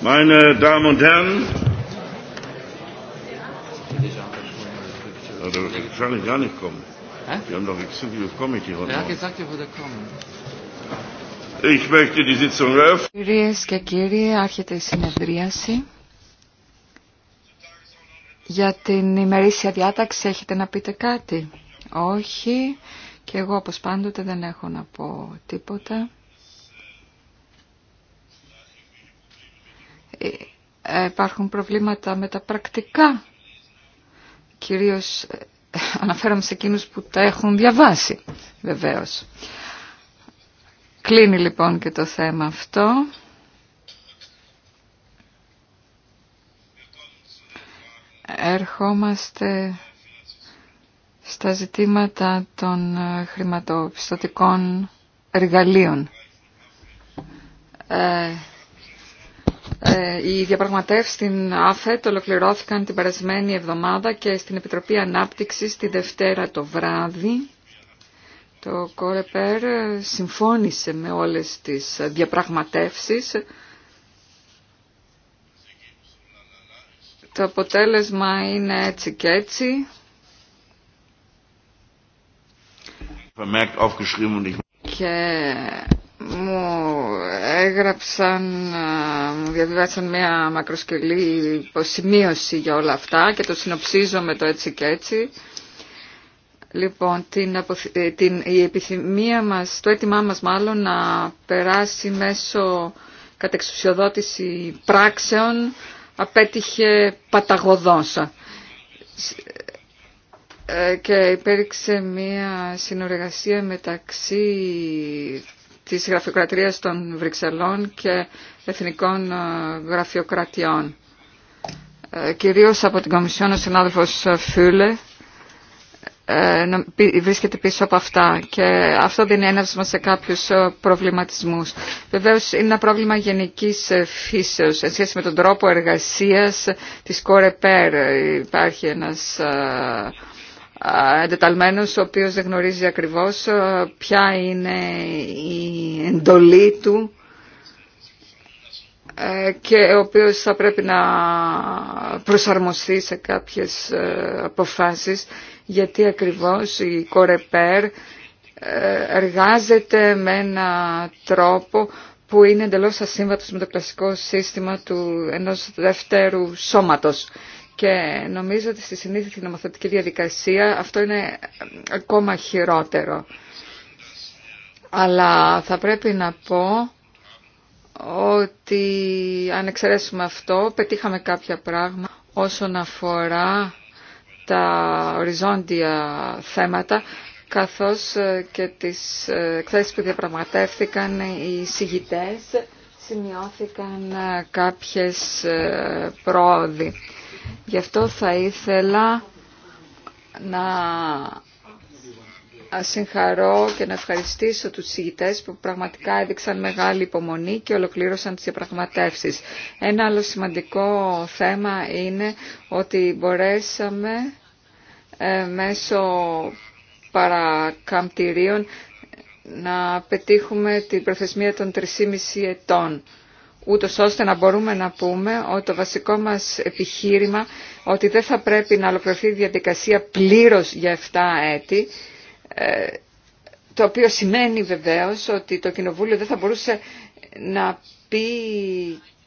Meine Damen und Herren, ja, der wird wahrscheinlich gar nicht kommen. Wir haben doch extrem viele Committee heute. Er hat gesagt, er würde kommen. Ich möchte die Sitzung eröffnen. Κυρίες και κύριοι, άρχεται η συνεδρίαση. Για την ημερήσια διάταξη έχετε να πείτε κάτι. Όχι. Και εγώ όπως πάντοτε δεν έχω να πω τίποτα. Ε, υπάρχουν προβλήματα με τα πρακτικά. Κυρίως ε, αναφέρομαι σε εκείνους που τα έχουν διαβάσει, βεβαίως. Κλείνει λοιπόν και το θέμα αυτό. Ερχόμαστε στα ζητήματα των ε, χρηματοπιστωτικών εργαλείων. Ε, οι διαπραγματεύσει στην ΑΦΕΤ ολοκληρώθηκαν την περασμένη εβδομάδα και στην Επιτροπή ανάπτυξη τη Δευτέρα το βράδυ. Το ΚΟΡΕΠΕΡ συμφώνησε με όλες τις διαπραγματεύσεις. Το αποτέλεσμα είναι έτσι και έτσι μου έγραψαν, μου διαβίβασαν μια μακροσκελή υποσημείωση για όλα αυτά και το συνοψίζω με το έτσι και έτσι. Λοιπόν, την, ε, η επιθυμία μας, το αίτημά μας μάλλον να περάσει μέσω κατεξουσιοδότηση πράξεων απέτυχε παταγωδόσα ε, και υπήρξε μία συνεργασία μεταξύ της γραφειοκρατίας των Βρυξελών και εθνικών ε, γραφειοκρατιών. Ε, κυρίως από την Κομισιόν ο συνάδελφος Φιούλε ε, βρίσκεται πίσω από αυτά και αυτό δίνει έναυσμα σε κάποιους προβληματισμούς. Βεβαίως είναι ένα πρόβλημα γενικής φύσεως σε σχέση με τον τρόπο εργασίας της Κορεπέρ. Υπάρχει ένας εντεταλμένος ο οποίος δεν γνωρίζει ακριβώς ε, ποια είναι η εντολή του ε, και ο οποίος θα πρέπει να προσαρμοστεί σε κάποιες ε, αποφάσεις γιατί ακριβώς η Κορεπέρ εργάζεται με ένα τρόπο που είναι εντελώς ασύμβατος με το κλασικό σύστημα του ενός δεύτερου σώματος. Και νομίζω ότι στη την νομοθετική διαδικασία αυτό είναι ακόμα χειρότερο. Αλλά θα πρέπει να πω ότι αν εξαιρέσουμε αυτό, πετύχαμε κάποια πράγματα όσον αφορά τα οριζόντια θέματα, καθώς και τις εκθέσεις που διαπραγματεύθηκαν οι συγητές, σημειώθηκαν κάποιες πρόοδοι. Γι' αυτό θα ήθελα να συγχαρώ και να ευχαριστήσω τους συγητές που πραγματικά έδειξαν μεγάλη υπομονή και ολοκλήρωσαν τις διαπραγματεύσεις. Ένα άλλο σημαντικό θέμα είναι ότι μπορέσαμε ε, μέσω παρακαμπτηρίων να πετύχουμε την προθεσμία των 3,5 ετών ούτως ώστε να μπορούμε να πούμε ότι το βασικό μας επιχείρημα ότι δεν θα πρέπει να ολοκληρωθεί η διαδικασία πλήρως για 7 έτη, ε, το οποίο σημαίνει βεβαίως ότι το Κοινοβούλιο δεν θα μπορούσε να πει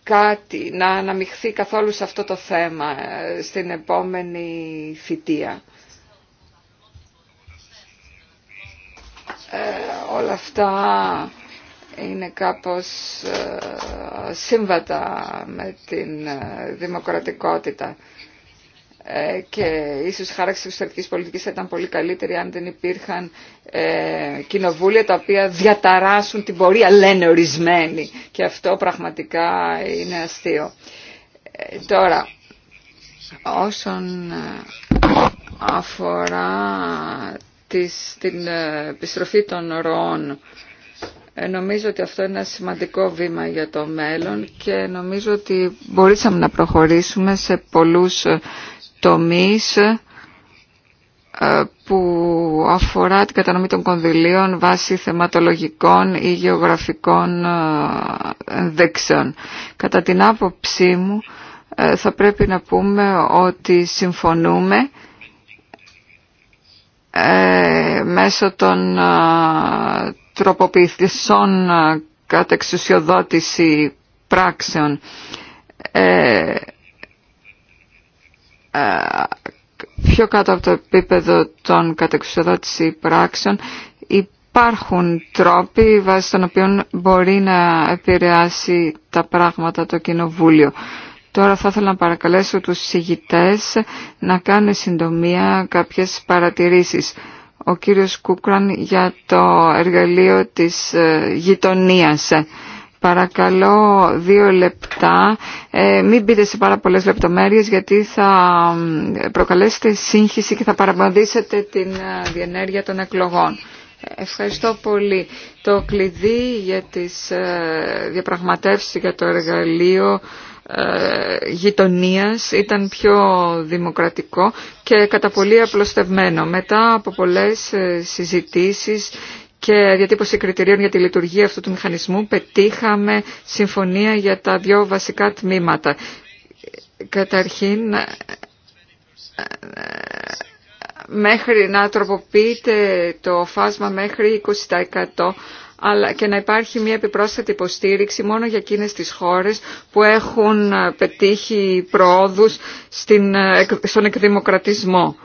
κάτι, να αναμειχθεί καθόλου σε αυτό το θέμα ε, στην επόμενη θητεία. Ε, όλα αυτά είναι κάπως ε, σύμβατα με την ε, δημοκρατικότητα ε, και ίσως η χάραξη της εξωτερικής πολιτικής θα ήταν πολύ καλύτερη αν δεν υπήρχαν κοινοβούλια τα οποία διαταράσουν την πορεία, λένε ορισμένοι. Και αυτό πραγματικά είναι αστείο. Τώρα, όσον αφορά την επιστροφή των ροών ε, νομίζω ότι αυτό είναι ένα σημαντικό βήμα για το μέλλον και νομίζω ότι μπορούσαμε να προχωρήσουμε σε πολλούς ε, τομείς ε, που αφορά την κατανομή των κονδυλίων βάσει θεματολογικών ή γεωγραφικών δεξιών. Κατά την άποψή μου θα πρέπει να πούμε ότι συμφωνούμε μέσω των τροποποιηθήσεων κατά εξουσιοδότηση πράξεων. Ε, πιο κάτω από το επίπεδο των κατεξουσιοδότηση πράξεων υπάρχουν τρόποι βάσει των οποίων μπορεί να επηρεάσει τα πράγματα το Κοινοβούλιο. Τώρα θα ήθελα να παρακαλέσω τους συγητές να κάνουν συντομία κάποιες παρατηρήσεις ο κύριος Κούκραν για το εργαλείο της ε, γειτονίας. Παρακαλώ δύο λεπτά. Ε, μην μπείτε σε πάρα πολλές λεπτομέρειες γιατί θα προκαλέσετε σύγχυση και θα παραπονδύσετε την ε, διενέργεια των εκλογών. Ευχαριστώ πολύ. Το κλειδί για τις διαπραγματεύσεις για το εργαλείο ε, γειτονίας ήταν πιο δημοκρατικό και κατά πολύ απλωστευμένο. Μετά από πολλές ε, συζητήσεις και διατύπωση κριτηρίων για τη λειτουργία αυτού του μηχανισμού πετύχαμε συμφωνία για τα δύο βασικά τμήματα. Καταρχήν ε, μέχρι να τροποποιείται το φάσμα μέχρι 20% αλλά και να υπάρχει μια επιπρόσθετη υποστήριξη μόνο για εκείνες τις χώρες που έχουν ε, πετύχει προόδους στην, ε, στον εκδημοκρατισμό.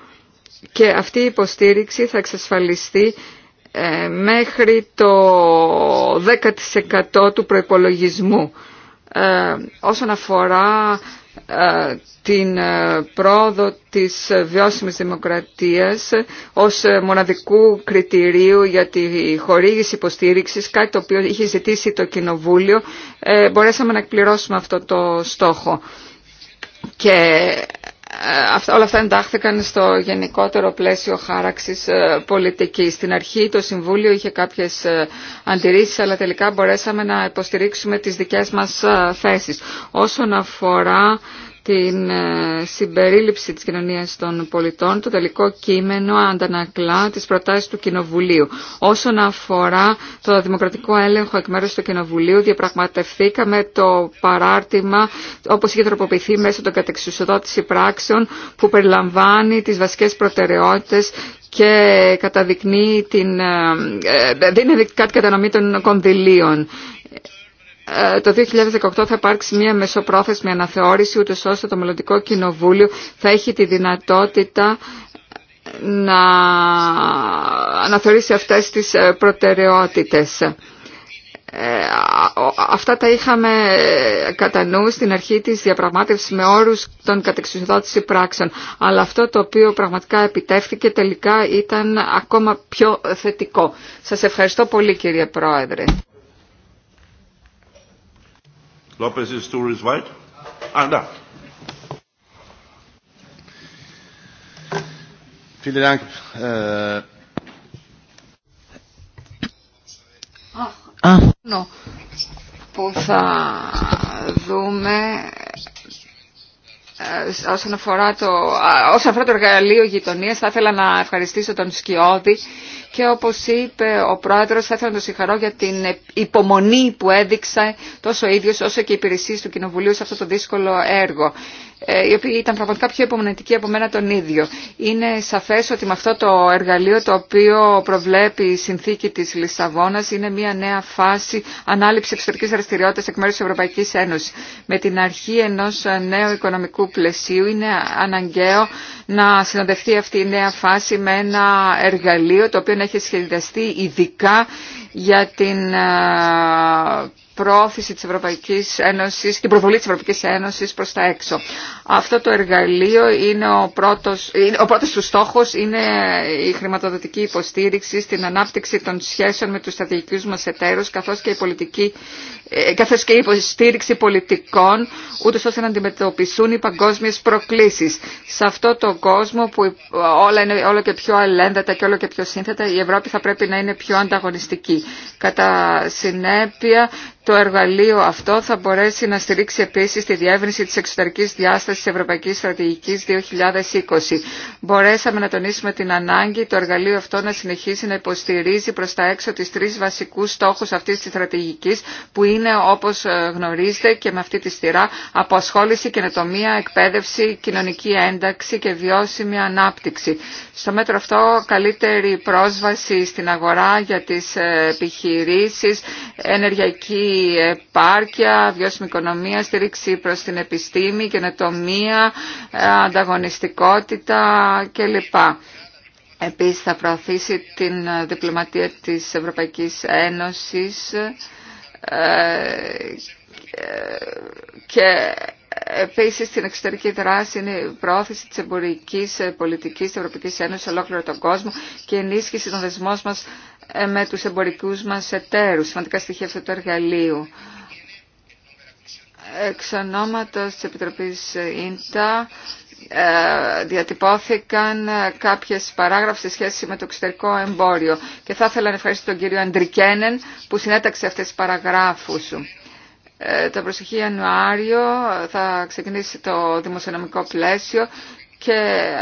Και αυτή η υποστήριξη θα εξασφαλιστεί ε, μέχρι το 10% του προϋπολογισμού. όσον αφορά ε, την ε, πρόοδο της βιώσιμης δημοκρατίας ως ε, μοναδικού κριτηρίου για τη χορήγηση υποστήριξης, κάτι το οποίο είχε ζητήσει το Κοινοβούλιο, μπορέσαμε να εκπληρώσουμε αυτό το στόχο όλα αυτά εντάχθηκαν στο γενικότερο πλαίσιο χάραξης ε, πολιτικής. Στην αρχή το Συμβούλιο είχε κάποιες ε, αντιρρήσεις, αλλά τελικά μπορέσαμε να υποστηρίξουμε τις δικές μας ε, θέσεις. Όσον αφορά την ε, συμπερίληψη της κοινωνίας των πολιτών, το τελικό κείμενο αντανακλά τις προτάσεις του Κοινοβουλίου. Όσον αφορά το δημοκρατικό έλεγχο εκ μέρους του Κοινοβουλίου, διαπραγματευθήκαμε το παράρτημα όπως είχε τροποποιηθεί μέσω των κατεξουσιοδότηση πράξεων που περιλαμβάνει τις βασικές προτεραιότητες και καταδεικνύει την, ε, ε, δίνει κάτι κατανομή των κονδυλίων. Ε, το 2018 θα υπάρξει μια μεσοπρόθεσμη αναθεώρηση ούτως ώστε το μελλοντικό κοινοβούλιο θα έχει τη δυνατότητα να αναθεωρήσει αυτές τις ε, προτεραιότητες. Ε, αυτά τα είχαμε κατά νου στην αρχή της διαπραγμάτευσης με όρους των κατεξουσιοδότηση πράξεων. Αλλά αυτό το οποίο πραγματικά επιτεύχθηκε τελικά ήταν ακόμα πιο θετικό. Σας ευχαριστώ πολύ κύριε Πρόεδρε. López's tour is white. And up. Vielen Dank. Uh... Ah, no. Πώς θα δούμε ε, όσον αφορά το, όσον εργαλείο γειτονία, θα ήθελα να ευχαριστήσω τον Σκιώδη και όπως είπε ο Πρόεδρος θα ήθελα να τον συγχαρώ για την υπομονή που έδειξε τόσο ο ίδιος όσο και οι υπηρεσίες του Κοινοβουλίου σε αυτό το δύσκολο έργο. Ε, οι οποίοι ήταν πραγματικά πιο υπομονετικοί από μένα τον ίδιο. Είναι σαφές ότι με αυτό το εργαλείο το οποίο προβλέπει η συνθήκη της Λισαβόνας είναι μια νέα φάση ανάληψη εξωτερική δραστηριότητα εκ μέρου τη Ευρωπαϊκής Ένωσης. Με την αρχή ενό νέου οικονομικού πλαισίου είναι αναγκαίο να συνοδευτεί αυτή η νέα φάση με ένα εργαλείο το οποίο έχει σχεδιαστεί ειδικά για την ε, πρόθεση της Ευρωπαϊκής Ένωσης, την προβολή της Ευρωπαϊκής Ένωσης προς τα έξω. Αυτό το εργαλείο είναι ο πρώτος, ο πρώτος του στόχος είναι η χρηματοδοτική υποστήριξη στην ανάπτυξη των σχέσεων με τους στρατηγικούς μας εταίρους καθώς και η πολιτική ε, καθώς και η υποστήριξη πολιτικών, ούτως ώστε να αντιμετωπιστούν οι παγκόσμιες προκλήσεις. Σε αυτό το κόσμο που όλα είναι όλο και πιο αλέντατα και όλο και πιο σύνθετα, η Ευρώπη θα πρέπει να είναι πιο ανταγωνιστική. Κατά συνέπεια, το εργαλείο αυτό θα μπορέσει να στηρίξει επίσης τη διεύρυνση της εξωτερικής διάστασης της Ευρωπαϊκής Στρατηγικής 2020. Μπορέσαμε να τονίσουμε την ανάγκη το εργαλείο αυτό να συνεχίσει να υποστηρίζει προς τα έξω τις τρεις βασικούς στόχους αυτής της στρατηγικής που είναι όπως ε, γνωρίζετε και με αυτή τη στηρά αποσχόληση, καινοτομία, εκπαίδευση, κοινωνική ένταξη και βιώσιμη ανάπτυξη. Στο μέτρο αυτό καλύτερη πρόσβαση στην αγορά για τις ε, επιχειρήσεις, ενεργειακή επάρκεια, βιώσιμη οικονομία, στήριξη προς την επιστήμη, καινοτομία, ανταγωνιστικότητα κλπ. Επίσης θα προωθήσει την διπλωματία της Ευρωπαϊκής Ένωσης ε, και Επίση, την εξωτερική δράση είναι η προώθηση τη εμπορική πολιτική τη Ευρωπαϊκή Ένωση σε ολόκληρο τον κόσμο και ενίσχυση των δεσμών μα ε, με τους εμπορικούς μας εταίρους, σημαντικά στοιχεία αυτού του εργαλείου. Εξ ονόματος της Επιτροπής ΙΝΤΑ ε, διατυπώθηκαν κάποιες παράγραφες σε σχέση με το εξωτερικό εμπόριο και θα ήθελα να ευχαριστήσω τον κύριο Αντρικένεν που συνέταξε αυτές τις παραγράφους. Ε, το προσεχή Ιανουάριο θα ξεκινήσει το δημοσιονομικό πλαίσιο και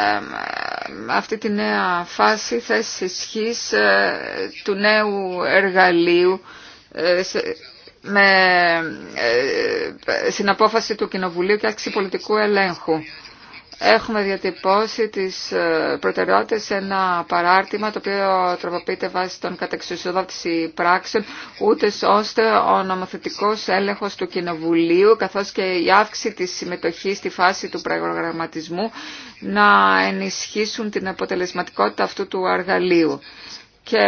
αυτή τη νέα φάση θέση ισχύ ε, του νέου εργαλείου ε, με ε, συναπόφαση του Κοινοβουλίου και άξιση πολιτικού ελέγχου έχουμε διατυπώσει τις ε, προτεραιότητες σε ένα παράρτημα το οποίο τροποποιείται βάσει των κατεξουσιοδότηση πράξεων ούτε ώστε ο νομοθετικός έλεγχος του Κοινοβουλίου καθώς και η αύξηση της συμμετοχής στη φάση του προγραμματισμού να ενισχύσουν την αποτελεσματικότητα αυτού του αργαλείου και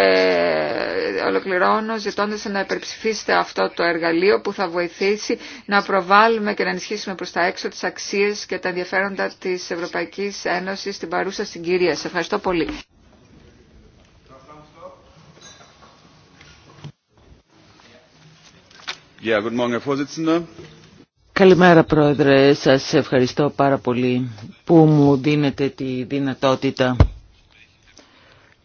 ολοκληρώνω ζητώντας να υπερψηφίσετε αυτό το εργαλείο που θα βοηθήσει να προβάλλουμε και να ενισχύσουμε προς τα έξω τις αξίες και τα ενδιαφέροντα της Ευρωπαϊκής Ένωσης στην παρούσα συγκυρία. Σε ευχαριστώ πολύ. Καλημέρα Πρόεδρε, σας ευχαριστώ πάρα πολύ που μου δίνετε τη δυνατότητα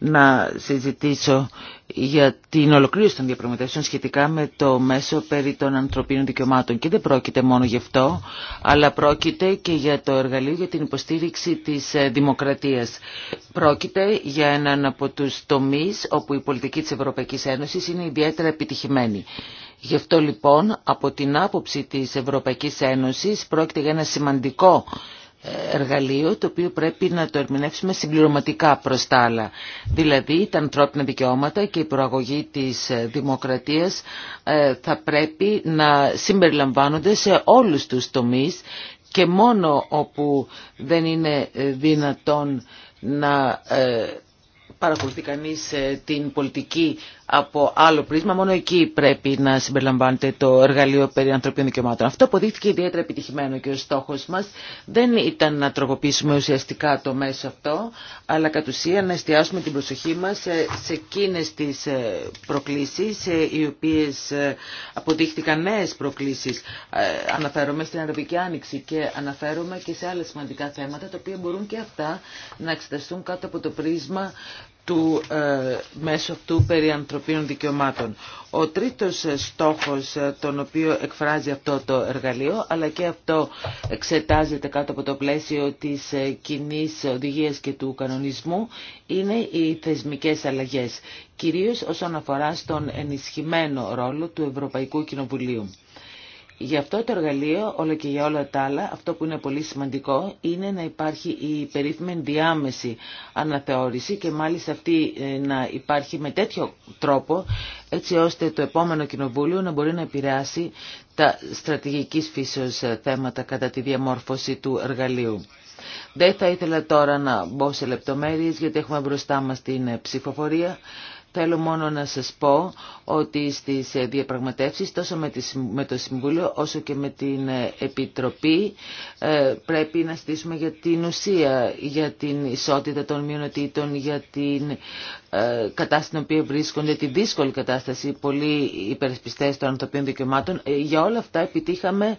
να συζητήσω για την ολοκλήρωση των διαπραγματεύσεων σχετικά με το μέσο περί των ανθρωπίνων δικαιωμάτων. Και δεν πρόκειται μόνο γι' αυτό, αλλά πρόκειται και για το εργαλείο για την υποστήριξη της ε, δημοκρατίας. Πρόκειται για έναν από τους τομείς όπου η πολιτική της Ευρωπαϊκής Ένωσης είναι ιδιαίτερα επιτυχημένη. Γι' αυτό λοιπόν από την άποψη της Ευρωπαϊκής Ένωσης πρόκειται για ένα σημαντικό εργαλείο το οποίο πρέπει να το ερμηνεύσουμε συμπληρωματικά προς τα άλλα. Δηλαδή τα ανθρώπινα δικαιώματα και η προαγωγή της δημοκρατίας ε, θα πρέπει να συμπεριλαμβάνονται σε όλους τους τομείς και μόνο όπου δεν είναι δυνατόν να ε, παρακολουθεί κανείς ε, την πολιτική από άλλο πρίσμα, μόνο εκεί πρέπει να συμπεριλαμβάνεται το εργαλείο περί ανθρωπίνων δικαιωμάτων. Αυτό αποδείχθηκε ιδιαίτερα επιτυχημένο και ο στόχος μας δεν ήταν να τροποποιήσουμε ουσιαστικά το μέσο αυτό, αλλά κατ' ουσία να εστιάσουμε την προσοχή μας σε εκείνες τις ε, προκλήσεις, ε, οι οποίες ε, αποδείχθηκαν νέε προκλήσεις. Αναφέρομαι στην Αραβική Άνοιξη και αναφέρομαι και σε άλλα σημαντικά θέματα, τα οποία μπορούν και αυτά να εξεταστούν κάτω από το πρίσμα του ε, μέσου μέσω αυτού περί ανθρωπίνων δικαιωμάτων. Ο τρίτος ε, στόχος ε, τον οποίο εκφράζει αυτό το εργαλείο αλλά και αυτό εξετάζεται κάτω από το πλαίσιο της κοινή οδηγίας και του κανονισμού είναι οι θεσμικές αλλαγές, κυρίως όσον αφορά στον ενισχυμένο ρόλο του Ευρωπαϊκού Κοινοβουλίου. Για αυτό το εργαλείο, όλο και για όλα τα άλλα, αυτό που είναι πολύ σημαντικό είναι να υπάρχει η περίφημη διάμεση αναθεώρηση και μάλιστα αυτή ε, να υπάρχει με τέτοιο τρόπο έτσι ώστε το επόμενο κοινοβούλιο να μπορεί να επηρεάσει τα στρατηγικής φύσεως ε, θέματα κατά τη διαμόρφωση του εργαλείου. Δεν θα ήθελα τώρα να μπω σε λεπτομέρειες γιατί έχουμε μπροστά μας την ε, ψηφοφορία. Θέλω μόνο να σας πω ότι στις διαπραγματεύσεις τόσο με το Συμβούλιο όσο και με την Επιτροπή ε, πρέπει να στήσουμε για την ουσία, για την ισότητα των μειονοτήτων, για την ε, κατάσταση στην οποία βρίσκονται, τη δύσκολη κατάσταση πολλοί υπερασπιστές των ανθρωπίνων δικαιωμάτων. Ε, για όλα αυτά επιτύχαμε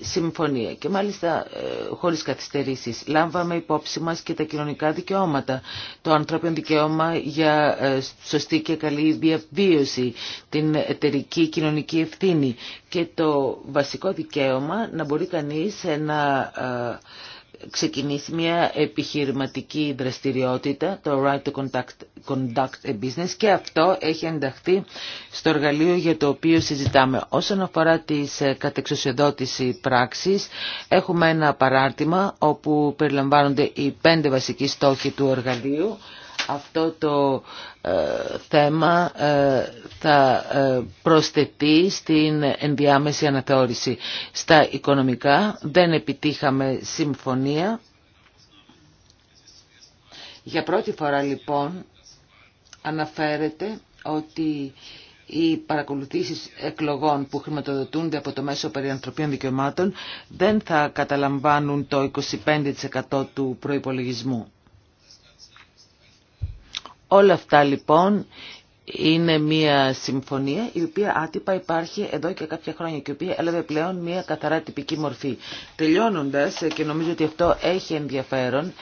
συμφωνία και μάλιστα ε, χωρίς καθυστερήσεις. Λάμβαμε υπόψη μας και τα κοινωνικά δικαιώματα, το ανθρώπινο δικαίωμα για ε, σωστή και καλή διαβίωση, την εταιρική κοινωνική ευθύνη και το βασικό δικαίωμα να μπορεί κανείς να ε, ξεκινήσει μια επιχειρηματική δραστηριότητα, το Right to Conduct, a Business και αυτό έχει ενταχθεί στο εργαλείο για το οποίο συζητάμε. Όσον αφορά τις ε, κατεξοσιοδότηση πράξης, έχουμε ένα παράρτημα όπου περιλαμβάνονται οι πέντε βασικοί στόχοι του εργαλείου αυτό το ε, θέμα ε, θα ε, προσθετεί στην ενδιάμεση αναθεώρηση. Στα οικονομικά δεν επιτύχαμε συμφωνία. Για πρώτη φορά λοιπόν αναφέρεται ότι οι παρακολουθήσεις εκλογών που χρηματοδοτούνται από το Μέσο περί Δικαιωμάτων δεν θα καταλαμβάνουν το 25% του προϋπολογισμού. Όλα αυτά λοιπόν είναι μια συμφωνία η οποία άτυπα υπάρχει εδώ και κάποια χρόνια και η οποία έλαβε πλέον μια καθαρά τυπική μορφή. Τελειώνοντας και νομίζω ότι αυτό έχει ενδιαφέρον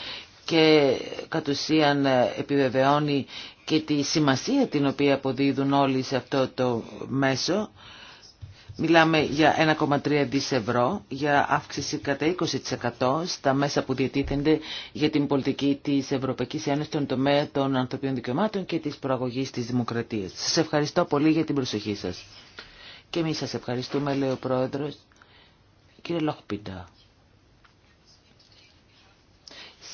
και κατ' ουσίαν επιβεβαιώνει και τη σημασία την οποία αποδίδουν όλοι σε αυτό το μέσο Μιλάμε για 1,3 δις ευρώ, για αύξηση κατά 20% στα μέσα που διατίθενται για την πολιτική της Ευρωπαϊκής Ένωσης στον τομέα των ανθρωπίνων δικαιωμάτων και της προαγωγής της δημοκρατίας. Σας ευχαριστώ πολύ για την προσοχή σας. Και εμείς σας ευχαριστούμε, λέει ο Πρόεδρος. Κύριε Λοχπίντα.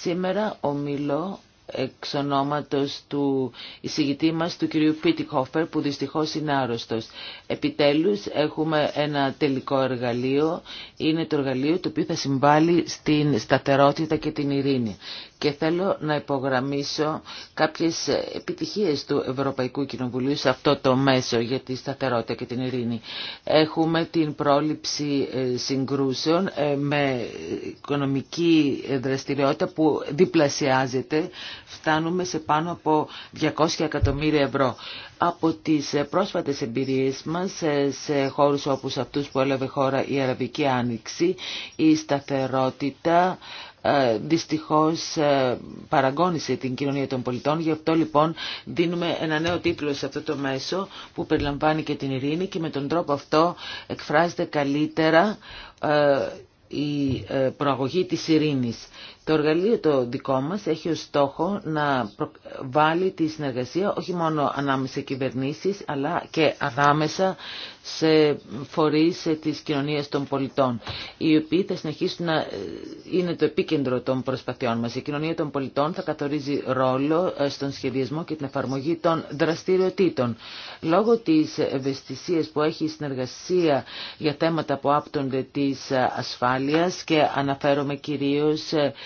Σήμερα ομιλώ εξ του εισηγητή μας, του κυρίου Πίτικοφερ, που δυστυχώς είναι άρρωστος. Επιτέλους έχουμε ένα τελικό εργαλείο, είναι το εργαλείο το οποίο θα συμβάλλει στην σταθερότητα και την ειρήνη και θέλω να υπογραμμίσω κάποιες επιτυχίες του Ευρωπαϊκού Κοινοβουλίου σε αυτό το μέσο για τη σταθερότητα και την ειρήνη. Έχουμε την πρόληψη ε, συγκρούσεων ε, με οικονομική δραστηριότητα που διπλασιάζεται. Φτάνουμε σε πάνω από 200 εκατομμύρια ευρώ. Από τις ε, πρόσφατες εμπειρίες μας σε χώρους όπως αυτούς που έλαβε χώρα η Αραβική Άνοιξη, η σταθερότητα ε, δυστυχώς ε, παραγώνισε την κοινωνία των πολιτών. Γι' αυτό λοιπόν δίνουμε ένα νέο τίτλο σε αυτό το μέσο που περιλαμβάνει και την ειρήνη και με τον τρόπο αυτό εκφράζεται καλύτερα ε, η προαγωγή της ειρήνης. Το εργαλείο το δικό μας έχει ως στόχο να βάλει τη συνεργασία όχι μόνο ανάμεσα κυβερνήσεις αλλά και ανάμεσα σε φορείς της κοινωνίας των πολιτών οι οποίοι θα συνεχίσουν να ε, είναι το επίκεντρο των προσπαθειών μας. Η κοινωνία των πολιτών θα καθορίζει ρόλο ε, στον σχεδιασμό και την εφαρμογή των δραστηριοτήτων. Λόγω της ευαισθησίας που έχει η συνεργασία για θέματα που άπτονται της ε, ασφάλειας και αναφέρομαι κυρίως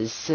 σε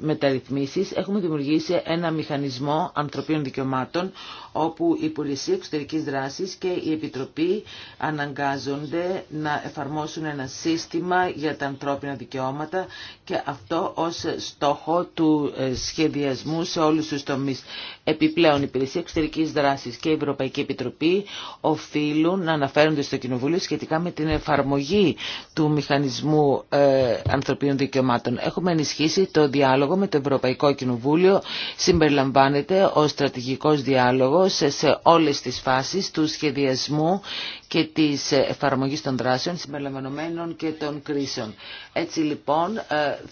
μεταρρυθμίσεις έχουμε δημιουργήσει ένα μηχανισμό ανθρωπίνων δικαιωμάτων όπου η Υπηρεσία Εξωτερικής Δράσης και η Επιτροπή αναγκάζονται να εφαρμόσουν ένα σύστημα για τα ανθρώπινα δικαιώματα και αυτό ως στόχο του ε, σχεδιασμού σε όλους τους τομείς. Επιπλέον, η Υπηρεσία Εξωτερικής Δράσης και η Ευρωπαϊκή Επιτροπή οφείλουν να αναφέρονται στο Κοινοβούλιο σχετικά με την εφαρμογή του Μηχανισμού ε, Ανθρωπίνων Δικαιωμάτων. Έχουμε ενισχύσει το διάλογο με το Ευρωπαϊκό Κοινοβούλιο. Συμπεριλαμβάνεται ο στρατηγικός διάλογος σε όλες τις φάσεις του σχεδιασμού και της εφαρμογής των δράσεων συμπεριλαμβανομένων και των κρίσεων. Έτσι λοιπόν ε,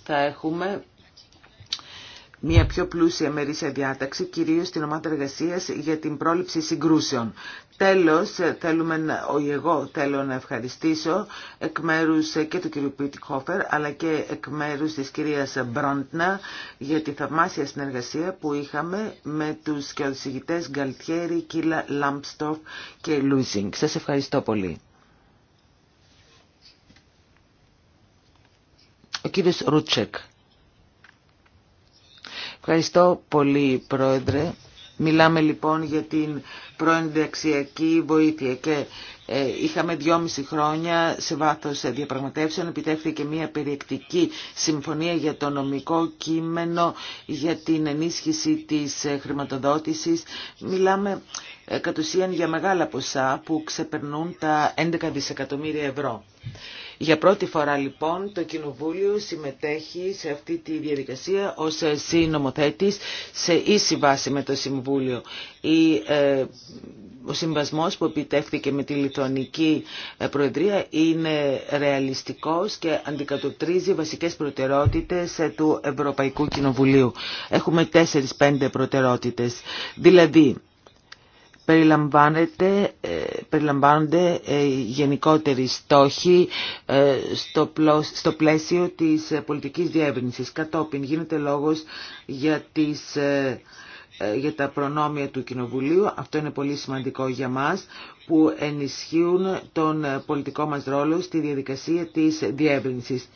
θα έχουμε μια πιο πλούσια μερίσια διάταξη, κυρίως στην ομάδα εργασία για την πρόληψη συγκρούσεων. Τέλος, θέλουμε, εγώ θέλω να ευχαριστήσω εκ μέρους και του κυρίου Πιτικόφερ, αλλά και εκ μέρους της κυρίας Μπρόντνα για τη θαυμάσια συνεργασία που είχαμε με τους σκιοδησηγητές Γκαλτιέρη, Κίλα Λάμπστοφ και Λούζινγκ. Σας ευχαριστώ πολύ. Ο κύριος Ρούτσεκ. Ευχαριστώ πολύ Πρόεδρε. Μιλάμε λοιπόν για την εκεί, βοήθεια και ε, είχαμε δυόμιση χρόνια σε βάθος διαπραγματεύσεων. Επιτεύχθηκε μια περιεκτική συμφωνία για το νομικό κείμενο για την ενίσχυση της ε, χρηματοδότησης. Μιλάμε ε, κατ' ουσίαν για μεγάλα ποσά που ξεπερνούν τα 11 δισεκατομμύρια ευρώ. Για πρώτη φορά λοιπόν το Κοινοβούλιο συμμετέχει σε αυτή τη διαδικασία ως συνομοθέτης σε ίση βάση με το Συμβούλιο. Η, ε, ο συμβασμός που επιτεύχθηκε με τη Λιθουανική ε, Προεδρία είναι ρεαλιστικός και αντικατοπτρίζει βασικές προτεραιότητες ε, του Ευρωπαϊκού Κοινοβουλίου. Έχουμε 4-5 προτεραιότητες. Δηλαδή, περιλαμβάνεται, ε, περιλαμβάνονται ε, γενικότεροι στόχοι ε, στο, πλαίσιο της πολιτικής διεύρυνσης. Κατόπιν γίνεται λόγος για, τις, για τα προνόμια του Κοινοβουλίου. Αυτό είναι πολύ σημαντικό για μας που ενισχύουν τον πολιτικό μας ρόλο στη διαδικασία της διεύρυνσης.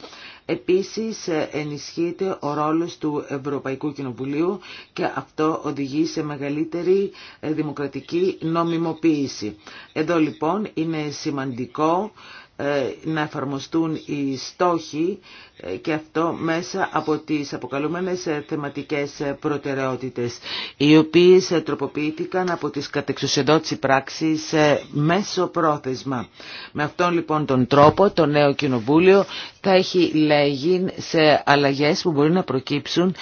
Επίσης ε, ενισχύεται ο ρόλος του Ευρωπαϊκού Κοινοβουλίου και αυτό οδηγεί σε μεγαλύτερη ε, δημοκρατική νομιμοποίηση. Εδώ λοιπόν είναι σημαντικό ε, να εφαρμοστούν οι στόχοι ε, και αυτό μέσα από τις αποκαλούμενες ε, θεματικές προτεραιότητες οι οποίες τροποποιήθηκαν από τις κατεξουσιοδότηση πράξεις μέσω πρόθεσμα. Με αυτόν λοιπόν τον τρόπο το νέο κοινοβούλιο θα έχει λέγει σε αλλαγές που μπορεί να προκύψουν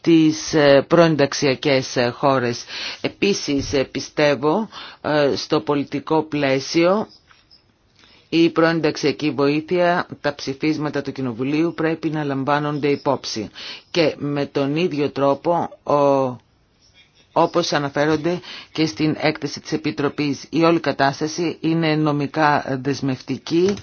τις προενταξιακές χώρες. Επίσης πιστεύω στο πολιτικό πλαίσιο η προενταξιακή βοήθεια, τα ψηφίσματα του Κοινοβουλίου πρέπει να λαμβάνονται υπόψη. Και με τον ίδιο τρόπο, ο, όπως αναφέρονται και στην έκθεση της Επιτροπής, η όλη κατάσταση είναι νομικά δεσμευτική.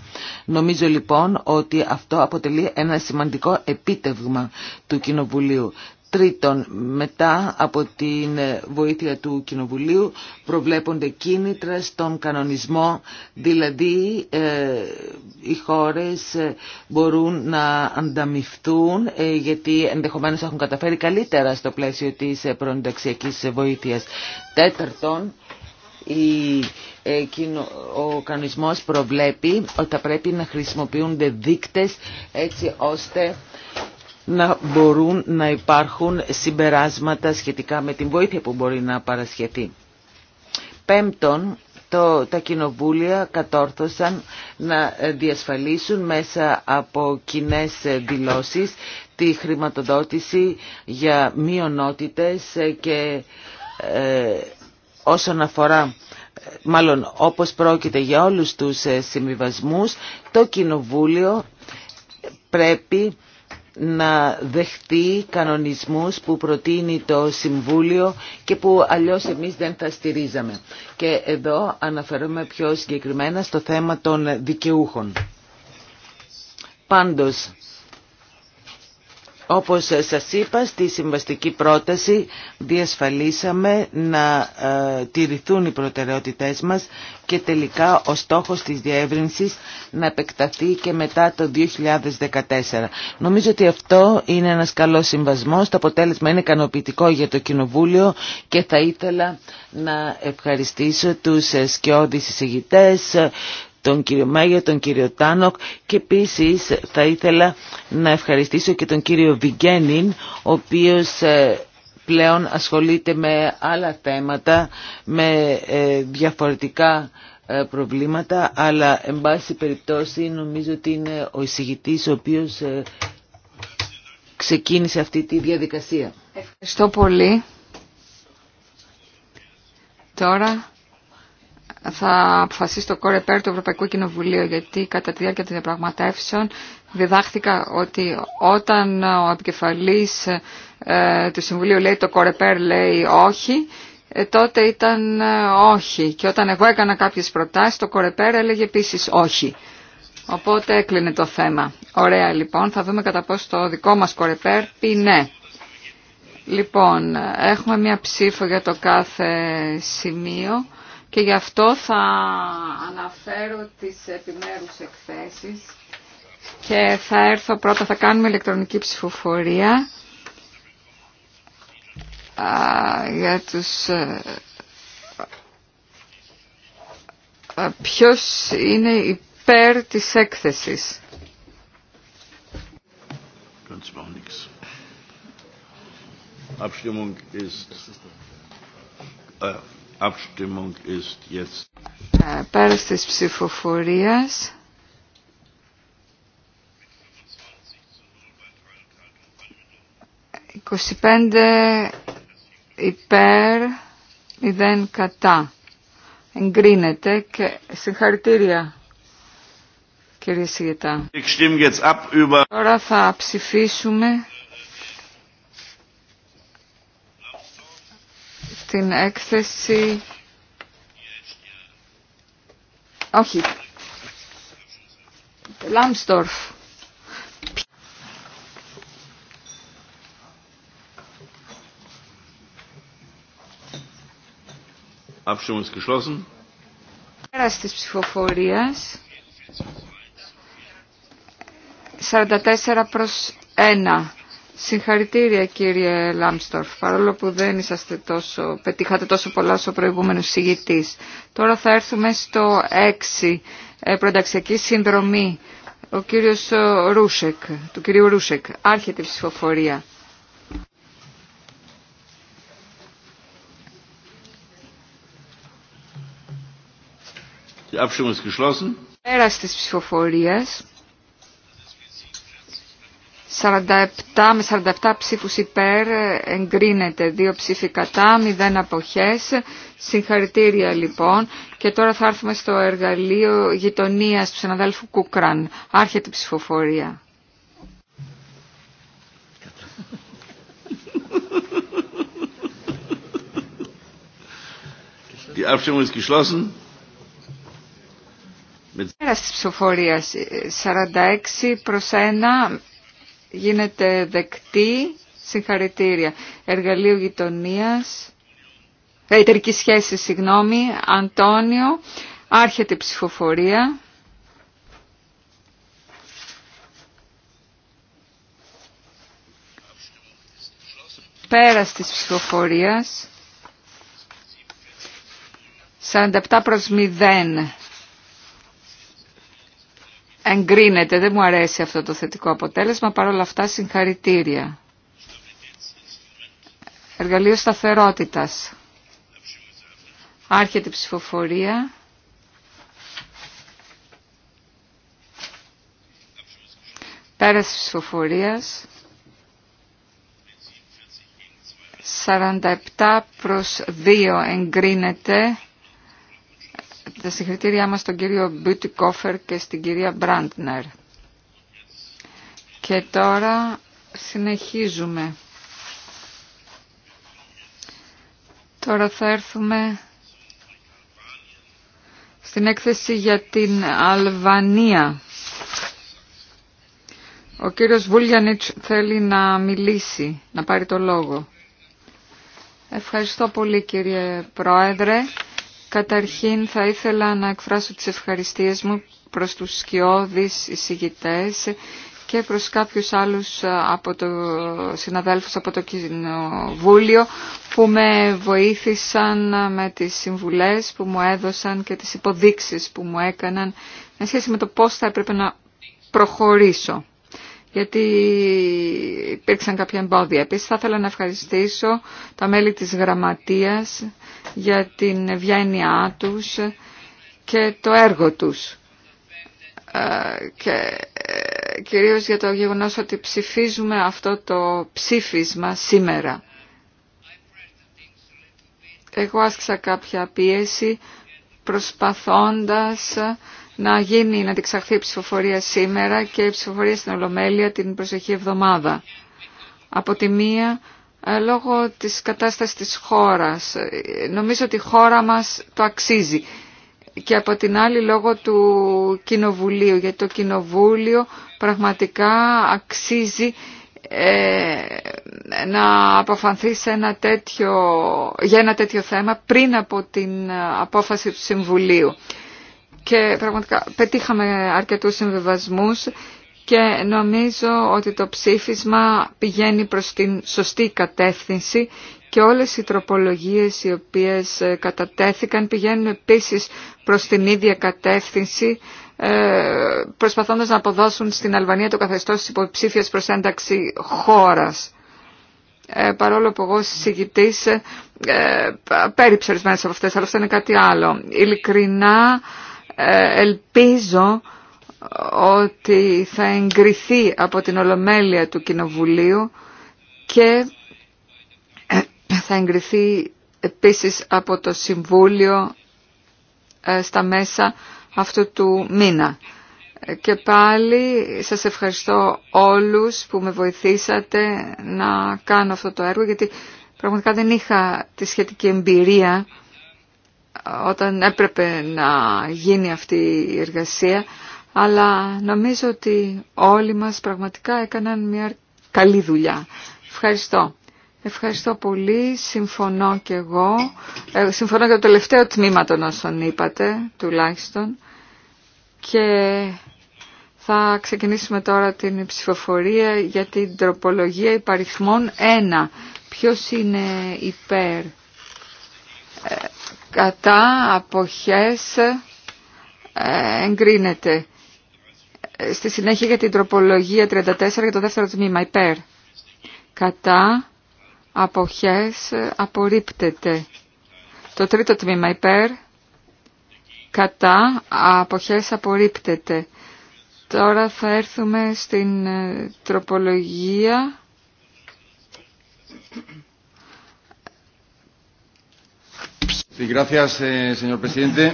Νομίζω λοιπόν ότι αυτό αποτελεί ένα σημαντικό επίτευγμα του Κοινοβουλίου. Τρίτον, μετά από την βοήθεια του Κοινοβουλίου προβλέπονται κίνητρα στον κανονισμό, δηλαδή ε, οι χώρες ε, μπορούν να ανταμυφθούν ε, γιατί ενδεχομένως έχουν καταφέρει καλύτερα στο πλαίσιο της προνταξιακής βοήθειας. Τέταρτον, ο κανονισμός προβλέπει ότι θα πρέπει να χρησιμοποιούνται δείκτες έτσι ώστε να μπορούν να υπάρχουν συμπεράσματα σχετικά με την βοήθεια που μπορεί να παρασχεθεί. Πέμπτον, το, τα κοινοβούλια κατόρθωσαν να διασφαλίσουν μέσα από κοινέ δηλώσεις τη χρηματοδότηση για μειονότητες και ε, όσον αφορά μάλλον όπως πρόκειται για όλους τους συμβιβασμούς, το Κοινοβούλιο πρέπει να δεχτεί κανονισμούς που προτείνει το Συμβούλιο και που αλλιώς εμείς δεν θα στηρίζαμε. Και εδώ αναφέρομαι πιο συγκεκριμένα στο θέμα των δικαιούχων. Πάντως, όπως σας είπα, στη συμβαστική πρόταση διασφαλίσαμε να ε, τηρηθούν οι προτεραιότητές μας και τελικά ο στόχος της διεύρυνσης να επεκταθεί και μετά το 2014. Νομίζω ότι αυτό είναι ένας καλός συμβασμός. Το αποτέλεσμα είναι ικανοποιητικό για το Κοινοβούλιο και θα ήθελα να ευχαριστήσω τους σκιώδεις εισηγητές, τον κύριο Μάγια, τον κύριο Τάνοκ και επίσης θα ήθελα να ευχαριστήσω και τον κύριο Βιγγένιν, ο οποίος ε, πλέον ασχολείται με άλλα θέματα, με ε, διαφορετικά ε, προβλήματα, αλλά εν πάση περιπτώσει νομίζω ότι είναι ο εισηγητής ο οποίος ξεκίνησε αυτή τη διαδικασία. Ευχαριστώ πολύ. Τώρα θα αποφασίσει το κορεπέρ του Ευρωπαϊκού Κοινοβουλίου γιατί κατά τη διάρκεια των διαπραγματεύσεων διδάχθηκα ότι όταν ο επικεφαλής ε, του Συμβουλίου λέει το κορεπέρ λέει όχι ε, τότε ήταν ε, όχι και όταν εγώ έκανα κάποιες προτάσεις το κορεπέρ έλεγε επίσης όχι. Οπότε έκλεινε το θέμα. Ωραία λοιπόν, θα δούμε κατά πώς το δικό μας κορεπέρ πει ναι. Λοιπόν, έχουμε μία ψήφο για το κάθε σημείο και γι' αυτό θα αναφέρω τις επιμέρους εκθέσεις και θα έρθω πρώτα, θα κάνουμε ηλεκτρονική ψηφοφορία για τους... Ε, ε, ποιος είναι υπέρ της έκθεσης. Abstimmung ist äh, Abstimmung ist jetzt. Ε, πέρας της ψηφοφορίας. 25 υπέρ, 0 κατά. Εγκρίνεται και συγχαρητήρια κύριε Σιγητά. Τώρα θα ψηφίσουμε στην έκθεση... Όχι. Λάμπστορφ. Abstimmung ist geschlossen. της ψηφοφορίας. 44 προς Συγχαρητήρια κύριε Λάμστορφ, παρόλο που δεν είσαστε τόσο, πετύχατε τόσο πολλά όσο ο προηγούμενος Τώρα θα έρθουμε στο 6, ε, προταξιακή συνδρομή, ο κύριος ε, Ρούσεκ, του κυρίου Ρούσεκ, άρχεται η ψηφοφορία. Die Abstimmung ist 47 με 47 ψήφους υπέρ εγκρίνεται, δύο ψήφοι κατά, μηδέν αποχές. Συγχαρητήρια λοιπόν. Και τώρα θα έρθουμε στο εργαλείο γειτονίας του συναδέλφου Κουκράν. Άρχεται η ψηφοφορία. Die Abstimmung τη ψηφοφορία 46 προς 1 γίνεται δεκτή συγχαρητήρια. Εργαλείο γειτονίας, ε, εταιρική σχέση, συγγνώμη, Αντώνιο, άρχεται η ψηφοφορία. Πέρας της ψηφοφορίας, 47 προς 0 εγκρίνεται. Δεν μου αρέσει αυτό το θετικό αποτέλεσμα, παρόλα αυτά συγχαρητήρια. Εργαλείο σταθερότητας. Άρχεται η ψηφοφορία. Πέραση ψηφοφορίας. 47 προς 2 εγκρίνεται τα συγχαρητήριά μας στον κύριο Μπιούτι Κόφερ και στην κυρία Μπραντνερ. Και τώρα συνεχίζουμε. Τώρα θα έρθουμε στην έκθεση για την Αλβανία. Ο κύριος Βούλιανιτς θέλει να μιλήσει, να πάρει το λόγο. Ευχαριστώ πολύ κύριε Πρόεδρε. Καταρχήν θα ήθελα να εκφράσω τις ευχαριστίες μου προς τους σκιώδεις εισηγητές και προς κάποιους άλλους από το, συναδέλφους από το Κοινοβούλιο που με βοήθησαν με τις συμβουλές που μου έδωσαν και τις υποδείξεις που μου έκαναν με σχέση με το πώς θα έπρεπε να προχωρήσω. Γιατί υπήρξαν κάποια εμπόδια. Επίσης θα ήθελα να ευχαριστήσω τα μέλη της Γραμματείας για την ευγένειά τους και το έργο τους. Ε, και ε, κυρίως για το γεγονός ότι ψηφίζουμε αυτό το ψήφισμα σήμερα. Εγώ άσκησα κάποια πίεση προσπαθώντας να γίνει, να διεξαχθεί η ψηφοφορία σήμερα και η ψηφοφορία στην Ολομέλεια την προσεχή εβδομάδα. Από τη μία λόγω της κατάστασης της χώρας. Νομίζω ότι η χώρα μας το αξίζει. Και από την άλλη λόγω του Κοινοβουλίου, γιατί το Κοινοβούλιο πραγματικά αξίζει ε, να αποφανθεί ένα τέτοιο, για ένα τέτοιο θέμα πριν από την απόφαση του Συμβουλίου. Και πραγματικά πετύχαμε αρκετούς συμβιβασμούς και νομίζω ότι το ψήφισμα πηγαίνει προς την σωστή κατεύθυνση και όλες οι τροπολογίες οι οποίες ε, κατατέθηκαν πηγαίνουν επίσης προς την ίδια κατεύθυνση ε, προσπαθώντας να αποδώσουν στην Αλβανία το καθεστώς της υποψήφιας προς ένταξη χώρας. Ε, παρόλο που εγώ συζητής ε, πέριψε ορισμένες από αυτές, αλλά αυτό είναι κάτι άλλο. Ειλικρινά ελπίζω ότι θα εγκριθεί από την Ολομέλεια του Κοινοβουλίου και θα εγκριθεί επίσης από το Συμβούλιο ε, στα μέσα αυτού του μήνα. Και πάλι σας ευχαριστώ όλους που με βοηθήσατε να κάνω αυτό το έργο γιατί πραγματικά δεν είχα τη σχετική εμπειρία ε, όταν έπρεπε να γίνει αυτή η εργασία αλλά νομίζω ότι όλοι μας πραγματικά έκαναν μια καλή δουλειά. Ευχαριστώ. Ευχαριστώ πολύ. Συμφωνώ και εγώ. Ε, συμφωνώ για το τελευταίο τμήμα των όσων είπατε, τουλάχιστον. Και θα ξεκινήσουμε τώρα την ψηφοφορία για την τροπολογία υπαριθμών 1. Ποιος είναι υπέρ. Ε, κατά, αποχές, ε, εγκρίνεται. Στη συνέχεια για την τροπολογία 34 για το δεύτερο τμήμα, υπέρ. Κατά, αποχές, απορρίπτεται. Το τρίτο τμήμα, υπέρ. Κατά, αποχές, απορρίπτεται. Τώρα θα έρθουμε στην ε, τροπολογία... Eh,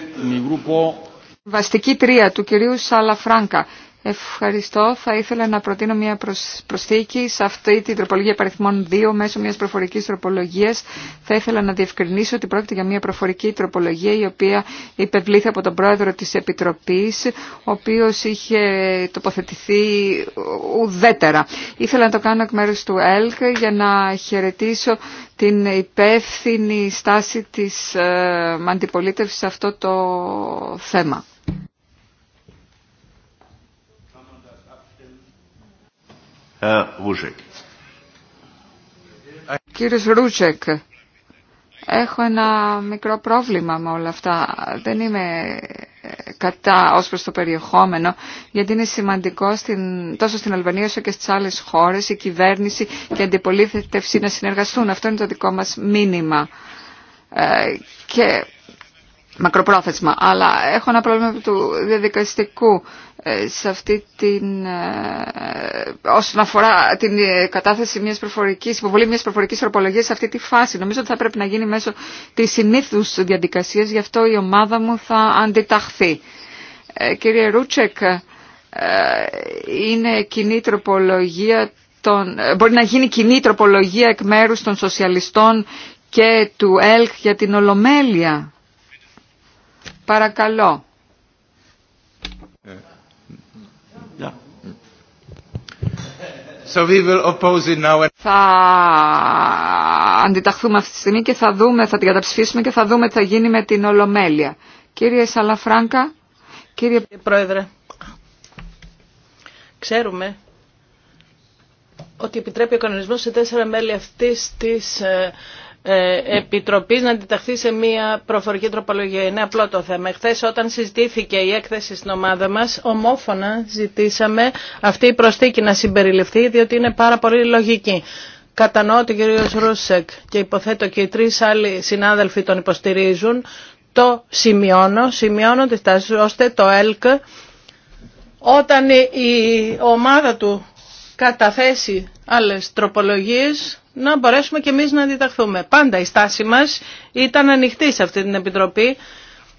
Βαστική τρία του κυρίου Σαλαφράνκα. Ευχαριστώ. Θα ήθελα να προτείνω μια προσθήκη σε αυτή την τροπολογία παριθμών 2 μέσω μια προφορική τροπολογία. Θα ήθελα να διευκρινίσω ότι πρόκειται για μια προφορική τροπολογία η οποία υπευλήθη από τον πρόεδρο τη Επιτροπή, ο οποίο είχε τοποθετηθεί ουδέτερα. Ήθελα να το κάνω εκ μέρου του ΕΛΚ για να χαιρετήσω την υπεύθυνη στάση τη ε, αντιπολίτευση σε αυτό το θέμα. Κύριος Ρούτσεκ, έχω ένα μικρό πρόβλημα με όλα αυτά. Δεν είμαι ε, κατά ως προς το περιεχόμενο, γιατί είναι σημαντικό στην, τόσο στην Αλβανία όσο και στις άλλες χώρες η κυβέρνηση και η αντιπολίτευση να συνεργαστούν. Αυτό είναι το δικό μας μήνυμα. Ε, και μακροπρόθεσμα. Αλλά έχω ένα πρόβλημα του διαδικαστικού ε, σε αυτή την, ε, όσον αφορά την ε, κατάθεση μιας προφορικής, υποβολή μιας προφορικής τροπολογίας σε αυτή τη φάση. Νομίζω ότι θα πρέπει να γίνει μέσω της συνήθους διαδικασίας, γι' αυτό η ομάδα μου θα αντιταχθεί. Κύριε Ρούτσεκ, είναι κοινή τροπολογία μπορεί να γίνει κοινή τροπολογία εκ μέρους των σοσιαλιστών και του ΕΛΚ για την Ολομέλεια. Παρακαλώ. So we will oppose it now. Θα αντιταχθούμε αυτή τη στιγμή και θα δούμε, θα την καταψηφίσουμε και θα δούμε τι θα γίνει με την Ολομέλεια. Κύριε Σαλαφράγκα, κύριε... Πρόεδρε, ξέρουμε ότι επιτρέπει ο κανονισμός σε τέσσερα μέλη αυτής της ε, ε, Επιτροπή να αντιταχθεί σε μια προφορική τροπολογία. Είναι απλό το θέμα. Χθε όταν συζητήθηκε η έκθεση στην ομάδα μα, ομόφωνα ζητήσαμε αυτή η προσθήκη να συμπεριληφθεί, διότι είναι πάρα πολύ λογική. Κατανοώ ο κύριο Ρούσεκ και υποθέτω και οι τρεις άλλοι συνάδελφοι τον υποστηρίζουν. Το σημειώνω, σημειώνω τη στάση, ώστε το ΕΛΚ όταν η ομάδα του καταθέσει άλλες τροπολογίες να μπορέσουμε και εμείς να αντιταχθούμε. Πάντα η στάση μας ήταν ανοιχτή σε αυτή την Επιτροπή,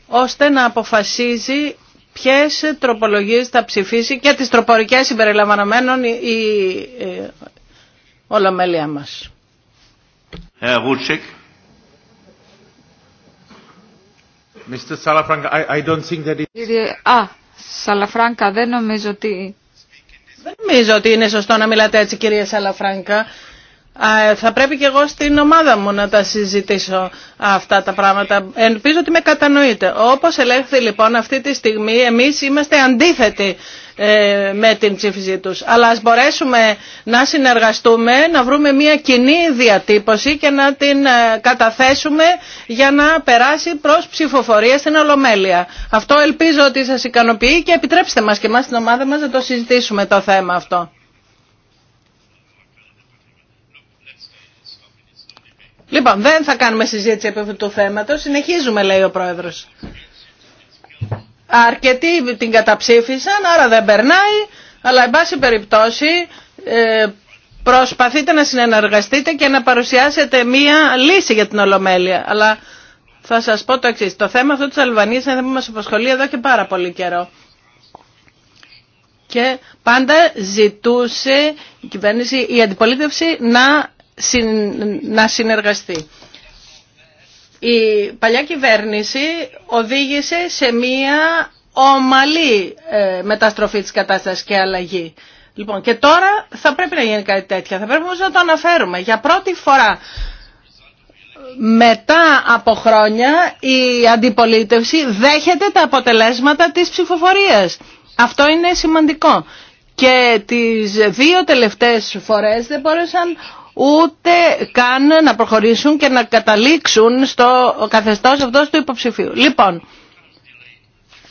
ώστε να αποφασίζει ποιες τροπολογίες θα ψηφίσει και τις τροπορικές συμπεριλαμβανομένων η, η, ε, ολομέλεια μας. Α, Σαλαφράνκα, δεν νομίζω ότι... Δεν νομίζω ότι είναι σωστό να μιλάτε έτσι, κυρία Σαλαφράνκα θα πρέπει και εγώ στην ομάδα μου να τα συζητήσω αυτά τα πράγματα. Ελπίζω ότι με κατανοείτε. Όπως ελέγχθη λοιπόν αυτή τη στιγμή εμείς είμαστε αντίθετοι ε, με την ψήφιση τους. Αλλά ας μπορέσουμε να συνεργαστούμε, να βρούμε μια κοινή διατύπωση και να την ε, καταθέσουμε για να περάσει προς ψηφοφορία στην Ολομέλεια. Αυτό ελπίζω ότι σας ικανοποιεί και επιτρέψτε μας και εμάς στην ομάδα μας να το συζητήσουμε το θέμα αυτό. Λοιπόν, δεν θα κάνουμε συζήτηση επί αυτού του θέματος. Συνεχίζουμε, λέει ο Πρόεδρος. Αρκετοί την καταψήφισαν, άρα δεν περνάει, αλλά εν πάση περιπτώσει ε, προσπαθείτε να συνεργαστείτε και να παρουσιάσετε μία λύση για την Ολομέλεια. Αλλά θα σας πω το εξής. Το θέμα αυτό της Αλβανίας είναι θέμα που μας απασχολεί εδώ και πάρα πολύ καιρό. Και πάντα ζητούσε η κυβέρνηση, η αντιπολίτευση να να συνεργαστεί. Η παλιά κυβέρνηση οδήγησε σε μία ομαλή ε, μεταστροφή της κατάστασης και αλλαγή. Λοιπόν, και τώρα θα πρέπει να γίνει κάτι τέτοια. Θα πρέπει όμως να το αναφέρουμε. Για πρώτη φορά μετά από χρόνια η αντιπολίτευση δέχεται τα αποτελέσματα της ψηφοφορίας. Αυτό είναι σημαντικό. Και τις δύο τελευταίες φορές δεν μπόρεσαν ούτε καν να προχωρήσουν και να καταλήξουν στο καθεστώς αυτός του υποψηφίου. Λοιπόν,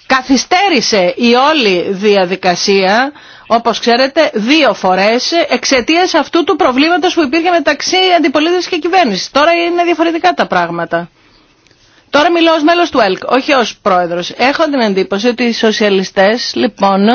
καθυστέρησε η όλη διαδικασία, όπως ξέρετε, δύο φορές εξαιτίας αυτού του προβλήματος που υπήρχε μεταξύ αντιπολίτευσης και κυβέρνησης. Τώρα είναι διαφορετικά τα πράγματα. Τώρα μιλώ ως μέλος του ΕΛΚ, όχι ως πρόεδρος. Έχω την εντύπωση ότι οι σοσιαλιστές, λοιπόν,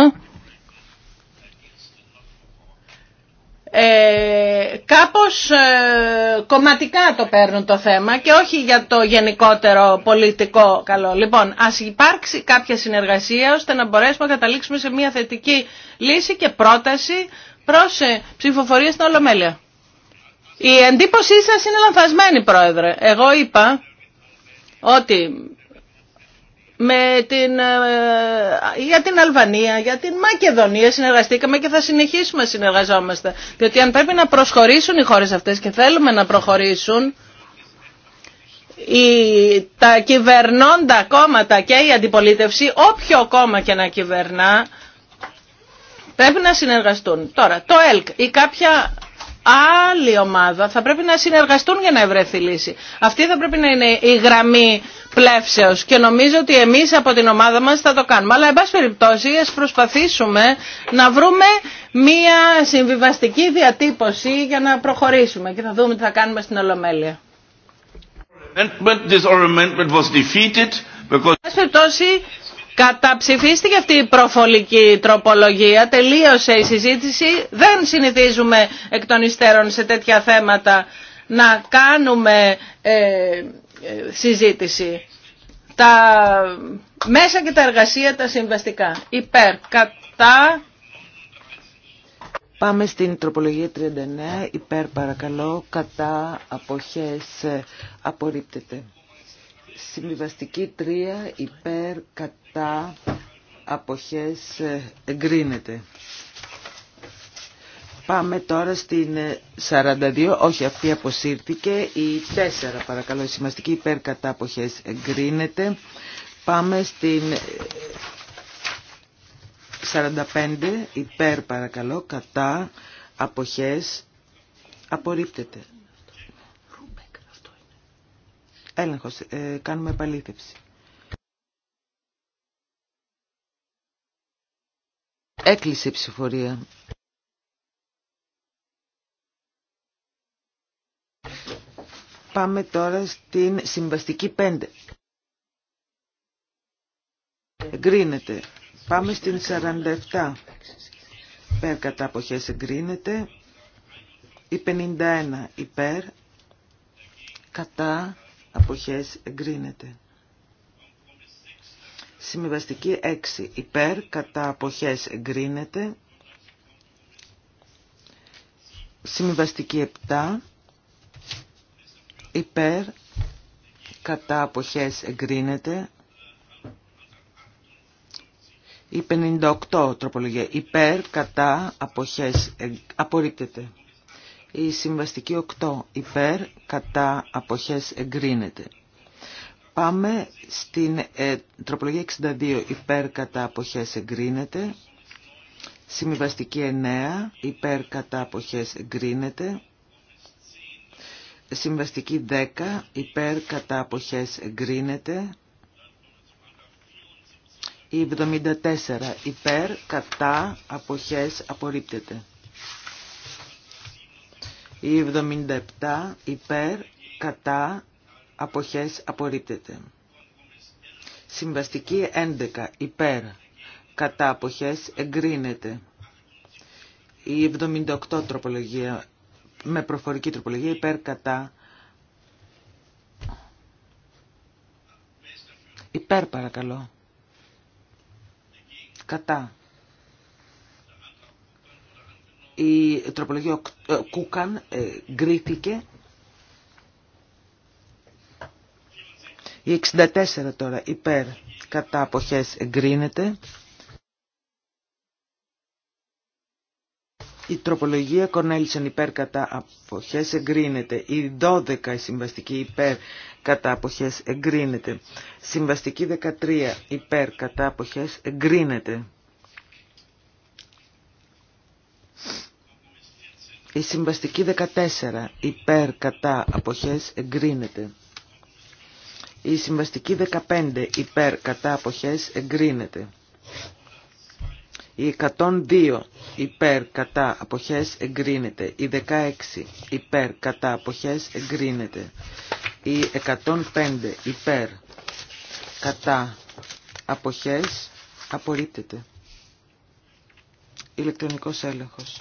ε, κάπως ε, κομματικά το παίρνουν το θέμα και όχι για το γενικότερο πολιτικό καλό. Λοιπόν, ας υπάρξει κάποια συνεργασία ώστε να μπορέσουμε να καταλήξουμε σε μια θετική λύση και πρόταση προς ε, ψηφοφορία στην Ολομέλεια. Η εντύπωσή σας είναι λανθασμένη, Πρόεδρε. Εγώ είπα ότι με την, ε, για την Αλβανία, για την Μακεδονία συνεργαστήκαμε και θα συνεχίσουμε να συνεργαζόμαστε. Διότι αν πρέπει να προσχωρήσουν οι χώρες αυτές και θέλουμε να προχωρήσουν, η, τα κυβερνώντα κόμματα και η αντιπολίτευση, όποιο κόμμα και να κυβερνά, πρέπει να συνεργαστούν. Τώρα, το ΕΛΚ ή κάποια άλλη ομάδα θα πρέπει να συνεργαστούν για να ευρεθεί λύση. Αυτή θα πρέπει να είναι η γραμμή πλεύσεως και νομίζω ότι εμείς από την ομάδα μας θα το κάνουμε. Αλλά εν πάση περιπτώσει ας προσπαθήσουμε να βρούμε μία συμβιβαστική διατύπωση για να προχωρήσουμε και θα δούμε τι θα κάνουμε στην Ολομέλεια. Καταψηφίστηκε αυτή η προφολική τροπολογία, τελείωσε η συζήτηση. Δεν συνηθίζουμε εκ των υστέρων σε τέτοια θέματα να κάνουμε ε, ε, συζήτηση. Τα μέσα και τα εργασία τα συμβαστικά. Υπέρ, κατά... Πάμε στην τροπολογία 39, υπέρ παρακαλώ, κατά αποχές ε, απορρίπτεται. Συμβιβαστική 3 υπέρ κατά αποχές ε, εγκρίνεται. Πάμε τώρα στην 42, ε, όχι αυτή αποσύρθηκε, η 4 παρακαλώ, η σημαστική υπέρ κατά αποχές εγκρίνεται. Πάμε στην 45 ε, υπέρ παρακαλώ, κατά αποχές απορρίπτεται. Έλεγχος. Ε, κάνουμε επαλήθευση. Έκλεισε η ψηφορία. Πάμε τώρα στην συμβαστική 5. Εγκρίνεται. Πάμε στην 47. Περ κατά αποχές εγκρίνεται. Η 51 υπέρ. Κατά αποχές εγκρίνεται. Συμβαστική 6 υπέρ κατά αποχές εγκρίνεται. Συμβαστική 7 υπέρ κατά αποχές εγκρίνεται. Η 58 τροπολογία υπέρ κατά αποχές απορρίπτεται. Η συμβαστική 8 υπέρ κατά αποχές εγκρίνεται. Πάμε στην ε, τροπολογία 62 υπέρ κατά αποχές εγκρίνεται. Συμβαστική 9 υπέρ κατά αποχές εγκρίνεται. Συμβαστική 10 υπέρ κατά αποχές εγκρίνεται. Η 74 υπέρ κατά αποχές απορρίπτεται. Η 77 υπέρ, κατά, αποχές απορρίπτεται. Συμβαστική 11 υπέρ, κατά αποχές εγκρίνεται. Η 78 τροπολογία με προφορική τροπολογία υπέρ κατά υπέρ παρακαλώ κατά η τροπολογία ε, Κούκαν ε, γκρίθηκε. Η 64 τώρα υπέρ κατά αποχές εγκρίνεται. Η τροπολογία Κορνέλισον υπέρ κατά αποχές εγκρίνεται. Η 12 η συμβαστική υπέρ κατά αποχές εγκρίνεται. Συμβαστική 13 υπέρ κατά αποχές εγκρίνεται. Η συμβαστική 14 υπέρ κατά αποχές εγκρίνεται. Η συμβαστική 15 υπέρ κατά αποχές εγκρίνεται. Η 102 υπέρ κατά αποχές εγκρίνεται. Η 16 υπέρ κατά αποχές εγκρίνεται. Η 105 υπέρ κατά αποχές απορρίπτεται. Ηλεκτρονικός έλεγχος.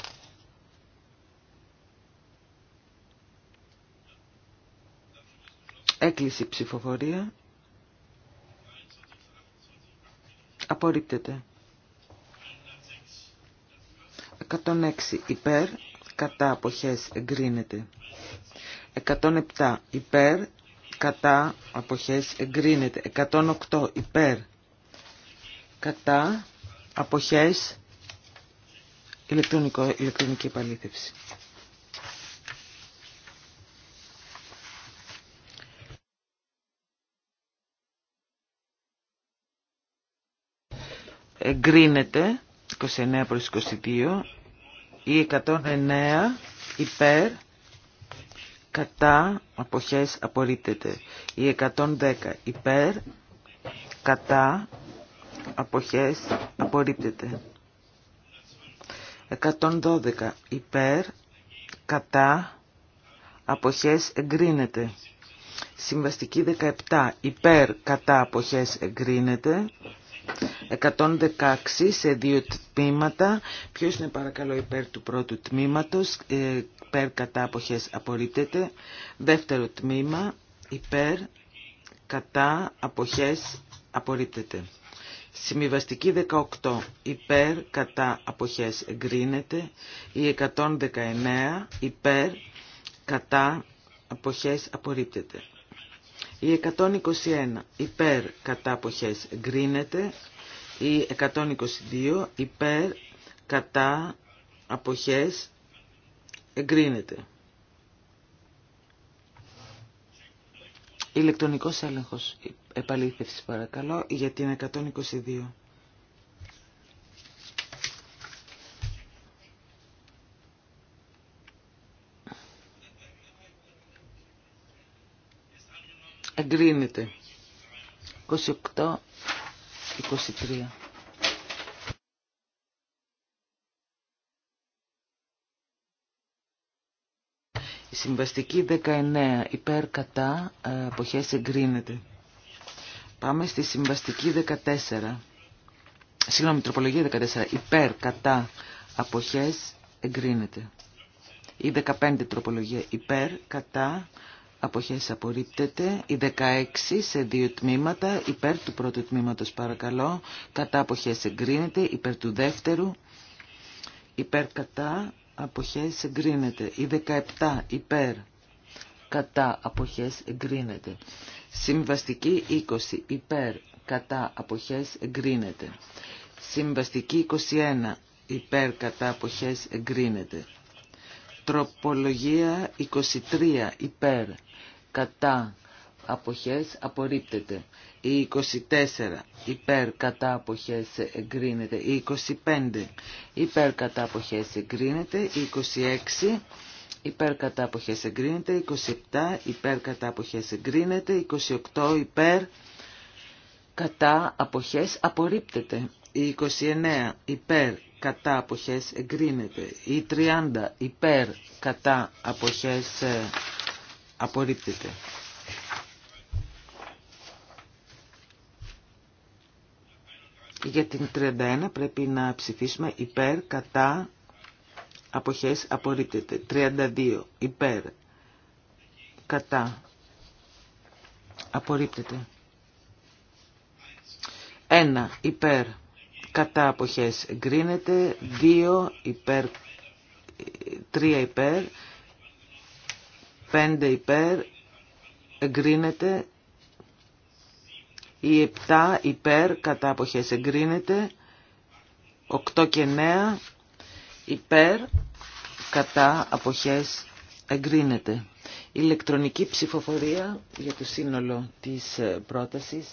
Έκλεισε η ψηφοφορία. Απορρίπτεται. 106 υπέρ, κατά αποχές εγκρίνεται. 107 υπέρ, κατά αποχές εγκρίνεται. 108 υπέρ, κατά αποχές ηλεκτρονική επαλήθευση. εγκρίνεται 29 προς 22 ή 109 υπέρ κατά αποχές απορρίπτεται ή 110 υπέρ κατά αποχές απορρίπτεται 112 υπέρ κατά αποχές εγκρίνεται Συμβαστική 17 υπέρ κατά αποχές εγκρίνεται 116 σε δύο τμήματα. Ποιος είναι παρακαλώ υπέρ του πρώτου τμήματος, ε, υπέρ κατά αποχές απορρίπτεται. Δεύτερο τμήμα, υπέρ κατά αποχές απορρίπτεται. Συμβιβαστική 18 υπέρ κατά αποχές εγκρίνεται, η 119 υπέρ κατά αποχές απορρίπτεται. Η 121 υπέρ κατά αποχές εγκρίνεται, ή 122 υπέρ κατά αποχές εγκρίνεται. Ηλεκτρονικός έλεγχος επαλήθευσης παρακαλώ για την 122. Εγκρίνεται. 28 23. Η συμβαστική 19 υπέρ κατά ε, αποχές εγκρίνεται. Πάμε στη συμβαστική 14. Συγγνώμη, τροπολογία 14. Υπέρ κατά αποχές εγκρίνεται. Η 15 τροπολογία υπέρ κατά αποχές απορρίπτεται. Η 16 σε δύο τμήματα, υπέρ του πρώτου τμήματος παρακαλώ, κατά αποχές εγκρίνεται, υπέρ του δεύτερου, υπέρ κατά αποχές εγκρίνεται. Η 17 υπέρ κατά αποχές εγκρίνεται. Συμβαστική 20 υπέρ κατά αποχές εγκρίνεται. Συμβαστική 21 υπέρ κατά αποχές εγκρίνεται. Τροπολογία 23 υπέρ κατά αποχές απορρίπτεται. Η 24 υπέρ κατά αποχές εγκρίνεται. Η 25 υπέρ κατά αποχές εγκρίνεται. Η 26 υπέρ κατά αποχές εγκρίνεται. 27 υπέρ κατά αποχές εγκρίνεται. 28 υπέρ κατά αποχές απορρίπτεται. Η 29 υπέρ κατά αποχές εγκρίνεται. Η 30 υπέρ κατά αποχές ε, απορρίπτεται. Για την 31 πρέπει να ψηφίσουμε υπέρ κατά αποχές απορρίπτεται. 32 υπέρ κατά απορρίπτεται. 1 υπέρ κατά αποχές εγκρίνεται, 2 υπέρ, 3 υπέρ, 5 υπέρ εγκρίνεται, η 7 υπέρ κατά αποχές εγκρίνεται, 8 και 9 υπέρ κατά αποχές εγκρίνεται. Ηλεκτρονική ψηφοφορία για το σύνολο της ε, πρότασης.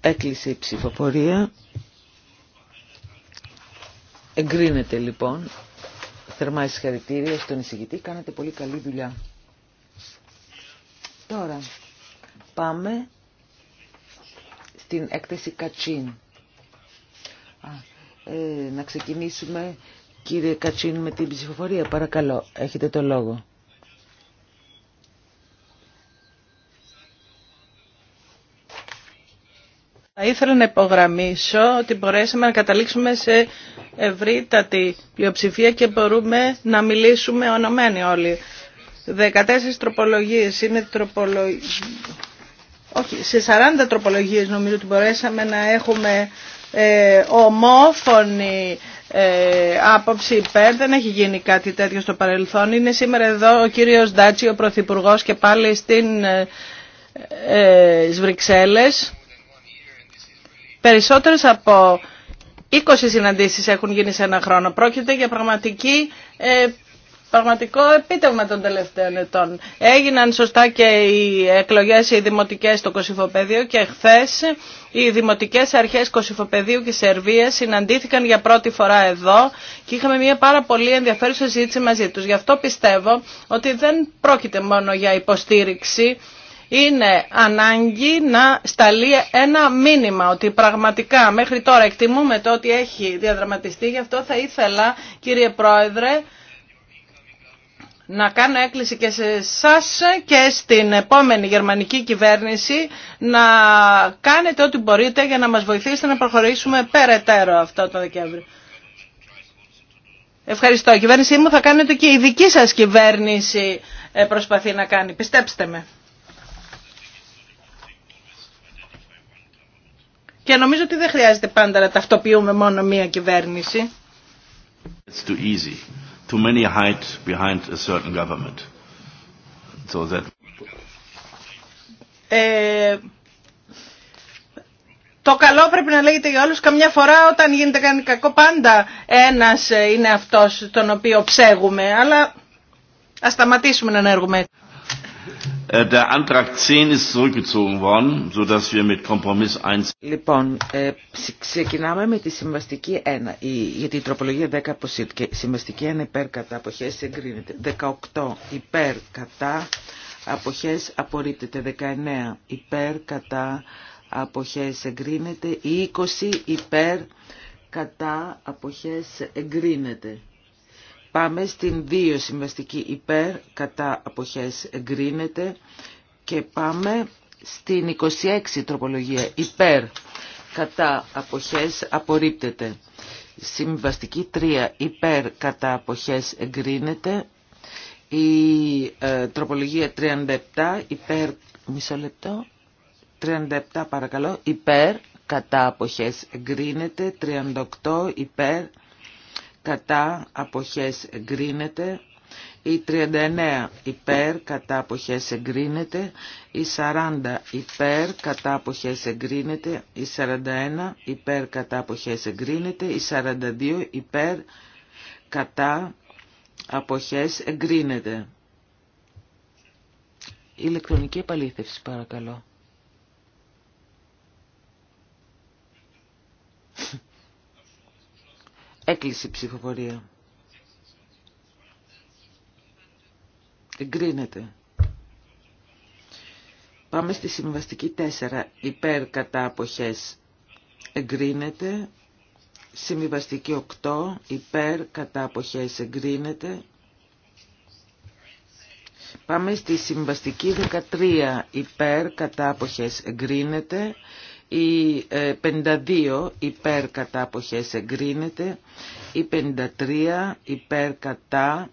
Έκλεισε η ψηφοφορία. Εγκρίνεται λοιπόν. Θερμά συγχαρητήρια στον εισηγητή. Κάνατε πολύ καλή δουλειά. Τώρα πάμε στην έκθεση Κατσίν. Ε, να ξεκινήσουμε κύριε Κατσίν με την ψηφοφορία. Παρακαλώ, έχετε το λόγο. Θα ήθελα να υπογραμμίσω ότι μπορέσαμε να καταλήξουμε σε ευρύτατη πλειοψηφία και μπορούμε να μιλήσουμε ονομένοι όλοι. 14 τροπολογίες είναι τροπολογίες. Όχι, σε 40 τροπολογίες νομίζω ότι μπορέσαμε να έχουμε ε, ομόφωνη ε, άποψη υπέρ. Δεν έχει γίνει κάτι τέτοιο στο παρελθόν. Είναι σήμερα εδώ ο κύριος Ντάτσι, ο Πρωθυπουργός και πάλι στην ε, ε Περισσότερες από 20 συναντήσεις έχουν γίνει σε ένα χρόνο. Πρόκειται για πραγματική ε, πραγματικό επίτευγμα των τελευταίων ετών. Έγιναν σωστά και οι εκλογές οι δημοτικές στο Κωσυφοπέδιο και χθε οι δημοτικές αρχές Κωσυφοπεδίου και Σερβίας συναντήθηκαν για πρώτη φορά εδώ και είχαμε μια πάρα πολύ ενδιαφέρουσα συζήτηση μαζί τους. Γι' αυτό πιστεύω ότι δεν πρόκειται μόνο για υποστήριξη είναι ανάγκη να σταλεί ένα μήνυμα ότι πραγματικά μέχρι τώρα εκτιμούμε το ότι έχει διαδραματιστεί. Γι' αυτό θα ήθελα κύριε Πρόεδρε να κάνω έκκληση και σε εσά και στην επόμενη γερμανική κυβέρνηση να κάνετε ό,τι μπορείτε για να μας βοηθήσετε να προχωρήσουμε περαιτέρω αυτό το Δεκέμβριο. Ευχαριστώ. Η κυβέρνησή μου θα κάνετε και η δική σας κυβέρνηση ε, προσπαθεί να κάνει. Πιστέψτε με. Και νομίζω ότι δεν χρειάζεται πάντα να ταυτοποιούμε μόνο μία κυβέρνηση. Ε, το καλό πρέπει να λέγεται για όλους. Καμιά φορά όταν γίνεται κανένα κακό πάντα ένας είναι αυτός τον οποίο ψέγουμε. Αλλά ας σταματήσουμε να ενεργούμε έτσι. Äh, λοιπόν, ε, ξεκινάμε με τη συμβαστική 1, γιατί η, τροπολογία 10 αποσύρθηκε. Συμβαστική 1 υπέρ κατά αποχές εγκρίνεται. 18 υπέρ κατά αποχές απορρίπτεται. 19 υπέρ κατά αποχές εγκρίνεται. 20 υπέρ κατά αποχές εγκρίνεται. Πάμε στην 2 συμβαστική υπέρ, κατά αποχές εγκρίνεται και πάμε στην 26 τροπολογία υπέρ, κατά αποχές απορρίπτεται. Συμβαστική 3 υπέρ, κατά αποχές εγκρίνεται. Η ε, τροπολογία 37 υπέρ, μισό λεπτό, 37 παρακαλώ, υπέρ, κατά αποχές εγκρίνεται, 38 υπέρ, κατά αποχές εγκρίνεται, η 39 υπέρ κατά αποχές εγκρίνεται, η 40 υπέρ κατά αποχές εγκρίνεται, η 41 υπέρ κατά αποχές εγκρίνεται, η 42 υπέρ κατά αποχές εγκρίνεται. Ηλεκτρονική επαλήθευση παρακαλώ. Έκλεισε η ψηφοφορία. Εγκρίνεται. Πάμε στη συμβαστική 4. Υπέρ κατά αποχές. Εγκρίνεται. Συμβιβαστική 8. Υπέρ κατά αποχές. Εγκρίνεται. Πάμε στη συμβαστική 13. Υπέρ κατά αποχές. Εγκρίνεται. Η 52 ε, υπέρ κατά αποχές εγκρίνεται. Η 53 υπέρ κατά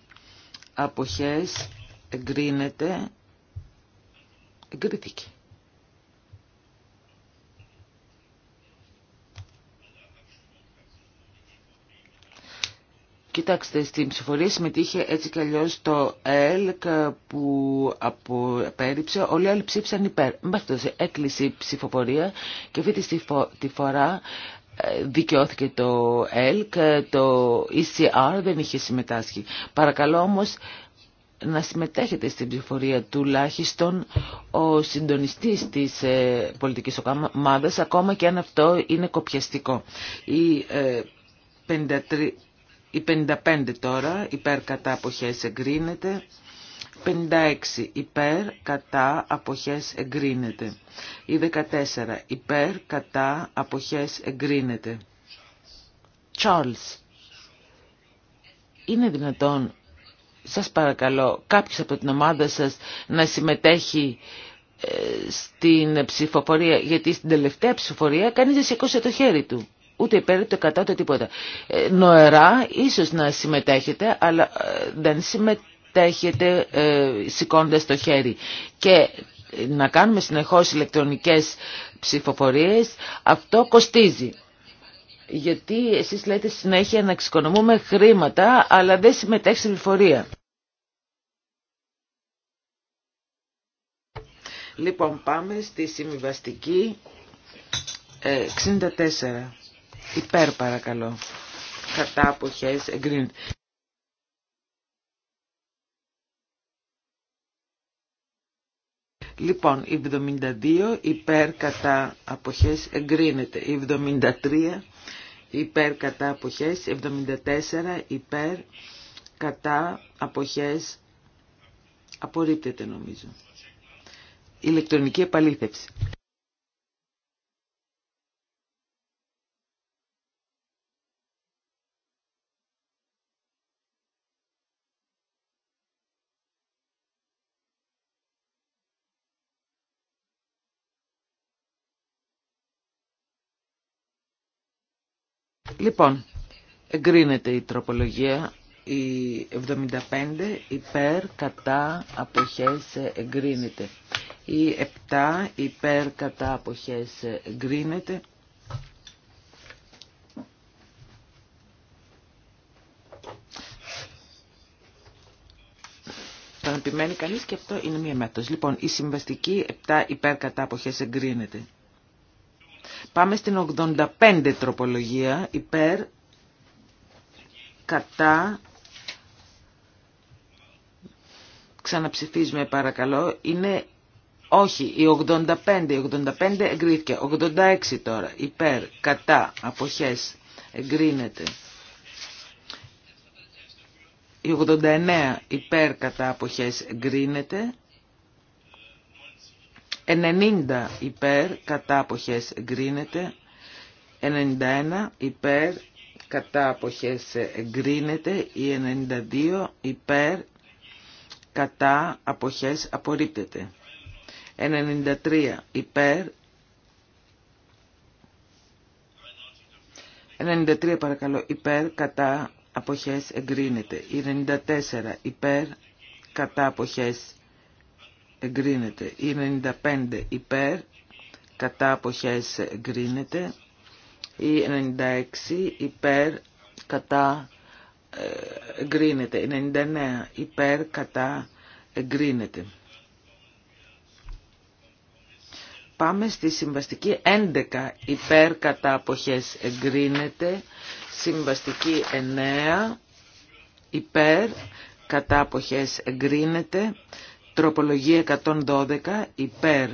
αποχές εγκρίνεται. Εγκρίθηκε. Κοιτάξτε, στην ψηφορία συμμετείχε έτσι κι αλλιώς το ΕΛΚ που απέριψε. Όλοι οι άλλοι ψήφισαν υπέρ. αυτό έκλεισε ψηφοφορία και αυτή τη φορά ε, δικαιώθηκε το ΕΛΚ, το ECR δεν είχε συμμετάσχει. Παρακαλώ όμως να συμμετέχετε στην ψηφορία τουλάχιστον ο συντονιστής της ε, πολιτικής ομάδας, ακόμα και αν αυτό είναι κοπιαστικό. Η 53, ε, η 55 τώρα, υπέρ κατά αποχές εγκρίνεται. 56 υπέρ κατά αποχές εγκρίνεται. Η 14 υπέρ κατά αποχές εγκρίνεται. Charles, είναι δυνατόν, σας παρακαλώ, κάποιος από την ομάδα σας να συμμετέχει ε, στην ψηφοφορία, γιατί στην τελευταία ψηφοφορία κανείς δεν σηκώσε το χέρι του ούτε υπέρ ούτε κατά ούτε τίποτα. Ε, νοερά ίσως να συμμετέχετε αλλά ε, δεν συμμετέχετε ε, σηκώντας το χέρι. Και να κάνουμε συνεχώς ηλεκτρονικές ψηφοφορίες αυτό κοστίζει. Γιατί εσείς λέτε συνέχεια να εξοικονομούμε χρήματα αλλά δεν συμμετέχει στην ψηφοφορία. Λοιπόν, πάμε στη συμβιβαστική 64. Υπέρ παρακαλώ. Κατά αποχές εγκρίνεται. Λοιπόν, 72 υπέρ κατά αποχές εγκρίνεται. Η 73 υπέρ κατά αποχές, 74 υπέρ κατά αποχές απορρίπτεται νομίζω. Ηλεκτρονική επαλήθευση. Λοιπόν, εγκρίνεται η τροπολογία η 75 υπέρ κατά αποχές εγκρίνεται. Η 7 υπέρ κατά αποχές εγκρίνεται. Τον επιμένει κανείς και αυτό είναι μία μέτωση. Λοιπόν, η συμβαστική 7 υπέρ κατά αποχές εγκρίνεται. Πάμε στην 85 τροπολογία υπέρ κατά ξαναψηφίζουμε παρακαλώ είναι όχι η 85 η 85 εγκρίθηκε 86 τώρα υπέρ κατά αποχές εγκρίνεται η 89 υπέρ κατά αποχές εγκρίνεται 90 υπέρ κατά αποχές εγκρίνεται. 91 υπέρ κατά αποχές εγκρίνεται. Η 92 υπέρ κατά αποχές απορρίπτεται. 93 υπέρ 93 παρακαλώ υπέρ κατά αποχές εγκρίνεται. Η 94 υπέρ κατά αποχές εγκρίνεται. Η 95 υπέρ, κατά αποχές εγκρίνεται. Η 96 υπέρ, κατά ε, εγκρίνεται. Η 99 υπέρ, κατά εγκρίνεται. Πάμε στη συμβαστική 11 υπέρ κατά αποχές εγκρίνεται, συμβαστική 9 υπέρ κατά αποχές εγκρίνεται, Τροπολογία 112 υπέρ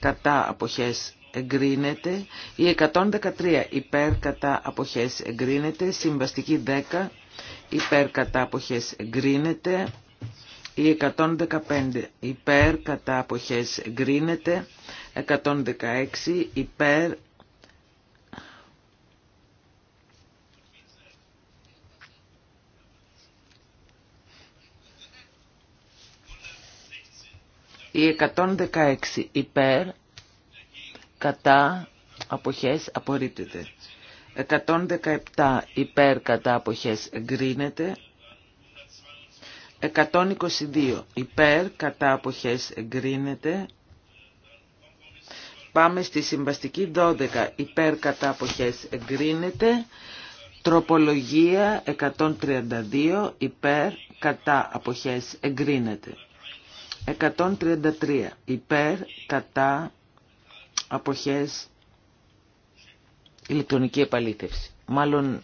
κατά αποχές εγκρίνεται. Η 113 υπέρ κατά αποχές εγκρίνεται. Συμβαστική 10 υπέρ κατά αποχές εγκρίνεται. Η 115 υπέρ κατά αποχές εγκρίνεται. 116 υπέρ Η 116 υπέρ, κατά, αποχές, απορρίπτεται. 117 υπέρ, κατά, αποχές, εγκρίνεται. 122 υπέρ, κατά, αποχές, εγκρίνεται. Πάμε στη συμβαστική 12 υπέρ, κατά, αποχές, εγκρίνεται. Τροπολογία 132 υπέρ κατά αποχές εγκρίνεται. 133 υπέρ, κατά, αποχές, ηλεκτρονική επαλήθευση. Μάλλον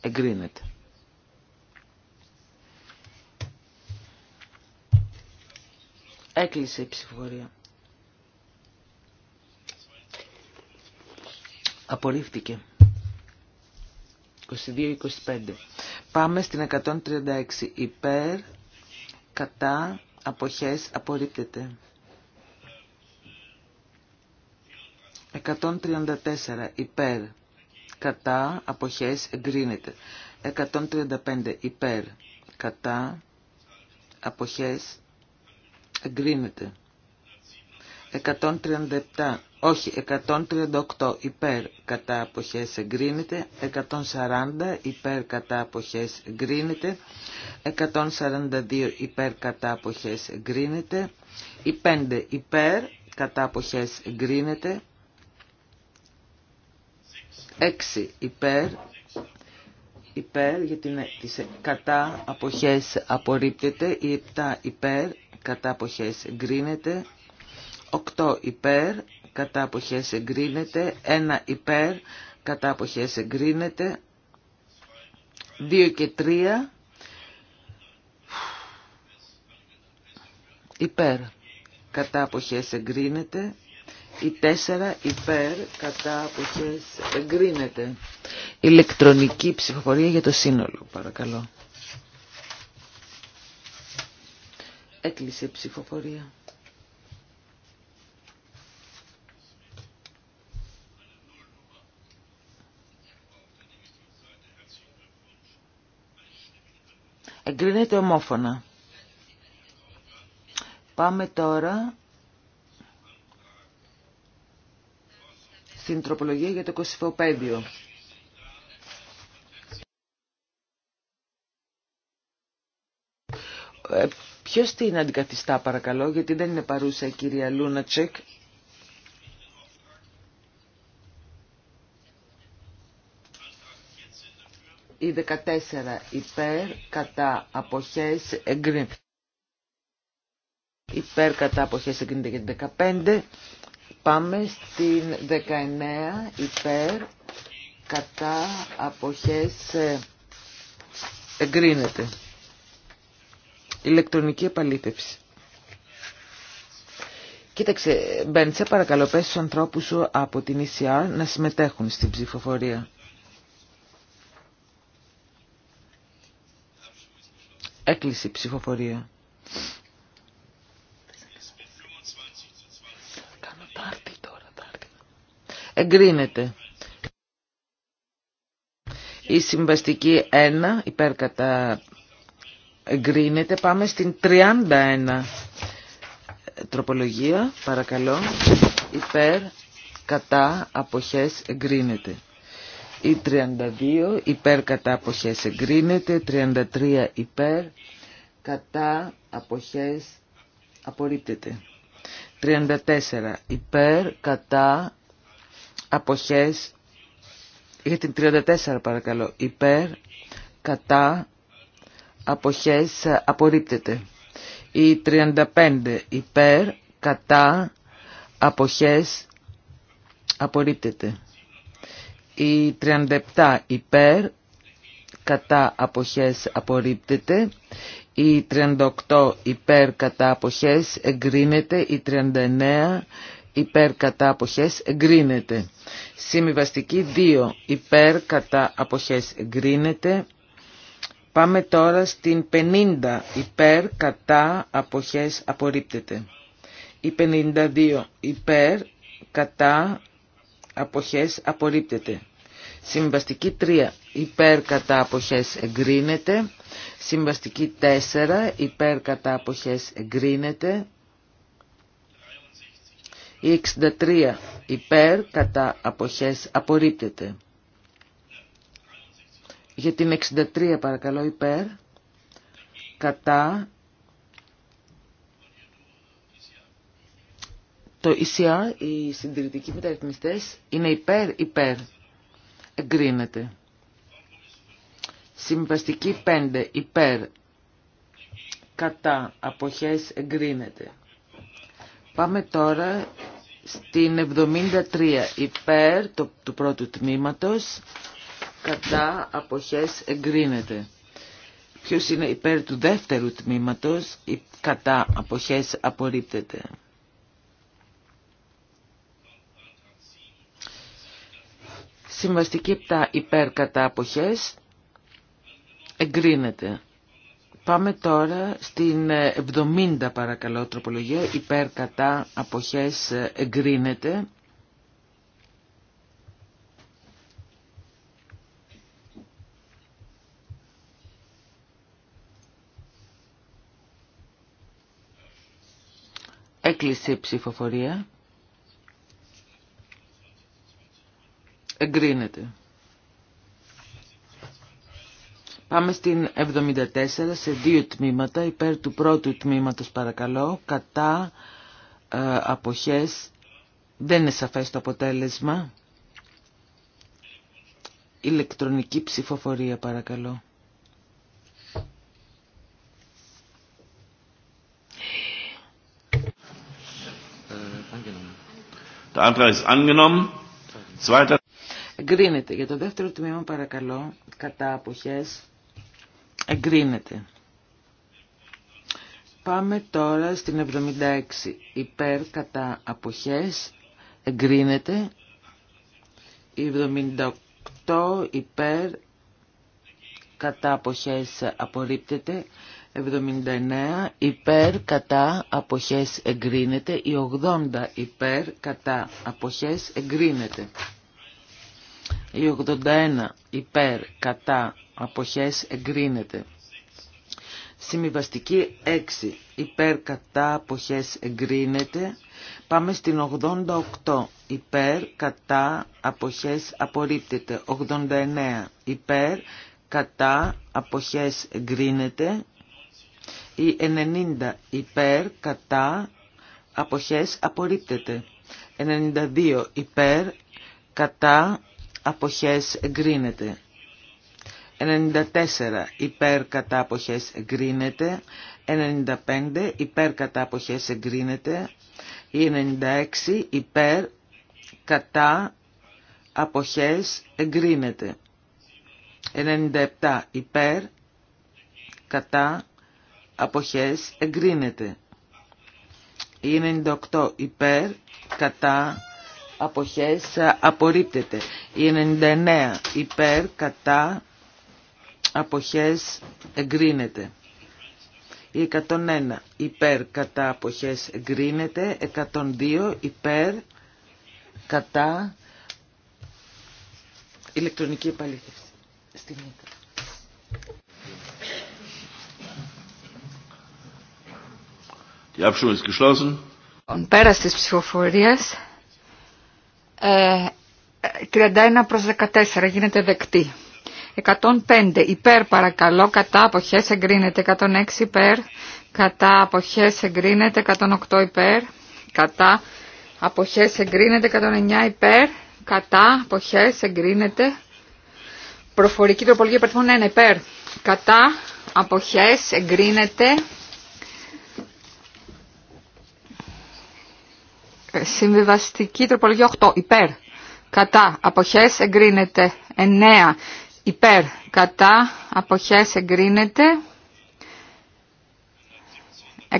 εγκρίνεται. Έκλεισε η ψηφοφορία. Απορρίφθηκε. 22-25. Πάμε στην 136. Υπέρ, κατά, αποχές απορρίπτεται. 134 υπέρ κατά αποχές εγκρίνεται. 135 υπέρ κατά αποχές εγκρίνεται. 137 όχι, 138 υπέρ κατά αποχές εγκρίνεται, 140 υπέρ κατά αποχές εγκρίνεται, 142 υπέρ κατά αποχές εγκρίνεται, Οι 5 υπέρ κατά αποχές εγκρίνεται, 6 υπέρ, υπέρ γιατί είναι τις ε, κατά αποχές απορρίπτεται, Οι 7 υπέρ κατά αποχές εγκρίνεται, 8 υπέρ, κατά αποχές εγκρίνεται, 1 υπέρ, κατά αποχές εγκρίνεται, 2 και 3 υπέρ, κατά αποχές εγκρίνεται, η 4 υπέρ, κατά αποχές εγκρίνεται. Ηλεκτρονική ψηφοφορία για το σύνολο, παρακαλώ. Έκλεισε ψηφοφορία. Εγκρίνεται ομόφωνα. Πάμε τώρα στην τροπολογία για το κοσυφοπέδιο. Ε, ποιος την αντικαθιστά παρακαλώ, γιατί δεν είναι παρούσα η κυρία Λούνατσεκ. ή 14 υπέρ κατά αποχές εγκρίνεται. Υπέρ κατά αποχές εγκρίνεται για την 15. Πάμε στην 19 υπέρ κατά αποχές ε, εγκρίνεται. Ηλεκτρονική επαλήθευση. Κοίταξε, Μπέντσε, παρακαλώ πες στους ανθρώπους σου από την ECR να συμμετέχουν στην ψηφοφορία. Έκλεισε η ψηφοφορία. Κάνω τάρτη τώρα, Εγκρίνεται. Η συμβαστική 1, υπέρ κατά εγκρίνεται. Πάμε στην 31 τροπολογία, παρακαλώ. Υπέρ κατά αποχές εγκρίνεται. Η 32 υπέρ κατά αποχές εγκρίνεται, 33 υπέρ κατά αποχές απορρίπτεται. 34 υπέρ κατά αποχές, για την 34 παρακαλώ, υπέρ κατά αποχές απορρίπτεται. Η 35 υπέρ κατά αποχές απορρίπτεται. Η 37 υπέρ, κατά αποχές απορρίπτεται. Η 38 υπέρ κατά αποχές εγκρίνεται. Η 39 υπέρ κατά αποχές εγκρίνεται. Συμβιβαστική 2 υπέρ κατά αποχές εγκρίνεται. Πάμε τώρα στην 50 υπέρ κατά αποχές απορρίπτεται. Η 52 υπέρ κατά αποχές απορρίπτεται. Συμβαστική 3 υπέρ κατά αποχές εγκρίνεται. Συμβαστική 4 υπέρ κατά αποχές εγκρίνεται. Η 63 υπέρ κατά αποχές απορρίπτεται. Για την 63 παρακαλώ υπέρ κατά Το ECR, οι συντηρητικοί μεταρρυθμιστές, είναι υπέρ, υπέρ. Εγκρίνεται. Συμβαστική 5, υπέρ. Κατά αποχές εγκρίνεται. Πάμε τώρα στην 73 υπέρ το, του πρώτου τμήματος κατά αποχές εγκρίνεται. Ποιος είναι υπέρ του δεύτερου τμήματος κατά αποχές απορρίπτεται. Συμβαστική τα υπέρ κατά αποχές εγκρίνεται. Πάμε τώρα στην 70 παρακαλώ τροπολογία υπέρ κατά αποχές εγκρίνεται. Έκλεισε η ψηφοφορία. Εγκρίνεται. Πάμε στην 74 σε δύο τμήματα. Υπέρ του πρώτου τμήματος παρακαλώ. Κατά ε, αποχές. Δεν είναι σαφές το αποτέλεσμα. Ηλεκτρονική ψηφοφορία παρακαλώ. Äh, äh, äh, der Antrag είναι angenommen. Εγκρίνεται. Για το δεύτερο τμήμα παρακαλώ. Κατά αποχές. Εγκρίνεται. Πάμε τώρα στην 76. Υπέρ κατά αποχές. Εγκρίνεται. Η 78 υπέρ κατά αποχές απορρίπτεται. 79 υπέρ κατά αποχές εγκρίνεται. Η 80 υπέρ κατά αποχές εγκρίνεται. Η 81 υπέρ κατά αποχές εγκρίνεται. Συμβιβαστική 6 υπέρ κατά αποχές εγκρίνεται. Πάμε στην 88 υπέρ κατά αποχές απορρίπτεται. 89 υπέρ κατά αποχές εγκρίνεται. Η 90 υπέρ κατά αποχές απορρίπτεται. 92 υπέρ κατά αποχές εγκρίνεται. 94 υπέρ κατά αποχές εγκρίνεται, 95 υπέρ κατά αποχές εγκρίνεται, 96 υπέρ κατά αποχές εγκρίνεται, 97 υπέρ κατά αποχές εγκρίνεται, 98 υπέρ κατά αποχές ε, απορρίπτεται. Η 99 υπέρ κατά αποχές εγκρίνεται. Η 101 υπέρ κατά αποχές εγκρίνεται. 102 υπέρ κατά ηλεκτρονική επαλήθευση. Στην Die Abstimmung ist geschlossen. Und πέρας της ψηφοφορίας 31 ε, ε, προς 14 γίνεται δεκτή. 105 υπέρ παρακαλώ, κατά αποχές εγκρίνεται. 106 υπέρ, κατά αποχές εγκρίνεται. 108 υπέρ, κατά αποχές εγκρίνεται. 109 υπέρ, κατά αποχές εγκρίνεται. Προφορική τροπολογία υπερθμών 1 υπέρ, κατά αποχές εγκρίνεται. Συμβιβαστική τροπολογία 8. Υπέρ. Κατά. απόχέ εγκρίνεται. 9. Υπέρ. Κατά. απόχέ εγκρίνεται.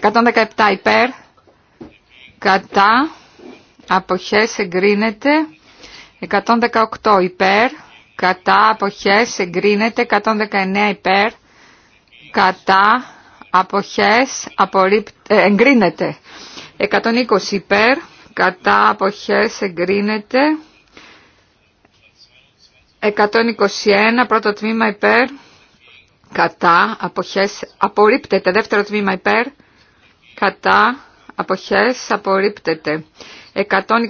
117. Υπέρ. Κατά. απόχέ, εγκρίνεται. 118. Υπέρ. Κατά. απόχέ εγκρίνεται. 119. Υπέρ. Κατά. Αποχές εγκρίνεται. 120 υπέρ κατά αποχές εγκρίνεται 121 πρώτο τμήμα υπέρ κατά αποχές απορρίπτεται δεύτερο τμήμα υπέρ κατά αποχές απορρίπτεται 123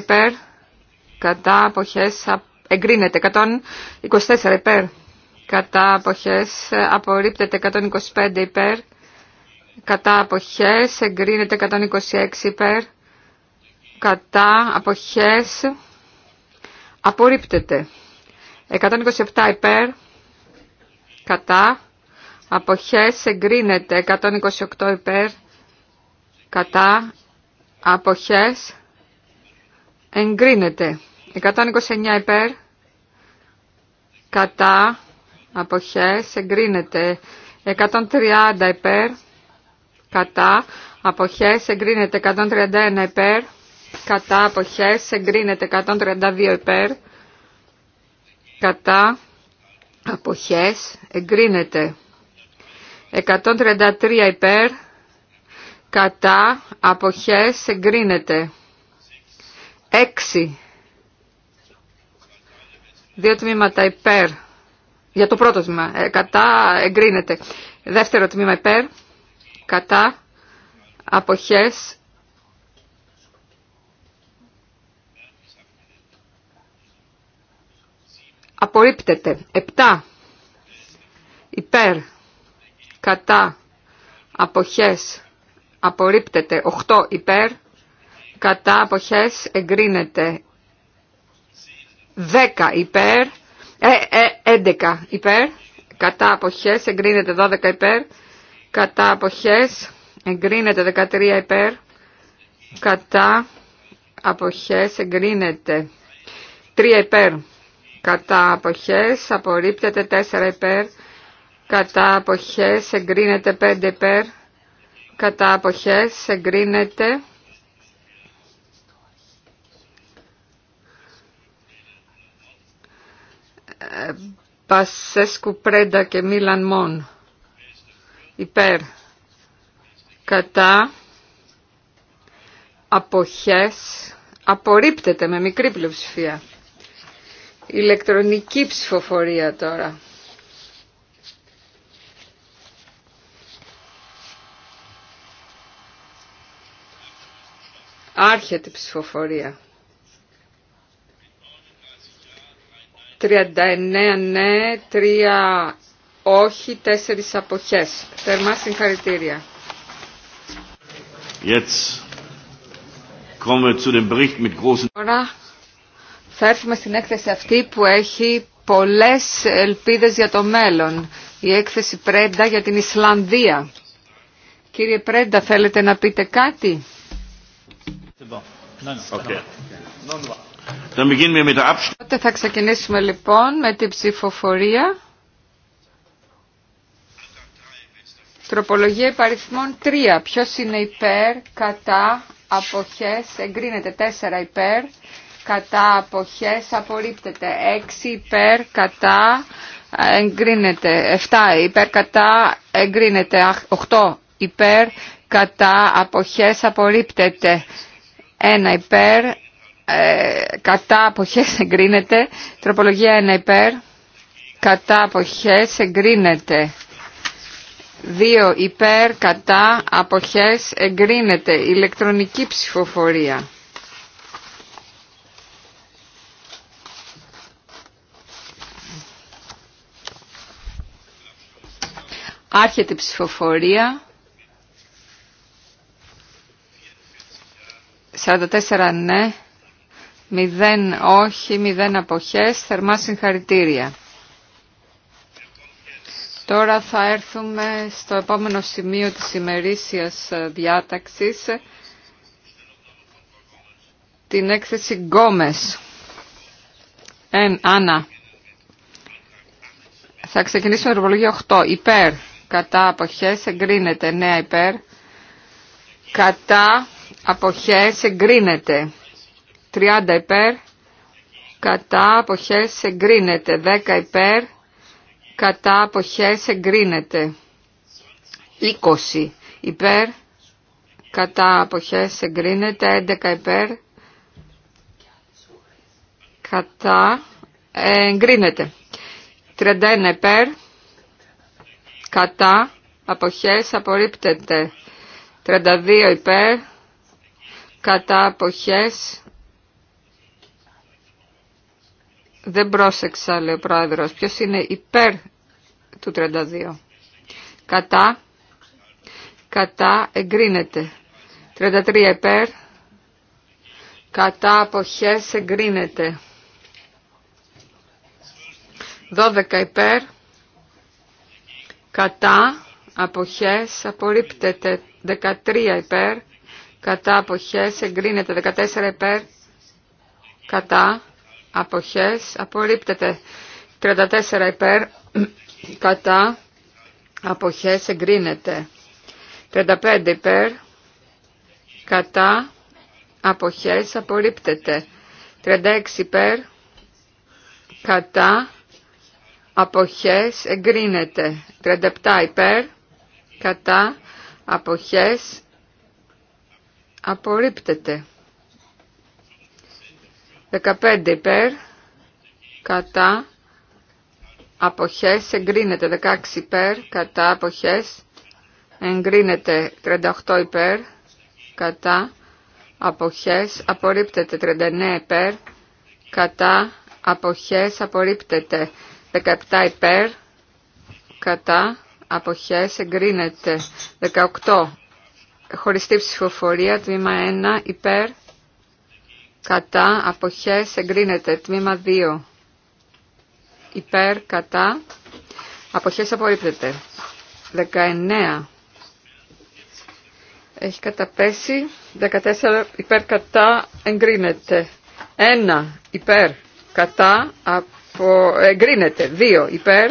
υπέρ κατά αποχές εγκρίνεται 124 υπέρ κατά αποχές απορρίπτεται 125 υπέρ κατά αποχές εγκρίνεται 126 υπέρ κατά αποχές απορρίπτεται. 127 υπέρ κατά αποχές εγκρίνεται. 128 υπέρ κατά αποχές εγκρίνεται. 129 υπέρ κατά αποχές εγκρίνεται. 130 υπέρ κατά αποχές εγκρίνεται. 131 υπέρ κατά αποχές εγκρίνεται 132 υπέρ, κατά αποχές εγκρίνεται 133 υπέρ, κατά αποχές εγκρίνεται 6 δύο τμήματα υπέρ, για το πρώτο τμήμα, ε, κατά εγκρίνεται, δεύτερο τμήμα υπέρ, κατά αποχές απορρίπτεται. 7 υπέρ κατά αποχές απορρίπτεται. 8 υπέρ κατά αποχές εγκρίνεται. 10 υπέρ, 11 ε, ε, υπέρ, κατά αποχές εγκρίνεται 12 υπέρ, κατά αποχές εγκρίνεται 13 υπέρ, κατά αποχές εγκρίνεται 3 υπέρ, κατά αποχές απορρίπτεται 4 υπέρ, κατά αποχές εγκρίνεται 5 υπέρ, κατά αποχές εγκρίνεται ε, Πασέσκου Πρέντα και Μίλαν Μον υπέρ κατά αποχές απορρίπτεται με μικρή πλειοψηφία ηλεκτρονική ψηφοφορία τώρα. Άρχεται η ψηφοφορία. 39 ναι, 3 όχι, 4 αποχές. Θερμά συγχαρητήρια. Τώρα θα έρθουμε στην έκθεση αυτή που έχει πολλές ελπίδες για το μέλλον. Η έκθεση Πρέντα για την Ισλανδία. Κύριε Πρέντα, θέλετε να πείτε κάτι. Τότε θα ξεκινήσουμε λοιπόν με την ψηφοφορία. Τροπολογία υπαριθμών 3. Ποιος είναι υπέρ, κατά, αποχές, εγκρίνεται 4 υπέρ, κατά αποχές απορρίπτεται. 6 υπέρ κατά εγκρίνεται. 7 υπέρ κατά εγκρίνεται. 8 υπέρ κατά αποχές απορρίπτεται. 1 υπέρ ε, κατά αποχές εγκρίνεται. Τροπολογία 1 υπέρ κατά αποχές εγκρίνεται. 2 υπέρ κατά αποχές εγκρίνεται. Ηλεκτρονική ψηφοφορία. Άρχεται η ψηφοφορία. 44 ναι, 0 όχι, 0 αποχές, θερμά συγχαρητήρια. Τώρα θα έρθουμε στο επόμενο σημείο της ημερήσιας ε, διάταξης, την έκθεση Γκόμες. Εν, Άννα. Θα ξεκινήσουμε με το 8. Υπέρ κατά αποχές εγκρίνεται. 9 υπέρ κατά αποχές εγκρίνεται. 30 υπέρ κατά αποχές εγκρίνεται. 10 υπέρ κατά αποχές εγκρίνεται. 20 υπέρ κατά αποχές εγκρίνεται. 11 υπέρ κατά εγκρίνεται. 31 υπέρ κατά, αποχές, απορρίπτεται. 32 υπέρ, κατά, αποχές, δεν πρόσεξα, λέει ο πρόεδρος, ποιος είναι υπέρ του 32. Κατά, κατά, εγκρίνεται. 33 υπέρ, κατά, αποχές, εγκρίνεται. 12 υπέρ, κατά αποχές απορρίπτεται 13 υπέρ, κατά αποχές εγκρίνεται 14 υπέρ, κατά αποχές απορρίπτεται 34 υπέρ, κατά αποχές εγκρίνεται 35 υπέρ, κατά αποχές απορρίπτεται 36 υπέρ, κατά αποχές εγκρίνεται. 37 υπέρ, κατά, αποχές απορρίπτεται. 15 υπέρ, κατά, αποχές εγκρίνεται. 16 υπέρ, κατά, αποχές εγκρίνεται. 38 υπέρ, κατά, αποχές απορρίπτεται. 39 υπέρ, κατά, αποχές απορρίπτεται. 17 υπέρ, κατά, αποχές, εγκρίνεται. 18 χωριστή ψηφοφορία, τμήμα 1 υπέρ, κατά, αποχές, εγκρίνεται. Τμήμα 2 υπέρ, κατά, αποχές, απορρίπτεται. 19 έχει καταπέσει. 14 υπέρ κατά εγκρίνεται. 1 υπέρ κατά Εγκρίνεται. 2 υπέρ.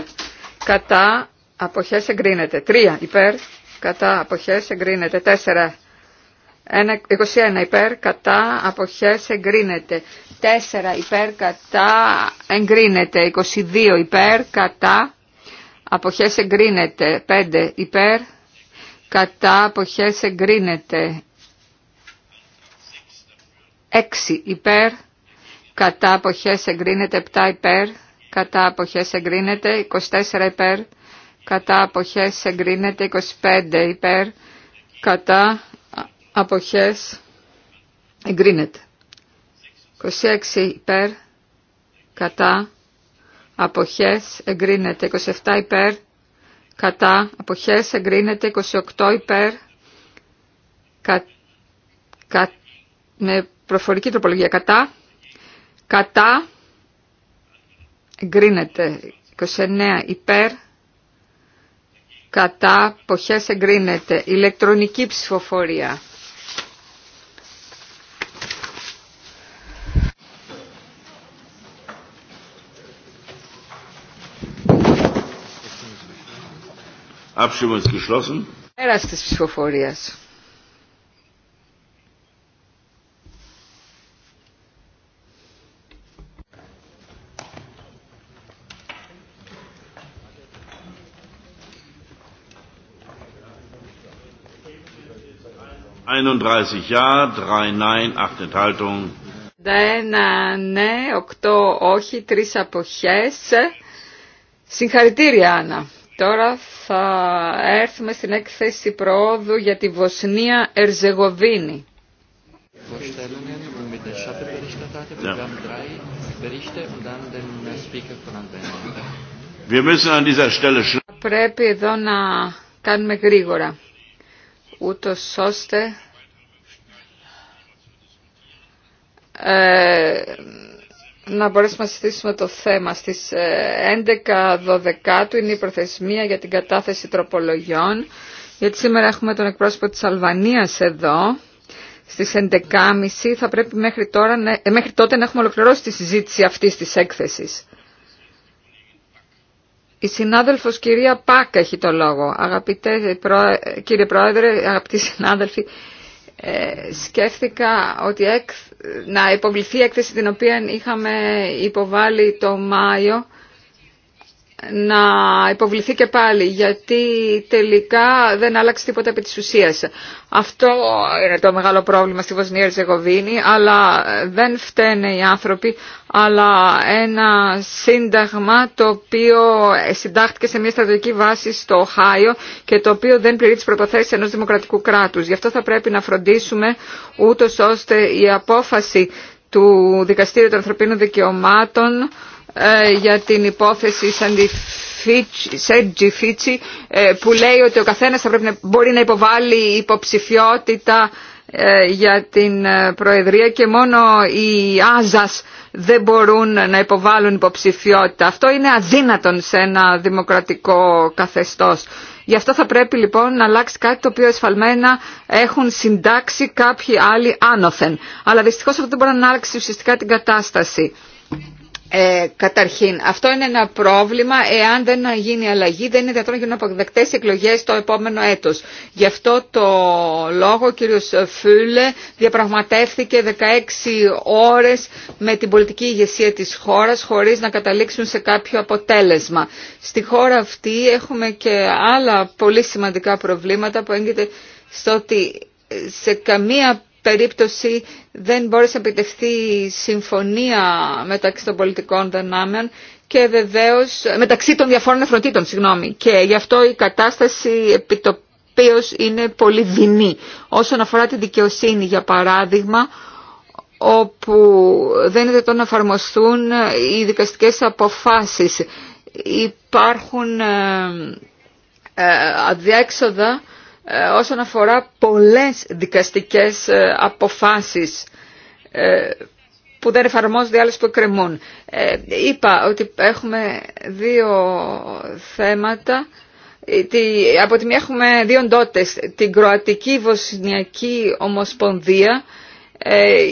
Κατά αποχές εγκρίνεται. 3 υπέρ. Κατά αποχές εγκρίνεται. 4 21 υπέρ κατά αποχές εγκρίνεται. 4 υπέρ κατά εγκρίνεται. 22 υπέρ κατά αποχές εγκρίνεται. 5 υπέρ κατά αποχές εγκρίνεται. 6 υπέρ κατά αποχές εγκρίνεται 7 υπέρ, κατά αποχές εγκρίνεται 24 υπέρ, κατά αποχές εγκρίνεται 25 υπέρ, κατά αποχές εγκρίνεται. 26 υπέρ, κατά αποχές εγκρίνεται 27 υπέρ, κατά αποχές εγκρίνεται 28 υπέρ, κα, με προφορική τροπολογία κατά κατά, εγκρίνεται. 29 υπέρ, κατά, ποχές εγκρίνεται. Ηλεκτρονική ψηφοφορία. Abstimmung ist geschlossen. 31 ja, 3 nein, 8 Enthaltungen. Ένα, ναι, 8 όχι, 3 αποχές. Συγχαρητήρια Άννα. Τώρα θα έρθουμε στην έκθεση προόδου για τη Βοσνία Ερζεγοβίνη. Äh, Πρέπει εδώ να κάνουμε γρήγορα ούτως ώστε ε, να μπορέσουμε να συζητήσουμε το θέμα. Στις 11-12 ε, του είναι η προθεσμία για την κατάθεση τροπολογιών, γιατί σήμερα έχουμε τον εκπρόσωπο της Αλβανίας εδώ. Στις 11.30 θα πρέπει μέχρι, τώρα, ε, μέχρι τότε να έχουμε ολοκληρώσει τη συζήτηση αυτής της έκθεσης. Η συνάδελφος κυρία Πάκ έχει το λόγο. Αγαπητέ κύριε Πρόεδρε, αγαπητοί συνάδελφοι, ε, σκέφτηκα ότι εκ, να υποβληθεί η έκθεση την οποία είχαμε υποβάλει το Μάιο να υποβληθεί και πάλι, γιατί τελικά δεν άλλαξε τίποτα επί της ουσίας. Αυτό είναι το μεγάλο πρόβλημα στη Βοσνία Ριζεγοβίνη αλλά δεν φταίνε οι άνθρωποι, αλλά ένα σύνταγμα το οποίο συντάχθηκε σε μια στρατιωτική βάση στο Οχάιο και το οποίο δεν πληρεί τις προποθέσεις ενός δημοκρατικού κράτους. Γι' αυτό θα πρέπει να φροντίσουμε ούτως ώστε η απόφαση του Δικαστήριου των Ανθρωπίνων Δικαιωμάτων ε, για την υπόθεση Σέντζι Φίτσι ε, που λέει ότι ο καθένας θα πρέπει να μπορεί να υποβάλει υποψηφιότητα ε, για την Προεδρία και μόνο οι Άζας δεν μπορούν να υποβάλουν υποψηφιότητα. Αυτό είναι αδύνατον σε ένα δημοκρατικό καθεστώς. Γι' αυτό θα πρέπει λοιπόν να αλλάξει κάτι το οποίο εσφαλμένα έχουν συντάξει κάποιοι άλλοι άνωθεν. Αλλά δυστυχώς αυτό δεν μπορεί να αλλάξει ουσιαστικά την κατάσταση. Ε, καταρχήν, αυτό είναι ένα πρόβλημα. Εάν δεν γίνει αλλαγή, δεν είναι δυνατόν να γίνουν αποδεκτέ εκλογέ το επόμενο έτο. Γι' αυτό το λόγο ο κύριο Φούλε διαπραγματεύθηκε 16 ώρε με την πολιτική ηγεσία τη χώρα χωρί να καταλήξουν σε κάποιο αποτέλεσμα. Στη χώρα αυτή έχουμε και άλλα πολύ σημαντικά προβλήματα που έγκυται στο ότι σε καμία περίπτωση δεν μπόρεσε να επιτευχθεί συμφωνία μεταξύ των πολιτικών δυνάμεων και βεβαίως μεταξύ των διαφόρων εφροντήτων, συγγνώμη. Και γι' αυτό η κατάσταση επιτοπίως είναι πολύ δεινή. Όσον αφορά τη δικαιοσύνη, για παράδειγμα, όπου δεν είναι να εφαρμοστούν οι δικαστικές αποφάσεις. Υπάρχουν ε, ε, αδιέξοδα ε, όσον αφορά πολλές δικαστικές ε, αποφάσεις ε, που δεν εφαρμόζονται, άλλες που εκκρεμούν. Είπα ότι έχουμε δύο θέματα. Από τη μία έχουμε δύο ντότες, την Κροατική Βοσνιακή Ομοσπονδία,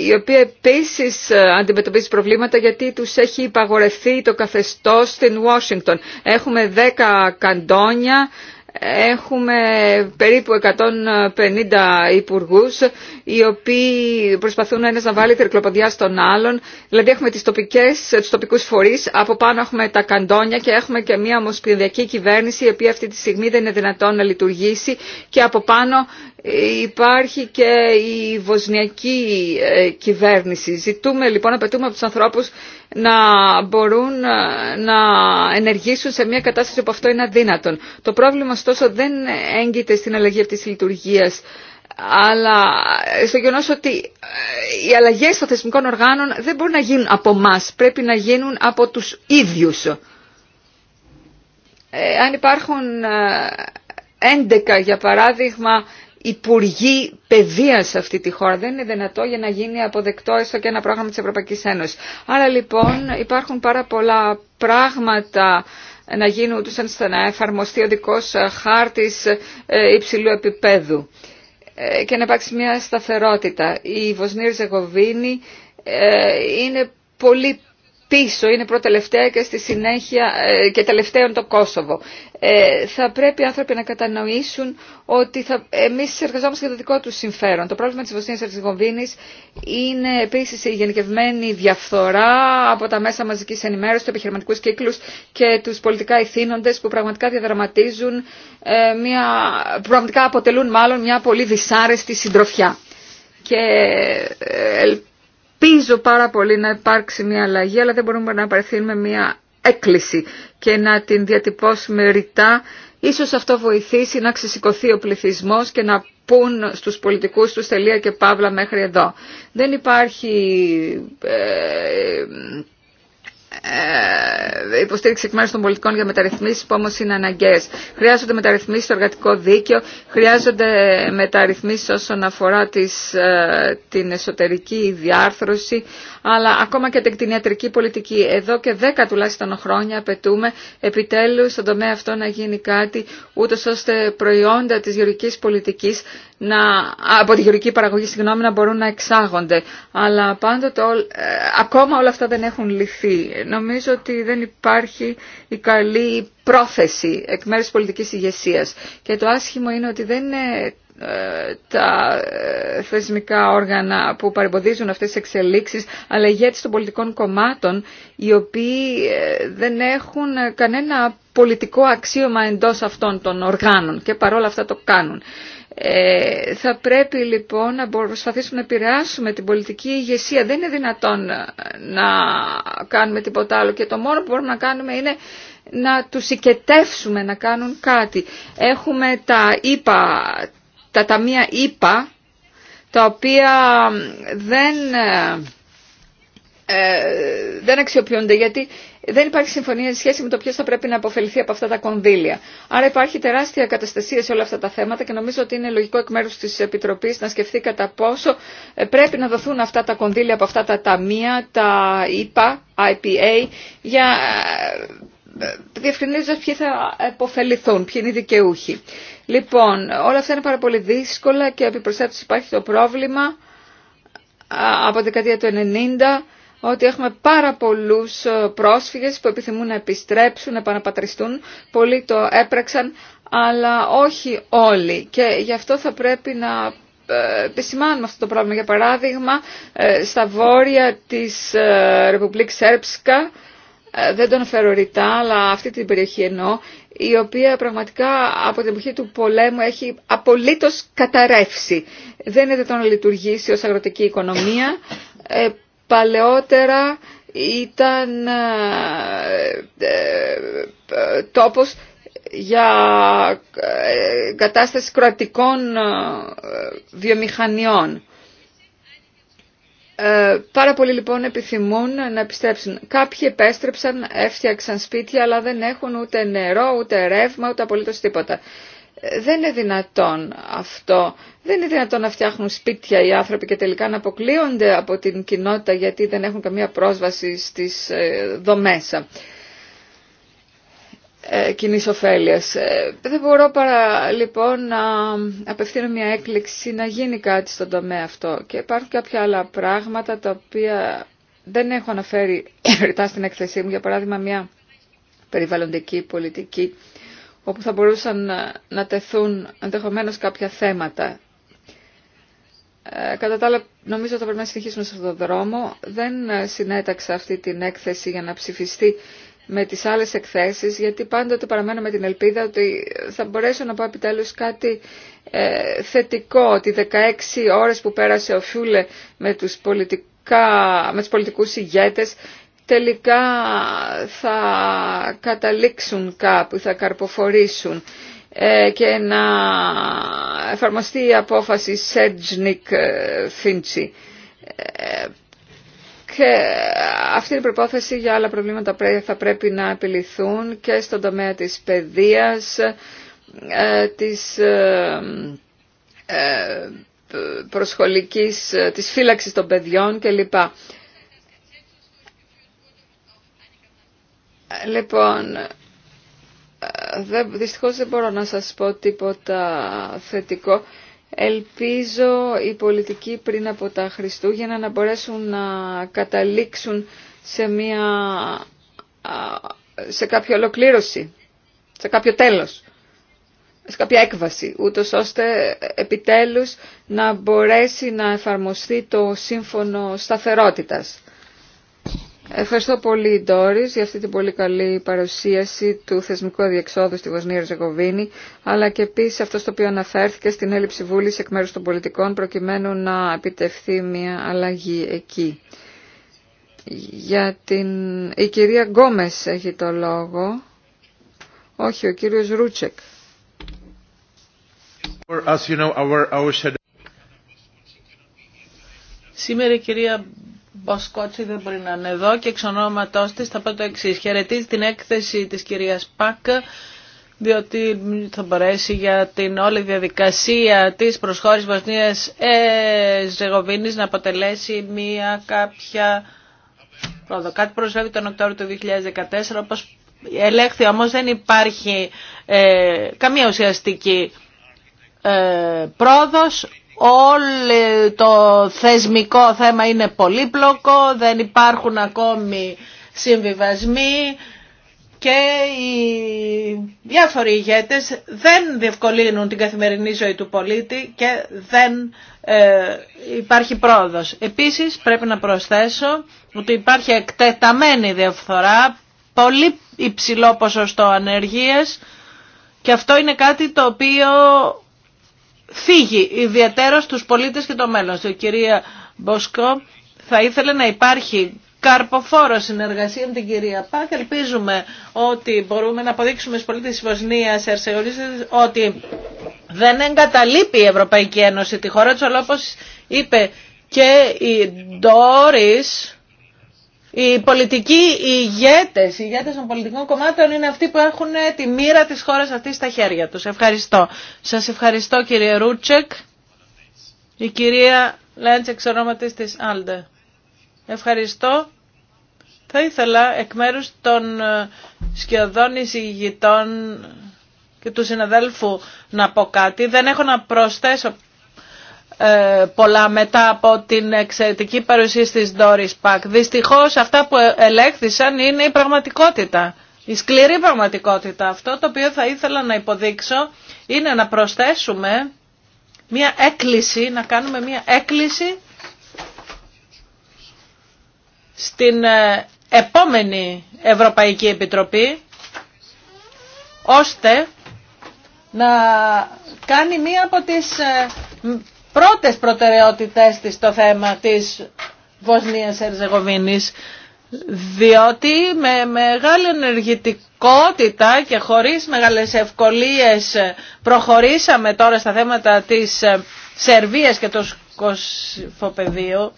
η οποία επίσης αντιμετωπίζει προβλήματα γιατί τους έχει υπαγορευτεί το καθεστώς στην Ουάσιγκτον. Έχουμε δέκα καντόνια έχουμε περίπου 150 υπουργού οι οποίοι προσπαθούν ένας να βάλει τρικλοποδιά στον άλλον. Δηλαδή έχουμε τις τοπικές, τους τοπικούς φορείς, από πάνω έχουμε τα καντόνια και έχουμε και μια ομοσπονδιακή κυβέρνηση η οποία αυτή τη στιγμή δεν είναι δυνατόν να λειτουργήσει και από πάνω Υπάρχει και η βοσνιακή ε, κυβέρνηση. Ζητούμε λοιπόν, απαιτούμε από τους ανθρώπους να μπορούν ε, να ενεργήσουν σε μια κατάσταση όπου αυτό είναι αδύνατον. Το πρόβλημα ωστόσο δεν έγκυται στην αλλαγή αυτής της λειτουργίας αλλά ε, στο γεγονό ότι οι αλλαγέ των θεσμικών οργάνων δεν μπορούν να γίνουν από εμά, πρέπει να γίνουν από τους ίδιους. αν υπάρχουν 11 για παράδειγμα υπουργοί παιδεία σε αυτή τη χώρα. Δεν είναι δυνατό για να γίνει αποδεκτό έστω και ένα πρόγραμμα τη Ευρωπαϊκή Ένωση. Άρα λοιπόν υπάρχουν πάρα πολλά πράγματα να γίνουν ούτως ώστε να εφαρμοστεί ο δικό ε, χάρτη ε, υψηλού επίπεδου ε, και να υπάρξει μια σταθερότητα. Η Βοσνία Ζεγοβίνη είναι πολύ πίσω, είναι προτελευταία και στη συνέχεια ε, και τελευταίο το Κόσοβο. Ε, θα πρέπει οι άνθρωποι να κατανοήσουν ότι θα, εμείς εργαζόμαστε για το δικό τους συμφέρον. Το πρόβλημα της Βοσνίας Ερζεγοβίνης είναι επίσης η γενικευμένη διαφθορά από τα μέσα μαζικής ενημέρωσης, του επιχειρηματικούς κύκλους και τους πολιτικά ηθήνοντες που πραγματικά διαδραματίζουν, ε, μια, πραγματικά αποτελούν μάλλον μια πολύ δυσάρεστη συντροφιά. Και ε, ελπίζω πάρα πολύ να υπάρξει μια αλλαγή, αλλά δεν μπορούμε να απευθύνουμε μια έκκληση και να την διατυπώσουμε ρητά. Ίσως αυτό βοηθήσει να ξεσηκωθεί ο πληθυσμός και να πούν στους πολιτικούς τους τελεία και παύλα μέχρι εδώ. Δεν υπάρχει ε, ε, υποστήριξη εκ μέρου των πολιτικών για μεταρρυθμίσει που όμω είναι αναγκαίε. Χρειάζονται μεταρρυθμίσει στο εργατικό δίκαιο, χρειάζονται μεταρρυθμίσει όσον αφορά τις, ε, την εσωτερική διάρθρωση, αλλά ακόμα και την ιατρική πολιτική. Εδώ και δέκα τουλάχιστον χρόνια απαιτούμε επιτέλους στον τομέα αυτό να γίνει κάτι, ούτως ώστε προϊόντα της γεωργικής πολιτικής να, από τη γεωρική παραγωγή συγγνώμη, να μπορούν να εξάγονται. Αλλά πάντοτε ε, ακόμα όλα αυτά δεν έχουν λυθεί. Νομίζω ότι δεν υπάρχει η καλή πρόθεση εκ μέρους πολιτικής ηγεσίας. Και το άσχημο είναι ότι δεν είναι ε, τα ε, θεσμικά όργανα που παρεμποδίζουν αυτές τις εξελίξεις, αλλά ηγέτες των πολιτικών κομμάτων, οι οποίοι ε, δεν έχουν κανένα πολιτικό αξίωμα εντός αυτών των οργάνων και παρόλα αυτά το κάνουν. θα πρέπει λοιπόν να προσπαθήσουμε να επηρεάσουμε την πολιτική ηγεσία. Δεν είναι δυνατόν να κάνουμε τίποτα άλλο και το μόνο που μπορούμε να κάνουμε είναι να τους συγκετεύσουμε να κάνουν κάτι. Έχουμε τα ΙΠΑ, τα ταμεία ΙΠΑ, τα οποία δεν, ε, ε, δεν αξιοποιούνται γιατί δεν υπάρχει συμφωνία σε σχέση με το ποιο θα πρέπει να αποφεληθεί από αυτά τα κονδύλια. Άρα υπάρχει τεράστια καταστασία σε όλα αυτά τα θέματα και νομίζω ότι είναι λογικό εκ μέρου τη Επιτροπή να σκεφτεί κατά πόσο ε, πρέπει να δοθούν αυτά τα κονδύλια από αυτά τα ταμεία, τα IPA, IPA για διευκρινίζοντας ποιοι θα επωφεληθούν, ποιοι είναι οι δικαιούχοι. Λοιπόν, όλα αυτά είναι πάρα πολύ δύσκολα και επιπροσθέτως υπάρχει το πρόβλημα από την δεκαετία του 90 ότι έχουμε πάρα πολλούς ε, πρόσφυγες που επιθυμούν να επιστρέψουν, να επαναπατριστούν. Πολλοί το έπραξαν, αλλά όχι όλοι. Και γι' αυτό θα πρέπει να ε, επισημάνουμε αυτό το πρόβλημα. Για παράδειγμα, ε, στα βόρεια της Ρεπουμπλίκ Σέρψκα, ε, δεν τον φέρω ρητά, αλλά αυτή την περιοχή εννοώ, η οποία πραγματικά από την εποχή του πολέμου έχει απολύτως καταρρεύσει. Δεν είναι δυνατόν να λειτουργήσει ως αγροτική οικονομία. Ε, παλαιότερα ήταν ε, ε τόπος για κατάσταση κρατικών βιομηχανιών. Ε, πάρα πολλοί λοιπόν επιθυμούν να επιστρέψουν. Κάποιοι επέστρεψαν, έφτιαξαν σπίτια, αλλά δεν έχουν ούτε νερό, ούτε ρεύμα, ούτε απολύτω τίποτα. Ε, δεν είναι δυνατόν αυτό. Δεν είναι δυνατόν να φτιάχνουν σπίτια οι άνθρωποι και τελικά να αποκλείονται από την κοινότητα γιατί δεν έχουν καμία πρόσβαση στις ε, ε, κοινή ωφέλεια. Ε, δεν μπορώ παρά λοιπόν να απευθύνω μια έκκληξη να γίνει κάτι στον τομέα αυτό. Και υπάρχουν κάποια άλλα πράγματα τα οποία δεν έχω αναφέρει ρητά στην έκθεσή μου. Για παράδειγμα μια περιβαλλοντική πολιτική όπου θα μπορούσαν να τεθούν ενδεχομένω κάποια θέματα. Ε, κατά τα άλλα, νομίζω ότι θα πρέπει να συνεχίσουμε σε αυτόν τον δρόμο. Δεν ε, συνέταξα αυτή την έκθεση για να ψηφιστεί με τις άλλες εκθέσεις, γιατί πάντοτε παραμένω με την ελπίδα ότι θα μπορέσω να πω επιτέλους κάτι ε, θετικό, ότι 16 ώρες που πέρασε ο Φιούλε με τους, πολιτικά, με τους πολιτικούς ηγέτες, τελικά θα καταλήξουν κάπου, θα καρποφορήσουν ε, και να εφαρμοστεί η απόφαση Σέτζνικ ε, Φίντσι. Και αυτή η προπόθεση για άλλα προβλήματα θα πρέπει να επιληθούν και στον τομέα της παιδείας, ε, της ε, ε, προσχολικής, της φύλαξης των παιδιών κλπ. Λοιπόν, δυστυχώς δεν μπορώ να σας πω τίποτα θετικό. Ελπίζω οι πολιτικοί πριν από τα Χριστούγεννα να μπορέσουν να καταλήξουν σε, μια, σε κάποια ολοκλήρωση, σε κάποιο τέλος, σε κάποια έκβαση, ούτως ώστε επιτέλους να μπορέσει να εφαρμοστεί το σύμφωνο σταθερότητας. Ευχαριστώ πολύ, Ντόρις, για αυτή την πολύ καλή παρουσίαση του θεσμικού διεξόδου στη Βοσνία Ριζεγοβίνη, αλλά και επίση αυτό το οποίο αναφέρθηκε στην έλλειψη βούληση εκ μέρου των πολιτικών προκειμένου να επιτευχθεί μια αλλαγή εκεί. Για την... Η κυρία Γκόμες έχει το λόγο. Όχι, ο κύριος Ρούτσεκ. Σήμερα κυρία Μποσκότσι δεν μπορεί να είναι εδώ και εξ ονόματό της θα πω το εξή. Χαιρετίζει την έκθεση της κυρίας Πακ διότι θα μπορέσει για την όλη διαδικασία της προσχώρησης Βοσνία ε, να αποτελέσει μία κάποια πρόοδο. Κάτι προσβεύει τον Οκτώβριο του 2014, όπω ελέγχθη όμω δεν υπάρχει ε, καμία ουσιαστική ε, όλο το θεσμικό θέμα είναι πολύπλοκο, δεν υπάρχουν ακόμη συμβιβασμοί και οι διάφοροι ηγέτες δεν διευκολύνουν την καθημερινή ζωή του πολίτη και δεν ε, υπάρχει πρόοδος. Επίσης πρέπει να προσθέσω ότι υπάρχει εκτεταμένη διαφθορά, πολύ υψηλό ποσοστό ανεργίας και αυτό είναι κάτι το οποίο φύγει ιδιαίτερα στους πολίτες και το μέλλον. Στο κυρία Μποσκό θα ήθελε να υπάρχει καρποφόρο συνεργασία με την κυρία Πάκ. Ελπίζουμε ότι μπορούμε να αποδείξουμε στους πολίτες της Βοσνίας ότι δεν εγκαταλείπει η Ευρωπαϊκή Ένωση τη χώρα της, αλλά όπως είπε και η Ντόρις οι πολιτικοί ηγέτες, οι ηγέτες των πολιτικών κομμάτων είναι αυτοί που έχουν ε, τη μοίρα της χώρας αυτή στα χέρια τους. Ευχαριστώ. Σας ευχαριστώ κύριε Ρούτσεκ. Η κυρία Λέντσε εξονόματης της Άλντε. Ευχαριστώ. Θα ήθελα εκ μέρους των ε, σκιωδών εισηγητών και του συναδέλφου να πω κάτι. Δεν έχω να προσθέσω ε, πολλά μετά από την εξαιρετική παρουσία της Doris Πακ. Δυστυχώς αυτά που ε, ελέγχθησαν είναι η πραγματικότητα. Η σκληρή πραγματικότητα. Αυτό το οποίο θα ήθελα να υποδείξω είναι να προσθέσουμε μια έκκληση, να κάνουμε μια έκκληση στην ε, επόμενη Ευρωπαϊκή Επιτροπή ώστε να κάνει μία από τις πρώτες προτεραιότητές της το θέμα της Βοσνίας Ερζεγοβίνης διότι με μεγάλη ενεργητικότητα και χωρίς μεγάλες ευκολίες προχωρήσαμε τώρα στα θέματα της Σερβίας και του Κοσφοπεδίου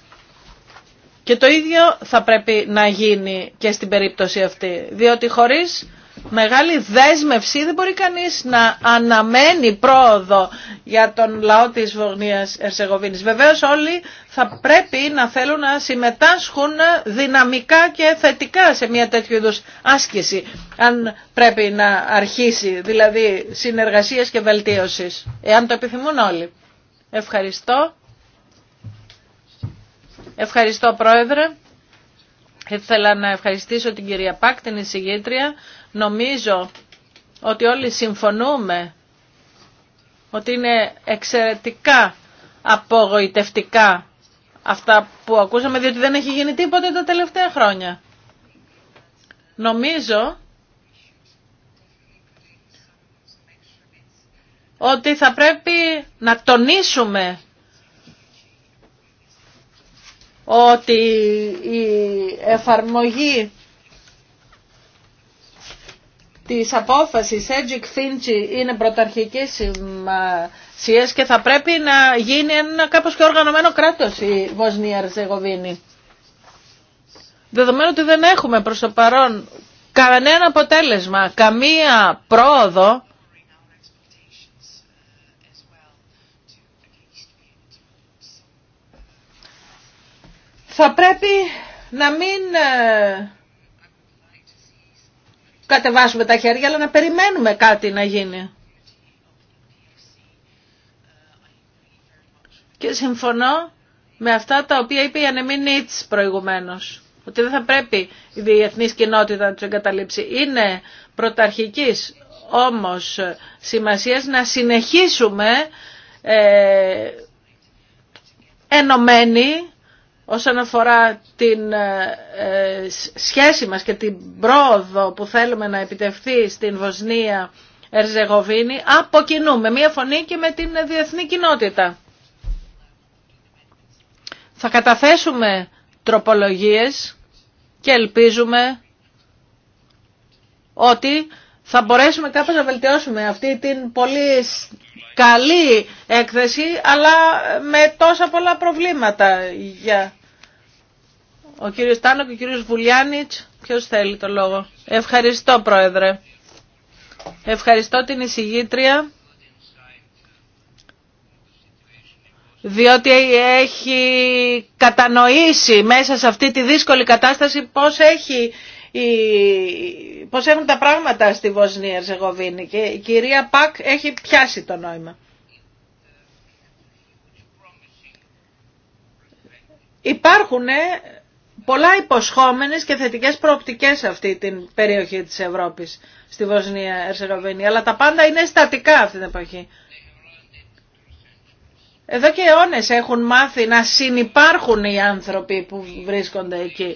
και το ίδιο θα πρέπει να γίνει και στην περίπτωση αυτή διότι χωρίς μεγάλη δέσμευση δεν μπορεί κανείς να αναμένει πρόοδο για τον λαό της Βογνίας Ερσεγοβίνης. Βεβαίως όλοι θα πρέπει να θέλουν να συμμετάσχουν δυναμικά και θετικά σε μια τέτοιου είδου άσκηση αν πρέπει να αρχίσει δηλαδή συνεργασίες και βελτίωσης εάν το επιθυμούν όλοι. Ευχαριστώ. Ευχαριστώ Πρόεδρε. Ήθελα να ευχαριστήσω την κυρία Πάκ, την εισηγήτρια. Νομίζω ότι όλοι συμφωνούμε ότι είναι εξαιρετικά απογοητευτικά αυτά που ακούσαμε, διότι δεν έχει γίνει τίποτα τα τελευταία χρόνια. Νομίζω ότι θα πρέπει να τονίσουμε ότι η εφαρμογή τη απόφασης Edgic Φίντσι είναι πρωταρχική σημασία και θα πρέπει να γίνει ένα κάπως και οργανωμένο κράτος η Βοσνία ριζεγοβινη Δεδομένου ότι δεν έχουμε προς το παρόν κανένα αποτέλεσμα, καμία πρόοδο, θα πρέπει να μην ε, κατεβάσουμε τα χέρια, αλλά να περιμένουμε κάτι να γίνει. Και συμφωνώ με αυτά τα οποία είπε η Ανεμή Νίτς προηγουμένως. Ότι δεν θα πρέπει η διεθνής κοινότητα να του εγκαταλείψει. Είναι πρωταρχικής όμως σημασίας να συνεχίσουμε ε, ενωμένοι όσον αφορά την ε, ε, σχέση μας και την πρόοδο που θέλουμε να επιτευχθεί στην Βοσνία Ερζεγοβίνη από μία φωνή και με την διεθνή κοινότητα. Θα καταθέσουμε τροπολογίες και ελπίζουμε ότι θα μπορέσουμε κάπως να βελτιώσουμε αυτή την πολύ καλή έκθεση, αλλά με τόσα πολλά προβλήματα. Για... Ο κύριος Τάνο και ο κύριος Βουλιάνιτς, ποιος θέλει το λόγο. Ευχαριστώ πρόεδρε. Ευχαριστώ την εισηγήτρια. διότι έχει κατανοήσει μέσα σε αυτή τη δύσκολη κατάσταση πώς έχει πώς έχουν τα πράγματα στη Βοσνία Ζεγοβίνη και η κυρία Πακ έχει πιάσει το νόημα. Υπάρχουν πολλά υποσχόμενες και θετικές προοπτικές σε αυτή την περιοχή της Ευρώπης, στη Βοσνία Ερσεγοβίνη, αλλά τα πάντα είναι στατικά αυτή την εποχή. Εδώ και αιώνες έχουν μάθει να συνυπάρχουν οι άνθρωποι που βρίσκονται εκεί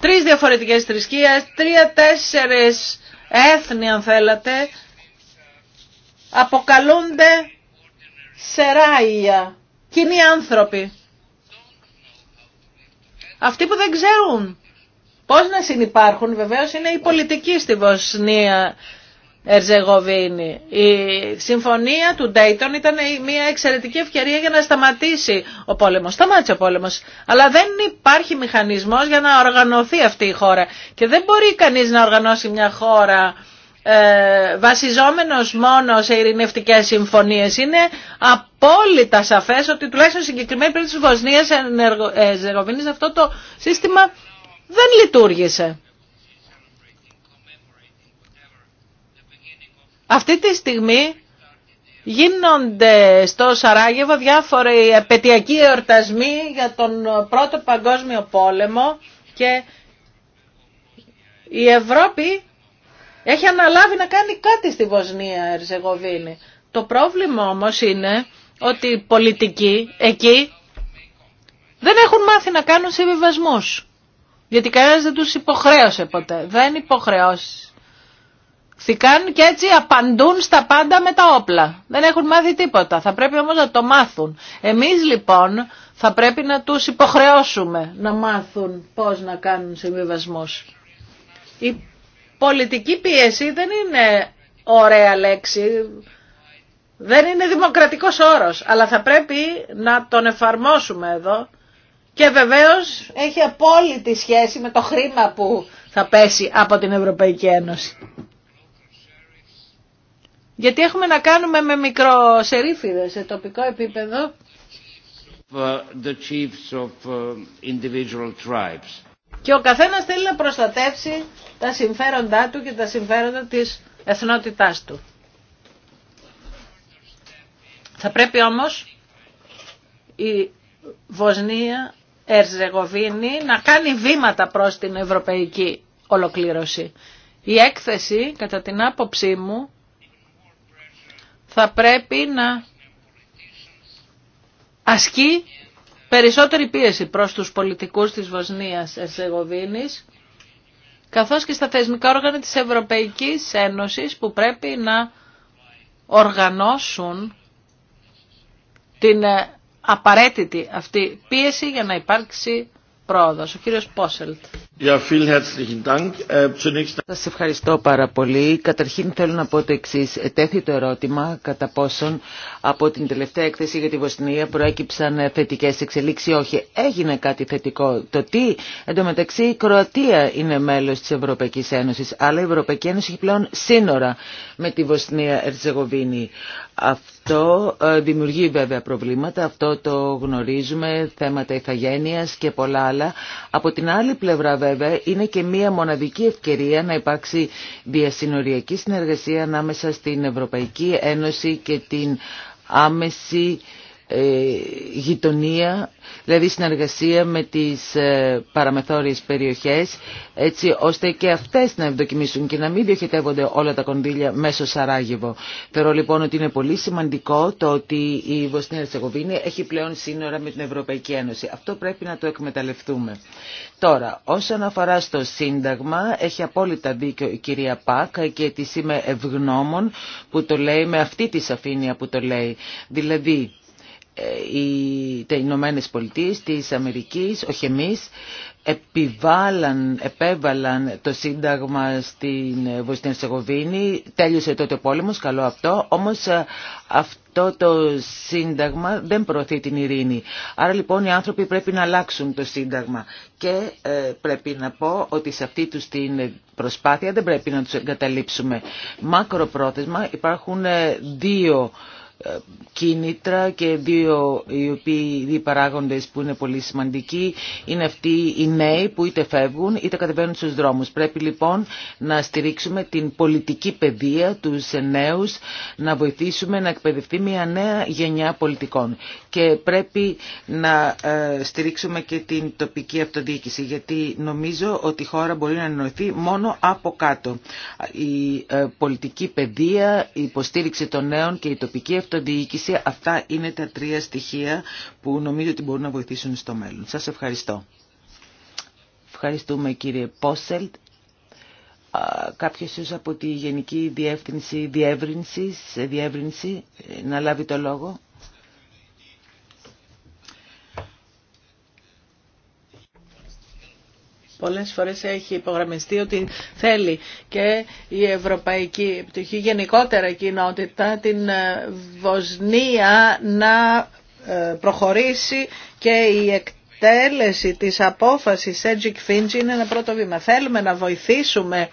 τρεις διαφορετικές θρησκείες, τρία-τέσσερις έθνη αν θέλατε, αποκαλούνται σεράια, κοινοί άνθρωποι. Αυτοί που δεν ξέρουν πώς να συνεπάρχουν βεβαίως είναι οι πολιτικοί στη Βοσνία Ερζεγοβίνη. Η συμφωνία του Ντέιτον ήταν μια εξαιρετική ευκαιρία για να σταματήσει ο πόλεμος. Σταμάτησε ο πόλεμος. Αλλά δεν υπάρχει μηχανισμός για να οργανωθεί αυτή η χώρα. Και δεν μπορεί κανείς να οργανώσει μια χώρα ε, βασιζόμενος μόνο σε ειρηνευτικές συμφωνίες. Είναι απόλυτα σαφές ότι τουλάχιστον συγκεκριμένη περίπτωση της Βοσνίας Ερζεγοβίνης αυτό το σύστημα δεν λειτουργήσε. Αυτή τη στιγμή γίνονται στο Σαράγεβο διάφοροι επαιτειακοί εορτασμοί για τον Πρώτο Παγκόσμιο Πόλεμο και η Ευρώπη έχει αναλάβει να κάνει κάτι στη Βοσνία Ερζεγοβίνη. Το πρόβλημα όμως είναι ότι οι πολιτικοί εκεί δεν έχουν μάθει να κάνουν συμβιβασμούς. Γιατί κανένας δεν τους υποχρέωσε ποτέ. Δεν υποχρεώσει θυκάνουν και έτσι απαντούν στα πάντα με τα όπλα. Δεν έχουν μάθει τίποτα. Θα πρέπει όμως να το μάθουν. Εμείς λοιπόν θα πρέπει να τους υποχρεώσουμε να μάθουν πώς να κάνουν συμβιβασμούς. Η πολιτική πίεση δεν είναι ωραία λέξη. Δεν είναι δημοκρατικός όρος, αλλά θα πρέπει να τον εφαρμόσουμε εδώ και βεβαίως έχει απόλυτη σχέση με το χρήμα που θα πέσει από την Ευρωπαϊκή Ένωση. Γιατί έχουμε να κάνουμε με μικροσερίφιδες σε τοπικό επίπεδο. Uh, και ο καθένας θέλει να προστατεύσει τα συμφέροντά του και τα συμφέροντα της εθνότητάς του. Θα πρέπει όμως η Βοσνία Ερζεγοβίνη να κάνει βήματα προς την ευρωπαϊκή ολοκλήρωση. Η έκθεση, κατά την άποψή μου, θα πρέπει να ασκεί περισσότερη πίεση προς τους πολιτικούς της Βοσνίας Ερσεγοβίνης, καθώς και στα θεσμικά όργανα της Ευρωπαϊκής Ένωσης που πρέπει να οργανώσουν την ε, απαραίτητη αυτή πίεση για να υπάρξει πρόοδος. Ο κύριος Πόσελτ. Äh, Σα ευχαριστώ πάρα πολύ. Καταρχήν θέλω να πω το εξή. Τέθη το ερώτημα κατά πόσον από την τελευταία έκθεση για τη Βοσνία προέκυψαν θετικέ εξελίξει, Όχι, έγινε κάτι θετικό. Το τι, εντωμεταξύ η Κροατία είναι μέλο τη Ευρωπαϊκή Ένωση, αλλά η Ευρωπαϊκή Ένωση έχει πλέον σύνορα με τη Βοσνία Ερτζεγοβίνη. Αυτό ε, δημιουργεί βέβαια προβλήματα, αυτό το γνωρίζουμε, θέματα ηθαγένεια και πολλά άλλα. Από την άλλη πλευρά βέβαια, είναι και μία μοναδική ευκαιρία να υπάρξει διασυνοριακή συνεργασία ανάμεσα στην Ευρωπαϊκή Ένωση και την άμεση ε, γειτονία, δηλαδή συνεργασία με τις ε, παραμεθόριες περιοχές έτσι ώστε και αυτές να ευδοκιμήσουν και να μην διοχετεύονται όλα τα κονδύλια μέσω Σαράγεβο. Θεωρώ λοιπόν ότι είναι πολύ σημαντικό το ότι η Βοσνία Ερσεγοβίνη έχει πλέον σύνορα με την Ευρωπαϊκή Ένωση. Αυτό πρέπει να το εκμεταλλευτούμε. Τώρα, όσον αφορά στο Σύνταγμα, έχει απόλυτα δίκιο η κυρία Πάκ και τη είμαι ευγνώμων που το λέει με αυτή τη σαφήνεια που το λέει. Δηλαδή, ε, οι, τα Ηνωμένε Πολιτείε τη Αμερικής, όχι εμεί, επιβάλλαν, επέβαλαν το Σύνταγμα στην Βοσνία Σεγοβίνη. Τέλειωσε τότε ο πόλεμος, καλό αυτό. Όμως ε, αυτό το Σύνταγμα δεν προωθεί την ειρήνη. Άρα λοιπόν οι άνθρωποι πρέπει να αλλάξουν το Σύνταγμα. Και ε, πρέπει να πω ότι σε αυτή τους την προσπάθεια δεν πρέπει να του εγκαταλείψουμε. Μάκροπρόθεσμα υπάρχουν δύο ε, κίνητρα και δύο οι οποίοι παράγοντες που είναι πολύ σημαντικοί είναι αυτοί οι νέοι που είτε φεύγουν είτε κατεβαίνουν στους δρόμους. Πρέπει λοιπόν να στηρίξουμε την πολιτική παιδεία, τους νέους, να βοηθήσουμε να εκπαιδευτεί μια νέα γενιά πολιτικών. Και πρέπει να ε, στηρίξουμε και την τοπική αυτοδιοίκηση γιατί νομίζω ότι η χώρα μπορεί να εννοηθεί μόνο από κάτω. Η ε, πολιτική παιδεία, η υποστήριξη των νέων και η τοπική αυτοδιοίκηση αυτοδιοίκηση. Αυτά είναι τα τρία στοιχεία που νομίζω ότι μπορούν να βοηθήσουν στο μέλλον. Σας ευχαριστώ. Ευχαριστούμε κύριε Πόσελτ. Κάποιος ίσως από τη Γενική Διεύθυνση Διεύρυνση, ε, να λάβει το λόγο. Πολλές φορές έχει υπογραμμιστεί ότι θέλει και η Ευρωπαϊκή πτυχή, γενικότερα η κοινότητα, την ε, Βοσνία να ε, προχωρήσει και η εκτέλεση της απόφασης Σέτζικ Φίντζι είναι ένα πρώτο βήμα. Θέλουμε να βοηθήσουμε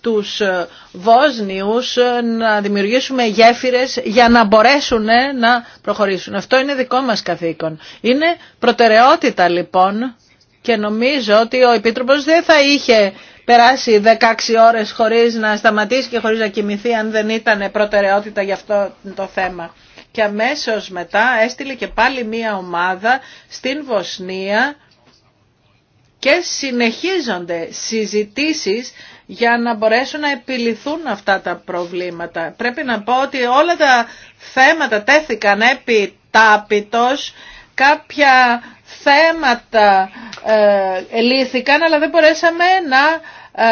τους ε, Βόσνιους να δημιουργήσουμε γέφυρες για να μπορέσουν να προχωρήσουν. Αυτό είναι δικό μας καθήκον. Είναι προτεραιότητα λοιπόν και νομίζω ότι ο Επίτροπος δεν θα είχε περάσει 16 ώρες χωρίς να σταματήσει και χωρίς να κοιμηθεί αν δεν ήταν προτεραιότητα για αυτό το θέμα. Και αμέσως μετά έστειλε και πάλι μία ομάδα στην Βοσνία και συνεχίζονται συζητήσεις για να μπορέσουν να επιληθούν αυτά τα προβλήματα. Πρέπει να πω ότι όλα τα θέματα τέθηκαν επί τάπητος, κάποια θέματα ε, λύθηκαν αλλά δεν μπορέσαμε να ε,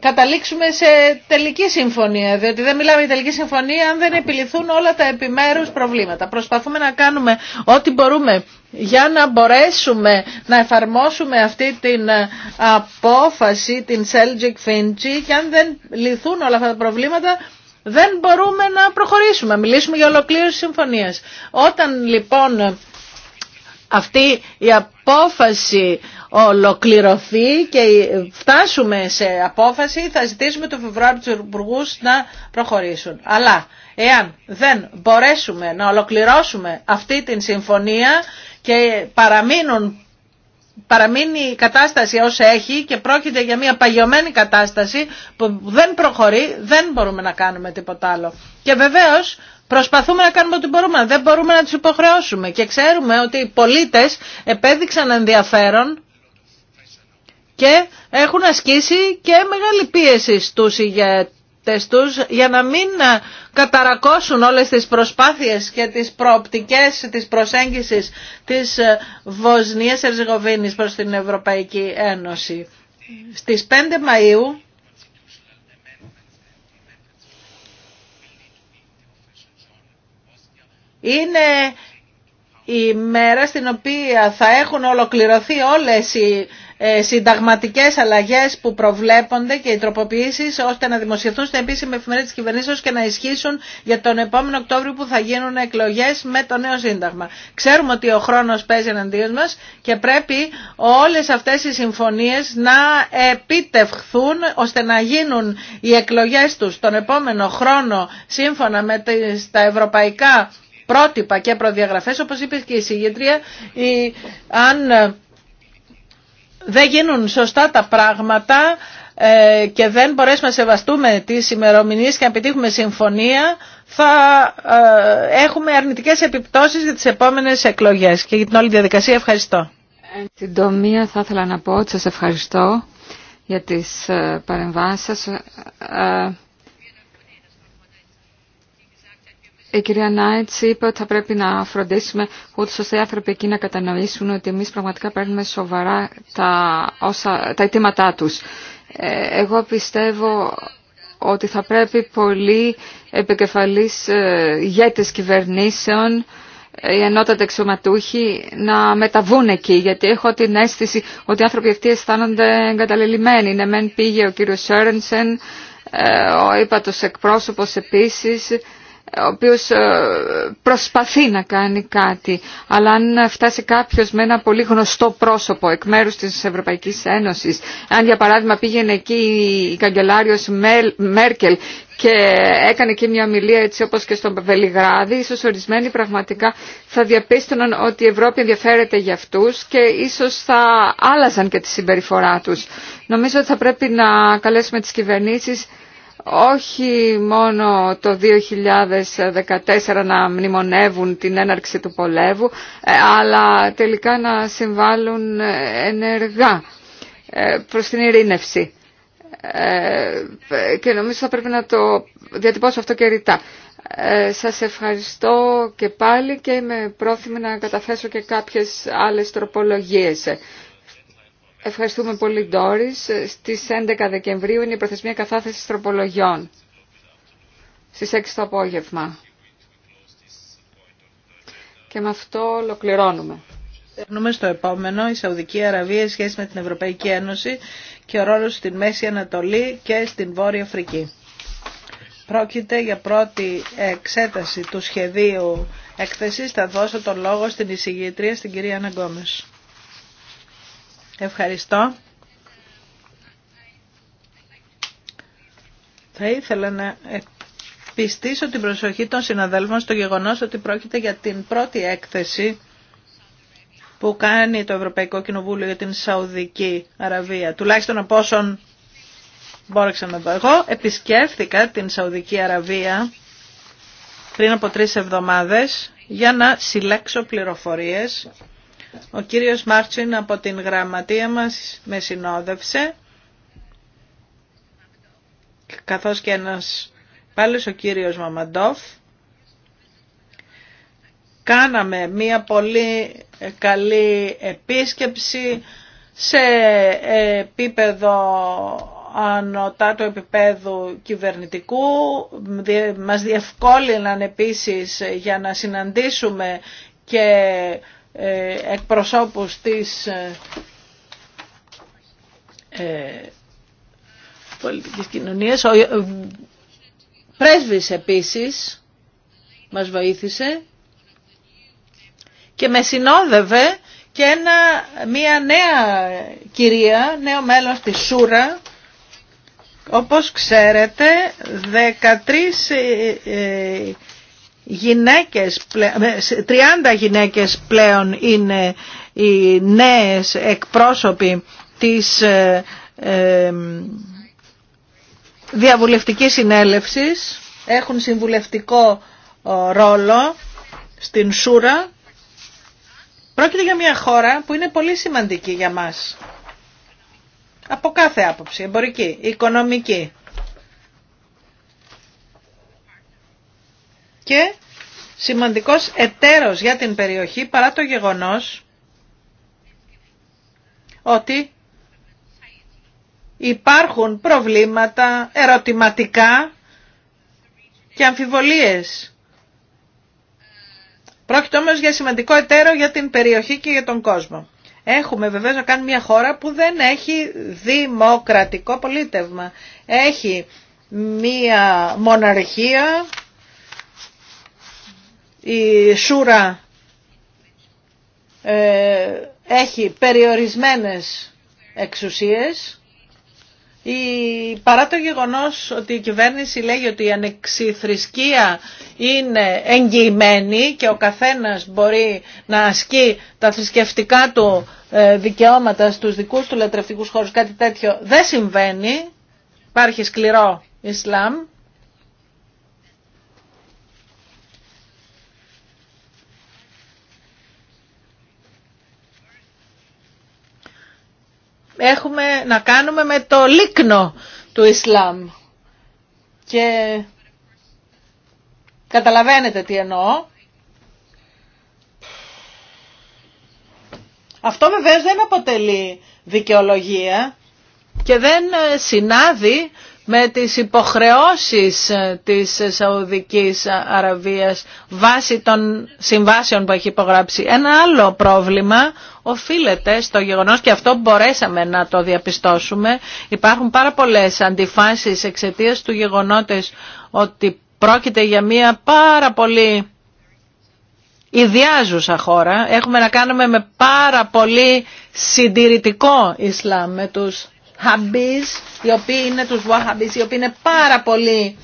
καταλήξουμε σε τελική συμφωνία, διότι δεν μιλάμε για τελική συμφωνία αν δεν επιληθούν όλα τα επιμέρους προβλήματα. Προσπαθούμε να κάνουμε ό,τι μπορούμε για να μπορέσουμε να εφαρμόσουμε αυτή την ε, απόφαση, την Selgic Finchi και αν δεν λυθούν όλα αυτά τα προβλήματα δεν μπορούμε να προχωρήσουμε, μιλήσουμε για ολοκλήρωση συμφωνίας. Όταν λοιπόν αυτή η απόφαση ολοκληρωθεί και φτάσουμε σε απόφαση, θα ζητήσουμε το Φεβρουάριο του Υπουργού να προχωρήσουν. Αλλά εάν δεν μπορέσουμε να ολοκληρώσουμε αυτή την συμφωνία και παραμείνουν παραμείνει η κατάσταση όσο έχει και πρόκειται για μια παγιωμένη κατάσταση που δεν προχωρεί, δεν μπορούμε να κάνουμε τίποτα άλλο. Και βεβαίως Προσπαθούμε να κάνουμε ό,τι μπορούμε. Δεν μπορούμε να τους υποχρεώσουμε. Και ξέρουμε ότι οι πολίτες επέδειξαν ενδιαφέρον και έχουν ασκήσει και μεγάλη πίεση στους ηγέτες τους για να μην ε, καταρακώσουν όλες τις προσπάθειες και τις προοπτικές της προσέγγισης της ε, Βοσνίας Ερζεγοβίνης προς την Ευρωπαϊκή Ένωση. Στις 5 Μαΐου είναι η μέρα στην οποία θα έχουν ολοκληρωθεί όλες οι ε, συνταγματικές αλλαγές που προβλέπονται και οι τροποποιήσεις ώστε να δημοσιευθούν στην επίσημη εφημερίδα της κυβερνήσεως και να ισχύσουν για τον επόμενο Οκτώβριο που θα γίνουν εκλογές με το νέο Σύνταγμα. Ξέρουμε ότι ο χρόνος παίζει εναντίον μας και πρέπει όλες αυτές οι συμφωνίες να επιτευχθούν ώστε να γίνουν οι εκλογές τους τον επόμενο χρόνο σύμφωνα με τα ευρωπαϊκά πρότυπα και προδιαγραφές, όπως είπε και η συγγεντρία, αν ε, δεν γίνουν σωστά τα πράγματα ε, και δεν μπορέσουμε να σεβαστούμε τις ημερομηνίες και να πετύχουμε συμφωνία, θα ε, έχουμε αρνητικές επιπτώσεις για τις επόμενες εκλογές. Και για την όλη διαδικασία ευχαριστώ. συντομία θα ήθελα να πω ότι σας ευχαριστώ για τις παρεμβάσεις σας. Η κυρία Νάιτς είπε ότι θα πρέπει να φροντίσουμε ούτως ώστε οι άνθρωποι εκεί να κατανοήσουν ότι εμείς πραγματικά παίρνουμε σοβαρά τα, όσα, αιτήματά τους. Ε, εγώ πιστεύω ότι θα πρέπει πολλοί επικεφαλής ε, ηγέτες κυβερνήσεων ε, οι ενότατε εξωματούχοι να μεταβούν εκεί, γιατί έχω την αίσθηση ότι οι άνθρωποι αυτοί αισθάνονται εγκαταλελειμμένοι. Ναι, μεν πήγε ο κύριος Σέρνσεν, ο ύπατος εκπρόσωπος επίσης, ο οποίος ε, προσπαθεί να κάνει κάτι. Αλλά αν φτάσει κάποιος με ένα πολύ γνωστό πρόσωπο εκ μέρους της Ευρωπαϊκής Ένωσης, αν για παράδειγμα πήγαινε εκεί η καγκελάριος Μέρκελ και έκανε εκεί μια ομιλία έτσι όπως και στον Βελιγράδι, ίσως ορισμένοι πραγματικά θα διαπίστωναν ότι η Ευρώπη ενδιαφέρεται για αυτούς και ίσως θα άλλαζαν και τη συμπεριφορά τους. Νομίζω ότι θα πρέπει να καλέσουμε τις κυβερνήσεις όχι μόνο το 2014 να μνημονεύουν την έναρξη του πολέμου, ε, αλλά τελικά να συμβάλλουν ε, ενεργά ε, προς την ειρήνευση. Και νομίζω θα πρέπει να το διατυπώσω αυτό και ρητά. Σας ευχαριστώ και πάλι και είμαι πρόθυμη να καταθέσω και κάποιες άλλες τροπολογίες. Ευχαριστούμε πολύ, Ντόρι. Στις 11 Δεκεμβρίου είναι η προθεσμία κατάθεση τροπολογιών. στι 6 το απόγευμα. Και με αυτό ολοκληρώνουμε. Περνούμε στο επόμενο, η Σαουδική Αραβία σχέση με την Ευρωπαϊκή Ένωση και ο ρόλος στην Μέση Ανατολή και στην Βόρεια Αφρική. Πρόκειται για πρώτη εξέταση του σχεδίου έκθεση, Θα δώσω τον λόγο στην εισηγήτρια, στην κυρία Αναγκόμες. Ευχαριστώ. Θα ήθελα να πιστήσω την προσοχή των συναδέλφων στο γεγονός ότι πρόκειται για την πρώτη έκθεση που κάνει το Ευρωπαϊκό Κοινοβούλιο για την Σαουδική Αραβία. Τουλάχιστον από όσων μπόρεξα να δω εγώ, επισκέφθηκα την Σαουδική Αραβία πριν από τρεις εβδομάδες για να συλλέξω πληροφορίες ο κύριος Μάρτσιν από την γραμματεία μας με συνόδευσε, καθώς και ένας πάλι ο κύριος Μαμαντόφ. Κάναμε μία πολύ καλή επίσκεψη σε επίπεδο ανωτάτου επίπεδου κυβερνητικού. Μας διευκόλυναν επίσης για να συναντήσουμε και ε, εκπροσώπους της ε, ε, πολιτικής κοινωνίας. Ο πρέσβης επίσης μας βοήθησε και με συνόδευε και ένα, μια νέα κυρία, νέο μέλος της Σούρα, όπως ξέρετε 13 γυναίκες, 30 γυναίκες πλέον είναι οι νέες εκπρόσωποι της ε, ε, διαβουλευτικής συνέλευσης, έχουν συμβουλευτικό ρόλο στην Σούρα. Πρόκειται για μια χώρα που είναι πολύ σημαντική για μας. Από κάθε άποψη, εμπορική, οικονομική, και σημαντικός εταίρος για την περιοχή παρά το γεγονός ότι υπάρχουν προβλήματα, ερωτηματικά και αμφιβολίες. Πρόκειται όμως για σημαντικό εταίρο για την περιοχή και για τον κόσμο. Έχουμε βεβαίως να κάνει μια χώρα που δεν έχει δημοκρατικό πολίτευμα. Έχει μια μοναρχία η Σούρα ε, έχει περιορισμένες εξουσίες η, παρά το γεγονός ότι η κυβέρνηση λέει ότι η ανεξιθρησκεία είναι εγγυημένη και ο καθένας μπορεί να ασκεί τα θρησκευτικά του ε, δικαιώματα στους δικούς του λατρευτικούς χώρους, κάτι τέτοιο δεν συμβαίνει, υπάρχει σκληρό Ισλάμ έχουμε να κάνουμε με το λίκνο του Ισλάμ. Και καταλαβαίνετε τι εννοώ. Αυτό βεβαίως δεν αποτελεί δικαιολογία και δεν ε, συνάδει με τις υποχρεώσεις ε, της Σαουδικής Αραβίας βάσει των συμβάσεων που έχει υπογράψει. Ένα άλλο πρόβλημα οφείλεται στο γεγονός και αυτό μπορέσαμε να το διαπιστώσουμε. Υπάρχουν πάρα πολλές αντιφάσεις εξαιτία του γεγονότες ότι πρόκειται για μια πάρα πολύ ιδιάζουσα χώρα. Έχουμε να κάνουμε με πάρα πολύ συντηρητικό Ισλάμ, με τους Χαμπίς, οι οποίοι είναι τους Βαχαμπίς, οι οποίοι είναι πάρα πολύ,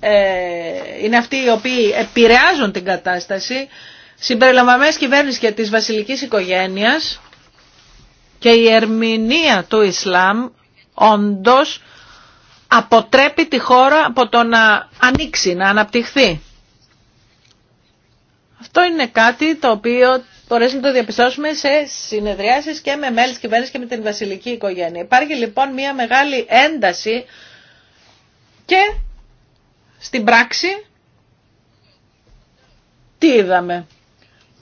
ε, είναι αυτοί οι οποίοι επηρεάζουν την κατάσταση, συμπεριλαμβαμένες κυβέρνηση και της βασιλικής οικογένειας και η ερμηνεία του Ισλάμ όντως αποτρέπει τη χώρα από το να ανοίξει, να αναπτυχθεί. Αυτό είναι κάτι το οποίο μπορέσουμε να το διαπιστώσουμε σε συνεδριάσεις και με μέλη της κυβέρνησης και με την βασιλική οικογένεια. Υπάρχει λοιπόν μια μεγάλη ένταση και στην πράξη τι είδαμε.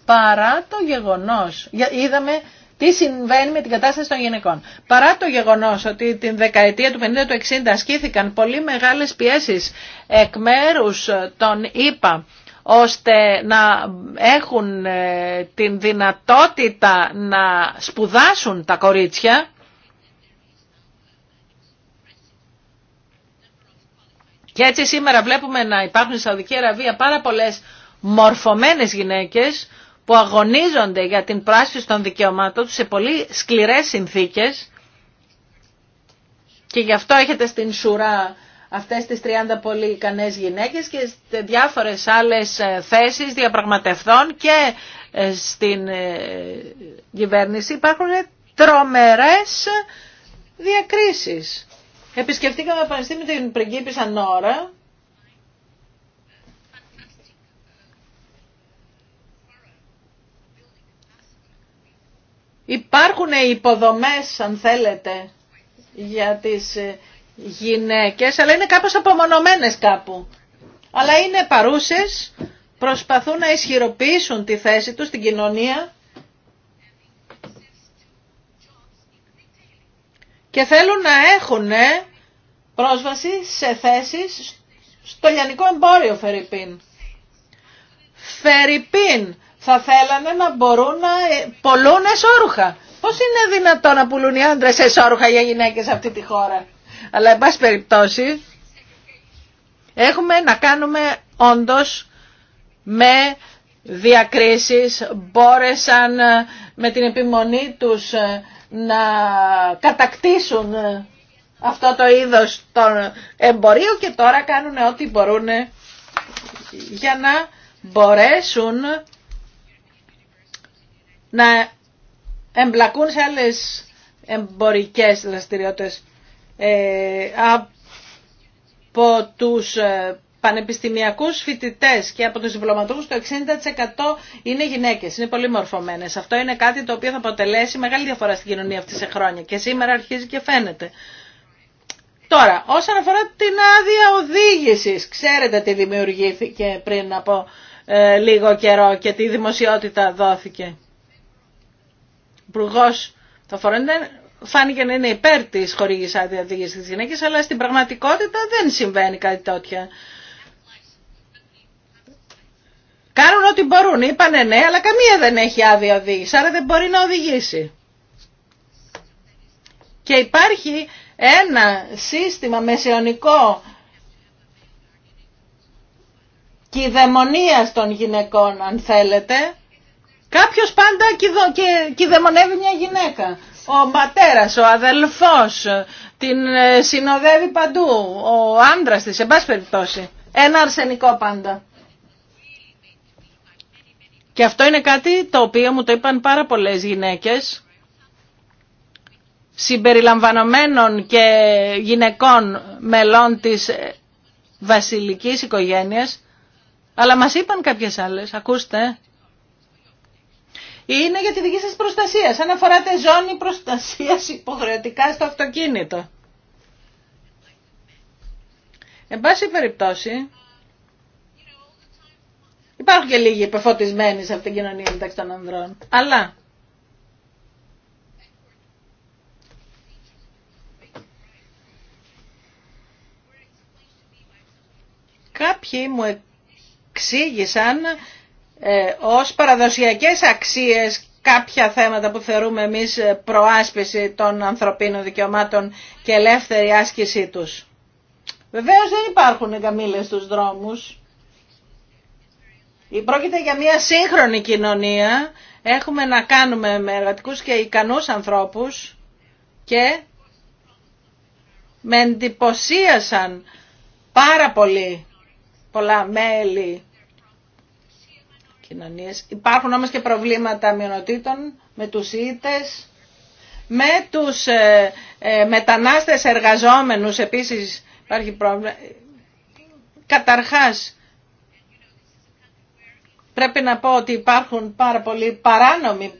Παρά το γεγονός, είδαμε τι συμβαίνει με την κατάσταση των γυναικών. Παρά το γεγονός ότι την δεκαετία του 50 του 60 ασκήθηκαν πολύ μεγάλες πιέσεις εκ μέρους των ΙΠΑ ώστε να έχουν ε, την δυνατότητα να σπουδάσουν τα κορίτσια. Και έτσι σήμερα βλέπουμε να υπάρχουν στη Σαουδική Αραβία πάρα πολλές μορφωμένες γυναίκες που αγωνίζονται για την πράσιση των δικαιωμάτων τους σε πολύ σκληρές συνθήκες και γι' αυτό έχετε στην Σουρά αυτές τις 30 πολύ ικανές γυναίκες και σε διάφορες άλλες ε, θέσεις διαπραγματευτών και ε, στην ε, κυβέρνηση υπάρχουν τρομερές διακρίσεις. Επισκεφτήκαμε πανεπιστήμιο την πριγκίπισσα Νόρα Υπάρχουν υποδομές, αν θέλετε, για τις γυναίκες, αλλά είναι κάπως απομονωμένες κάπου. Αλλά είναι παρούσες, προσπαθούν να ισχυροποιήσουν τη θέση τους στην κοινωνία και θέλουν να έχουν ε, πρόσβαση σε θέσεις στο λιανικό εμπόριο φεριπίν Φερρυπίν θα θέλανε να μπορούν να ε, πολλούν εσόρουχα. Πώς είναι δυνατόν να πουλούν οι άντρες εσόρουχα για γυναίκες σε αυτή τη χώρα αλλά εν πάση περιπτώσει έχουμε να κάνουμε όντως με διακρίσεις, μπόρεσαν ε, με την επιμονή τους ε, να κατακτήσουν ε, αυτό το είδος των εμπορίων και τώρα κάνουν ό,τι μπορούν για να μπορέσουν να εμπλακούν σε άλλες εμπορικές δραστηριότητες. Ε, από τους ε, πανεπιστημιακούς φοιτητές και από τους διπλωματούχους το 60% είναι γυναίκες, είναι πολύ μορφωμένες. Αυτό είναι κάτι το οποίο θα αποτελέσει μεγάλη διαφορά στην κοινωνία αυτή σε χρόνια και σήμερα αρχίζει και φαίνεται. Τώρα, όσον αφορά την άδεια οδήγησης, ξέρετε τι δημιουργήθηκε πριν από ε, λίγο καιρό και τι δημοσιότητα δόθηκε. Υπουργό των φάνηκε να είναι υπέρ τη χορήγης άδεια οδήγηση της γυναίκας, αλλά στην πραγματικότητα δεν συμβαίνει κάτι τέτοια. Κάνουν ό,τι μπορούν. Είπανε ναι, αλλά καμία δεν έχει άδεια οδήγηση, άρα δεν μπορεί να οδηγήσει. Και υπάρχει ένα σύστημα μεσαιωνικό κυδαιμονία των γυναικών, αν θέλετε. Κάποιος πάντα κυδαιμονεύει μια γυναίκα ο πατέρα, ο αδελφός, την ε, συνοδεύει παντού, ο άντρας της, εν πάση περιπτώσει. Ένα αρσενικό πάντα. Και αυτό είναι κάτι το οποίο μου το είπαν πάρα πολλές γυναίκες, συμπεριλαμβανομένων και γυναικών μελών της ε, βασιλικής οικογένειας, αλλά μας είπαν κάποιες άλλες, ακούστε, είναι για τη δική σας προστασία. Σαν να φοράτε ζώνη προστασίας υποχρεωτικά στο αυτοκίνητο. Εν πάση περιπτώσει, υπάρχουν και λίγοι υπεφωτισμένοι σε αυτήν την κοινωνία μεταξύ των ανδρών. Αλλά κάποιοι μου εξήγησαν ε, ως παραδοσιακές αξίες κάποια θέματα που θεωρούμε εμείς προάσπιση των ανθρωπίνων δικαιωμάτων και ελεύθερη άσκησή τους. Βεβαίως δεν υπάρχουν καμήλες στους δρόμους. Πρόκειται για μια σύγχρονη κοινωνία. Έχουμε να κάνουμε με εργατικούς και ικανούς ανθρώπους και με εντυπωσίασαν πάρα πολύ πολλά μέλη κοινωνίες. Υπάρχουν όμως και προβλήματα μειονοτήτων με τους ΙΤΕΣ, με τους ε, ε, μετανάστες εργαζόμενους επίσης υπάρχει πρόβλημα. Καταρχάς, πρέπει να πω ότι υπάρχουν πάρα πολλοί παράνομοι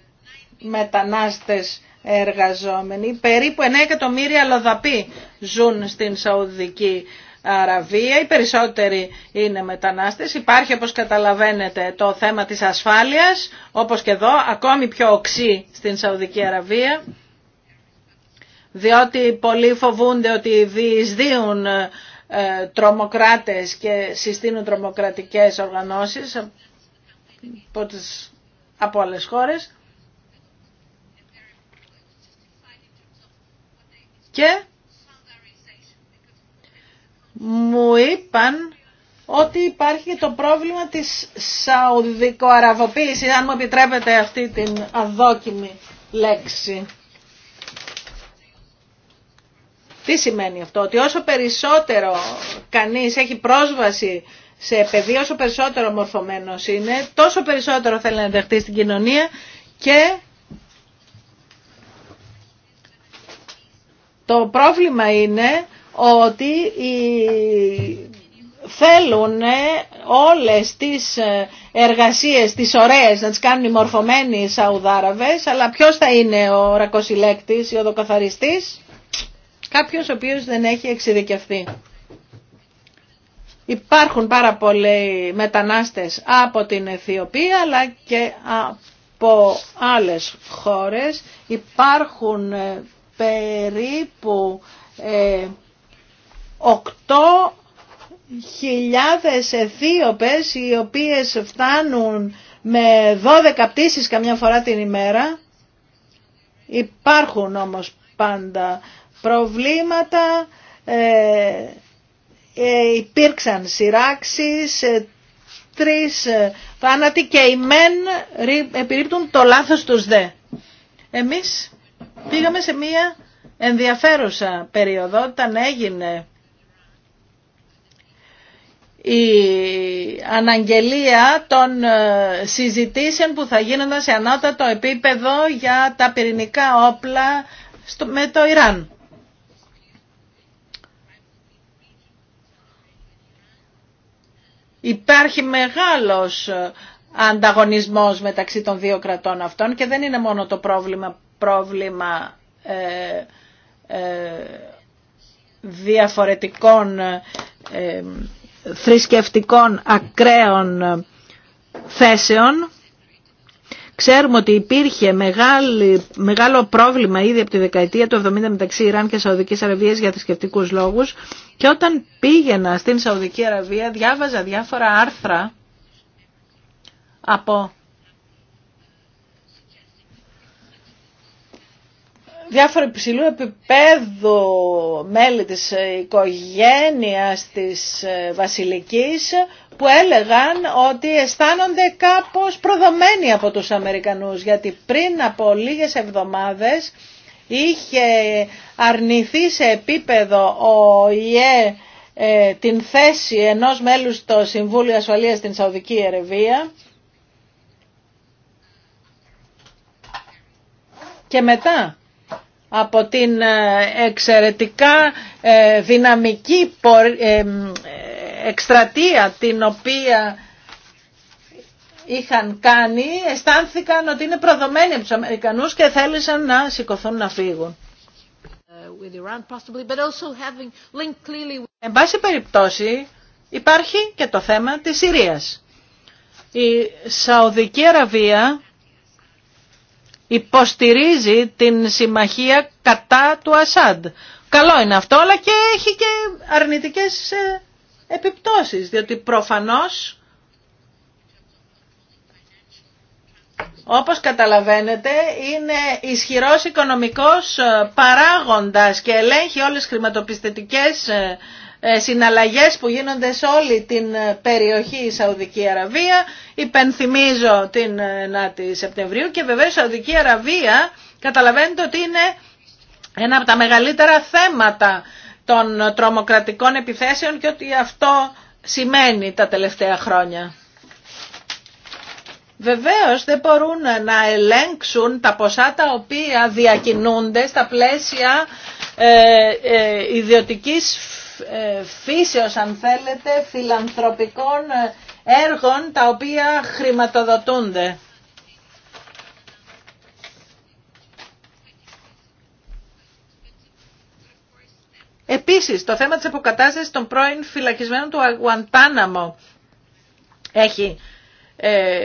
μετανάστες εργαζόμενοι. Περίπου 9 εκατομμύρια λοδαποί ζουν στην Σαουδική Αραβία, οι περισσότεροι είναι μετανάστες. Υπάρχει όπως καταλαβαίνετε το θέμα της ασφάλειας, όπως και εδώ, ακόμη πιο οξύ στην Σαουδική Αραβία, διότι πολλοί φοβούνται ότι διεισδύουν ε, τρομοκράτες και συστήνουν τρομοκρατικές οργανώσεις από, τις, από άλλες χώρες. Και μου είπαν ότι υπάρχει το πρόβλημα της σαουδικοαραβοποίησης, αν μου επιτρέπετε αυτή την αδόκιμη λέξη. Τι σημαίνει αυτό, ότι όσο περισσότερο κανείς έχει πρόσβαση σε παιδί, όσο περισσότερο μορφωμένος είναι, τόσο περισσότερο θέλει να δεχτεί στην κοινωνία και το πρόβλημα είναι ότι οι θέλουν όλες τις ε, εργασίες, τις ωραίες, να τις κάνουν οι μορφωμένοι οι Σαουδάραβες, αλλά ποιος θα είναι ο ρακοσυλέκτης ή ο δοκαθαριστής, κάποιος ο οποίος δεν έχει εξειδικευτεί. Υπάρχουν πάρα πολλοί μετανάστες από την Αιθιοπία, αλλά και από άλλες χώρες. Υπάρχουν ε, περίπου... Ε, 8.000 χιλιάδες οι οποίες φτάνουν με 12 πτήσεις καμιά φορά την ημέρα. Υπάρχουν όμως πάντα προβλήματα, ε, ε, υπήρξαν σειράξεις, ε, τρεις ε, θάνατοι και οι μεν επιρρύπτουν το λάθος τους δε. Εμείς πήγαμε σε μία ενδιαφέρουσα περίοδο όταν έγινε η αναγγελία των ε, συζητήσεων που θα γίνονταν σε ανώτατο επίπεδο για τα πυρηνικά όπλα με το Ιράν. Υπάρχει μεγάλος ε, ανταγωνισμός μεταξύ των δύο κρατών αυτών και δεν είναι μόνο το πρόβλημα, ε, διαφορετικών ε, θρησκευτικών ακραίων ε, θέσεων. Ξέρουμε ότι υπήρχε μεγάλο πρόβλημα ήδη από τη δεκαετία του 70 μεταξύ Ιράν και Σαουδικής Αραβίας για θρησκευτικού λόγους και όταν πήγαινα στην Σαουδική Αραβία διάβαζα διάφορα άρθρα από διάφοροι υψηλού επίπεδου μέλη της οικογένειας της ε, βασιλικής που έλεγαν ότι αισθάνονται κάπως προδομένοι από τους Αμερικανούς γιατί πριν από λίγες εβδομάδες είχε αρνηθεί σε επίπεδο ο ΙΕ ε, την θέση ενός μέλους στο Συμβούλιο Ασφαλείας στην Σαουδική Ερεβία και μετά από την ε, εξαιρετικά ε, δυναμική ε, εκστρατεία την οποία είχαν κάνει, αισθάνθηκαν ότι είναι προδομένοι από τους Αμερικανούς και θέλησαν να σηκωθούν να φύγουν. Εν πάση περιπτώσει υπάρχει και το θέμα της Συρίας. Η Σαουδική Αραβία υποστηρίζει την συμμαχία κατά του Ασάντ. Καλό είναι αυτό, αλλά και έχει και αρνητικές ε, επιπτώσεις, διότι προφανώς, όπως καταλαβαίνετε, είναι ισχυρός οικονομικός ε, παράγοντας και ελέγχει όλες τις χρηματοπιστωτικές ε, ε, συναλλαγές που γίνονται σε όλη την ε, περιοχή η Σαουδική Αραβία. Υπενθυμίζω την 9η ε, Σεπτεμβρίου και βεβαίως η Σαουδική Αραβία καταλαβαίνετε ότι είναι ένα από τα μεγαλύτερα θέματα των τρομοκρατικών επιθέσεων και ότι αυτό σημαίνει τα τελευταία χρόνια. Βεβαίως δεν μπορούν να ελέγξουν τα ποσά τα οποία διακινούνται στα πλαίσια ε, ε, ε, φύσεως αν θέλετε φιλανθρωπικών ε, έργων τα οποία χρηματοδοτούνται. Επίσης, το θέμα της αποκατάστασης των πρώην φυλακισμένων του Αγουαντάναμο έχει ε,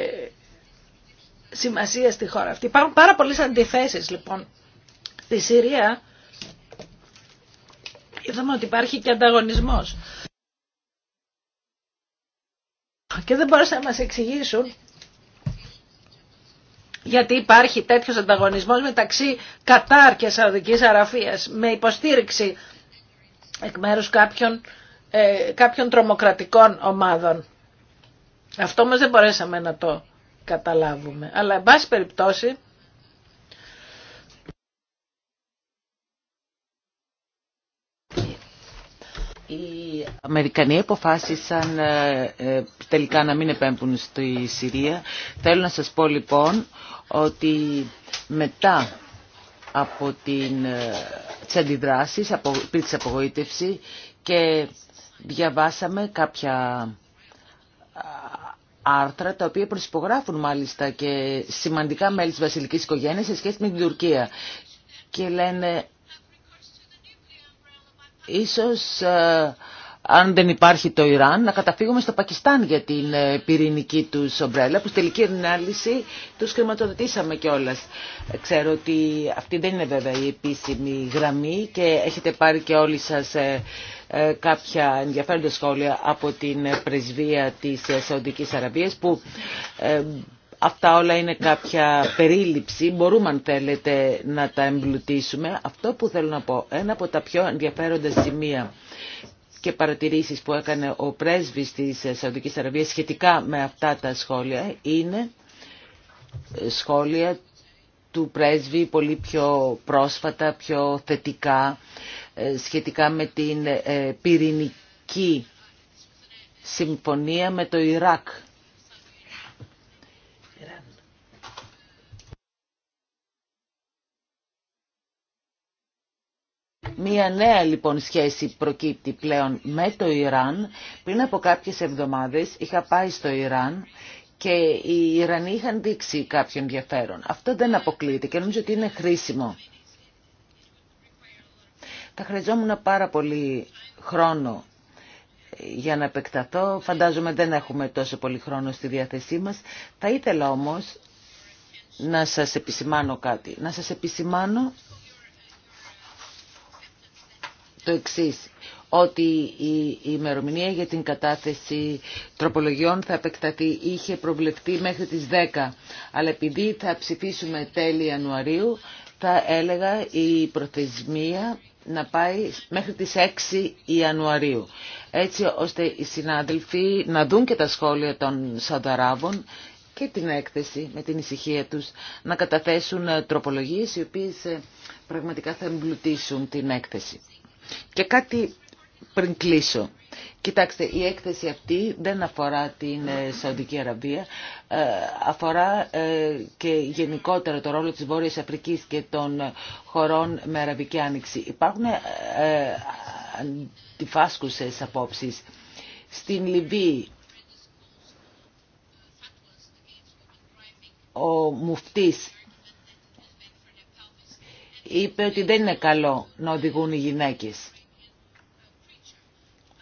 σημασία στη χώρα αυτή. Υπάρχουν πάρα πολλές αντιθέσεις λοιπόν. Στη Συρία είδαμε ότι υπάρχει και ανταγωνισμός. Και δεν μπορούσαν να μας εξηγήσουν γιατί υπάρχει τέτοιος ανταγωνισμός μεταξύ Κατάρ και Σαουδικής Αραφίας με υποστήριξη εκ μέρους κάποιων, ε, κάποιων τρομοκρατικών ομάδων. Αυτό όμως δεν μπορέσαμε να το καταλάβουμε. Αλλά εν πάση περιπτώσει Οι Αμερικανοί αποφάσισαν ε, ε, τελικά να μην επέμπουν στη Συρία. Θέλω να σας πω λοιπόν ότι μετά από την, ε, τις αντιδράσεις, από, πριν της απογοήτευση και διαβάσαμε κάποια άρθρα τα οποία προσυπογράφουν μάλιστα και σημαντικά μέλη της βασιλικής οικογένειας σε σχέση με την Τουρκία και λένε ίσως ε, αν δεν υπάρχει το Ιράν, να καταφύγουμε στο Πακιστάν για την ε, πυρηνική του ομπρέλα, που στη τελική ανάλυση του χρηματοδοτήσαμε κιόλα. Ξέρω ότι αυτή δεν είναι βέβαια η επίσημη γραμμή και έχετε πάρει και όλοι σα ε, κάποια ενδιαφέροντα σχόλια από την πρεσβεία της Σαουδικής Αραβίας που Αυτά όλα είναι κάποια περίληψη, μπορούμε αν θέλετε να τα εμπλουτίσουμε. Αυτό που θέλω να πω, ένα από τα πιο ενδιαφέροντα σημεία και παρατηρήσεις που έκανε ο πρέσβης της Σαουδικής Αραβίας σχετικά με αυτά τα σχόλια είναι σχόλια του πρέσβη πολύ πιο πρόσφατα, πιο θετικά ε, σχετικά με την ε, πυρηνική συμφωνία με το Ιράκ Μία νέα λοιπόν σχέση προκύπτει πλέον με το Ιράν. Πριν από κάποιες εβδομάδες είχα πάει στο Ιράν και οι Ιρανοί είχαν δείξει κάποιο ενδιαφέρον. Αυτό δεν αποκλείεται και νομίζω ότι είναι χρήσιμο. Θα χρειαζόμουν πάρα πολύ χρόνο για να επεκταθώ. Φαντάζομαι δεν έχουμε τόσο πολύ χρόνο στη διάθεσή μας. Θα ήθελα όμως να σας επισημάνω κάτι. Να σας επισημάνω το εξής ότι η ημερομηνία για την κατάθεση τροπολογιών θα επεκταθεί. Είχε προβλεφτεί μέχρι τις 10, αλλά επειδή θα ψηφίσουμε τέλη Ιανουαρίου, θα έλεγα η προθεσμία να πάει μέχρι τις 6 Ιανουαρίου. Έτσι ώστε οι συνάδελφοι να δουν και τα σχόλια των Σανταράβων και την έκθεση με την ησυχία τους να καταθέσουν τροπολογίες οι οποίες ε, πραγματικά θα εμπλουτίσουν την έκθεση. Και κάτι πριν κλείσω. Κοιτάξτε, η έκθεση αυτή δεν αφορά την ε, Σαουδική Αραβία, ε, αφορά ε, και γενικότερα το ρόλο της Βόρειας Αφρικής και των χωρών με Αραβική Άνοιξη. Υπάρχουν αντιφάσκουσες απόψεις. Στην Λιβύη ο μουφτής είπε ότι δεν είναι καλό να οδηγούν οι γυναίκες.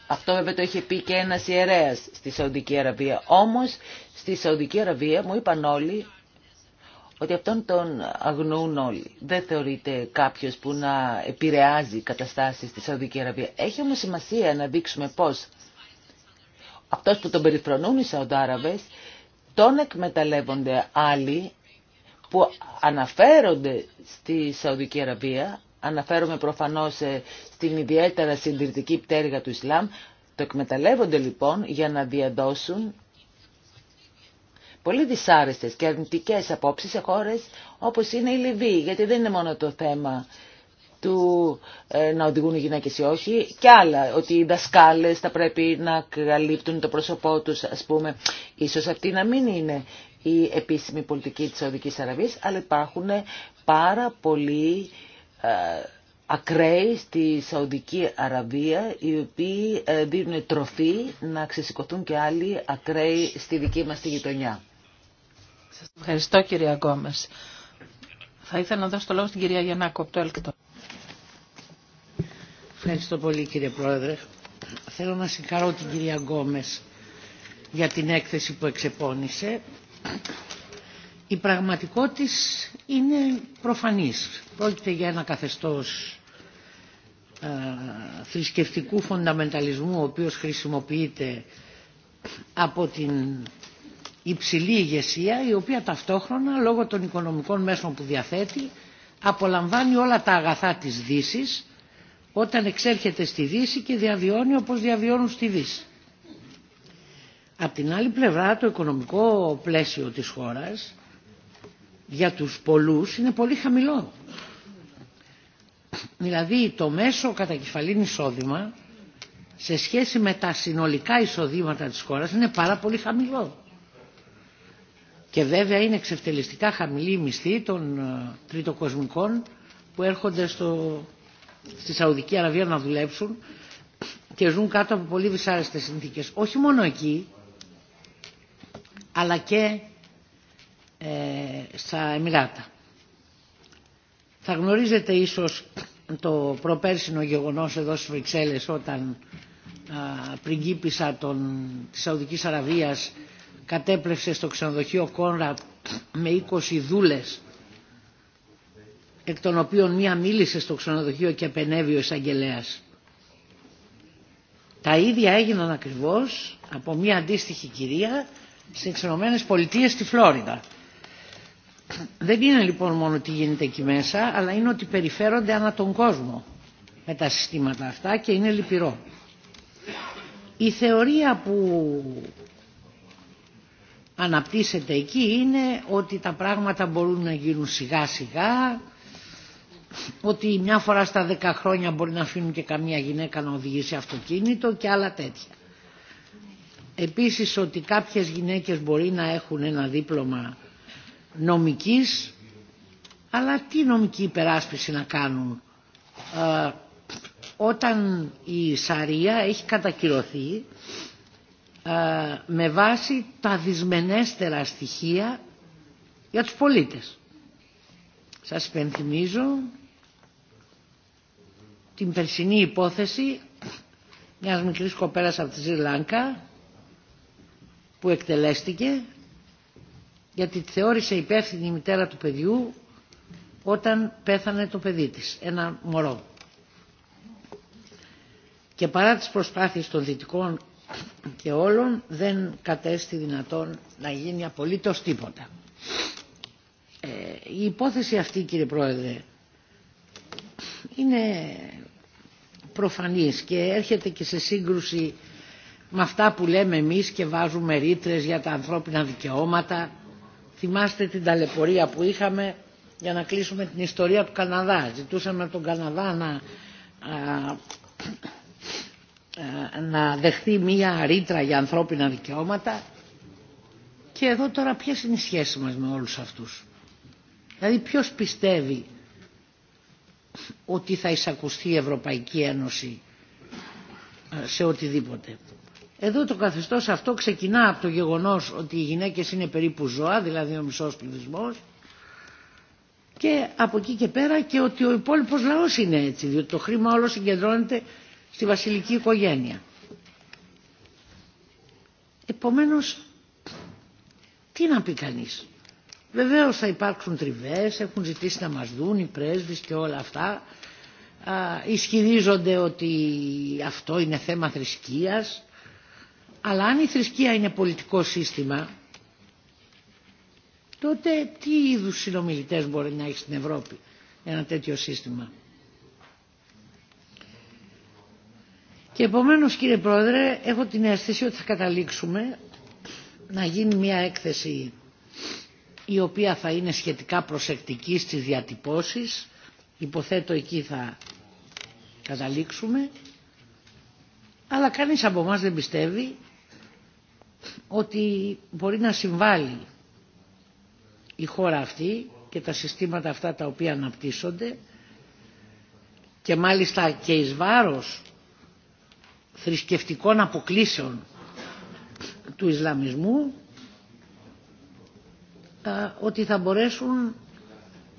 Αυτό βέβαια το είχε πει και ένας ιερέας στη Σαουδική Αραβία. Όμως στη Σαουδική Αραβία μου είπαν όλοι ότι αυτόν τον αγνοούν όλοι. Δεν θεωρείται κάποιος που να επηρεάζει καταστάσεις στη Σαουδική Αραβία. Έχει όμως σημασία να δείξουμε πώς αυτός που τον περιφρονούν οι Σαουδάραβες τον εκμεταλλεύονται άλλοι που αναφέρονται στη Σαουδική Αραβία, αναφέρομαι προφανώς ε, στην ιδιαίτερα συντηρητική πτέρυγα του Ισλάμ, το εκμεταλλεύονται λοιπόν για να διαδώσουν πολύ δυσάρεστες και αρνητικές απόψεις σε χώρες όπως είναι η Λιβύη, γιατί δεν είναι μόνο το θέμα του ε, να οδηγούν οι γυναίκες ή όχι και άλλα, ότι οι δασκάλες θα πρέπει να καλύπτουν το πρόσωπό τους ας πούμε. Ίσως αυτή να μην είναι η επίσημη πολιτική της Σαουδικής Αραβίας, αλλά υπάρχουν πάρα πολλοί ε, ακραίοι στη Σαουδική Αραβία, οι οποίοι ε, δίνουν τροφή να ξεσηκωθούν και άλλοι ακραίοι στη δική μας τη γειτονιά. Σας ευχαριστώ κυρία Γκόμες. Θα ήθελα να δώσω το λόγο στην κυρία Γιαννάκο από το Ευχαριστώ πολύ κύριε Πρόεδρε. Θέλω να συγχαρώ την κυρία Γκόμες για την έκθεση που εξεπώνησε η πραγματικότητα είναι προφανής. Πρόκειται για ένα καθεστώς ε, θρησκευτικού φονταμενταλισμού ο οποίος χρησιμοποιείται από την υψηλή ηγεσία η οποία ταυτόχρονα λόγω των οικονομικών μέσων που διαθέτει απολαμβάνει όλα τα αγαθά της δύση όταν εξέρχεται στη Δύση και διαβιώνει όπως διαβιώνουν στη Δύση. Απ' την άλλη πλευρά το οικονομικό πλαίσιο της χώρας για τους πολλούς είναι πολύ χαμηλό. Δηλαδή το μέσο κατακεφαλήν εισόδημα σε σχέση με τα συνολικά εισοδήματα της χώρας είναι πάρα πολύ χαμηλό. Και βέβαια είναι εξευτελιστικά χαμηλή η μισθή των ε, τριτοκοσμικών που έρχονται στο, στη Σαουδική Αραβία να δουλέψουν και ζουν κάτω από πολύ δυσάρεστες συνθήκες. Όχι μόνο εκεί, αλλά και ε, στα Εμμυράτα. Θα γνωρίζετε ίσως το προπέρσινο γεγονός εδώ στις Βρυξέλλες όταν α, πριγκίπισσα των, της Σαουδικής Αραβίας κατέπλευσε στο ξενοδοχείο Κόνρατ με 20 δούλες εκ των οποίων μία μίλησε στο ξενοδοχείο και επενέβη ο εισαγγελέα. Τα ίδια έγιναν ακριβώς από μία αντίστοιχη κυρία στις Ηνωμένε Πολιτείες στη Φλόριντα. Δεν είναι λοιπόν μόνο τι γίνεται εκεί μέσα, αλλά είναι ότι περιφέρονται ανά τον κόσμο με τα συστήματα αυτά και είναι λυπηρό. Η θεωρία που αναπτύσσεται εκεί είναι ότι τα πράγματα μπορούν να γίνουν σιγά σιγά, ότι μια φορά στα δέκα χρόνια μπορεί να αφήνουν και καμία γυναίκα να οδηγήσει αυτοκίνητο και άλλα τέτοια επίσης ότι κάποιες γυναίκες μπορεί να έχουν ένα δίπλωμα νομικής αλλά τι νομική υπεράσπιση να κάνουν ε, όταν η Σαρία έχει κατακυρωθεί ε, με βάση τα δυσμενέστερα στοιχεία για τους πολίτες. Σας υπενθυμίζω την περσινή υπόθεση μιας μικρής κοπέλας από τη Ζιλάνκα που εκτελέστηκε γιατί τη θεώρησε υπεύθυνη η μητέρα του παιδιού όταν πέθανε το παιδί της, ένα μωρό. Και παρά τις προσπάθειες των δυτικών και όλων δεν κατέστη δυνατόν να γίνει απολύτως τίποτα. Ε, η υπόθεση αυτή κύριε Πρόεδρε είναι προφανής και έρχεται και σε σύγκρουση με αυτά που λέμε εμείς και βάζουμε ρήτρε για τα ανθρώπινα δικαιώματα. Θυμάστε την ταλαιπωρία που είχαμε για να κλείσουμε την ιστορία του Καναδά. Ζητούσαμε από τον Καναδά να, να δεχθεί μία ρήτρα για ανθρώπινα δικαιώματα και εδώ τώρα ποιε είναι οι σχέσεις μας με όλους αυτούς. Δηλαδή ποιος πιστεύει ότι θα εισακουστεί η Ευρωπαϊκή Ένωση ε, σε οτιδήποτε. Εδώ το καθεστώς αυτό ξεκινά από το γεγονός ότι οι γυναίκες είναι περίπου ζώα, δηλαδή ο μισός πληθυσμό. και από εκεί και πέρα και ότι ο υπόλοιπο λαός είναι έτσι, διότι το χρήμα όλο συγκεντρώνεται στη βασιλική οικογένεια. Επομένως, τι να πει κανείς. Βεβαίως θα υπάρξουν τριβές, έχουν ζητήσει να μας δουν οι πρέσβεις και όλα αυτά. Α, ισχυρίζονται ότι αυτό είναι θέμα θρησκείας. Αλλά αν η θρησκεία είναι πολιτικό σύστημα, τότε τι είδους συνομιλητές μπορεί να έχει στην Ευρώπη ένα τέτοιο σύστημα. Και επομένως κύριε Πρόεδρε έχω την αίσθηση ότι θα καταλήξουμε να γίνει μια έκθεση η οποία θα είναι σχετικά προσεκτική στις διατυπώσεις. Υποθέτω εκεί θα καταλήξουμε. Αλλά κανείς από εμά δεν πιστεύει ότι μπορεί να συμβάλλει η χώρα αυτή και τα συστήματα αυτά τα οποία αναπτύσσονται και μάλιστα και εις βάρος θρησκευτικών αποκλήσεων του Ισλαμισμού ότι θα μπορέσουν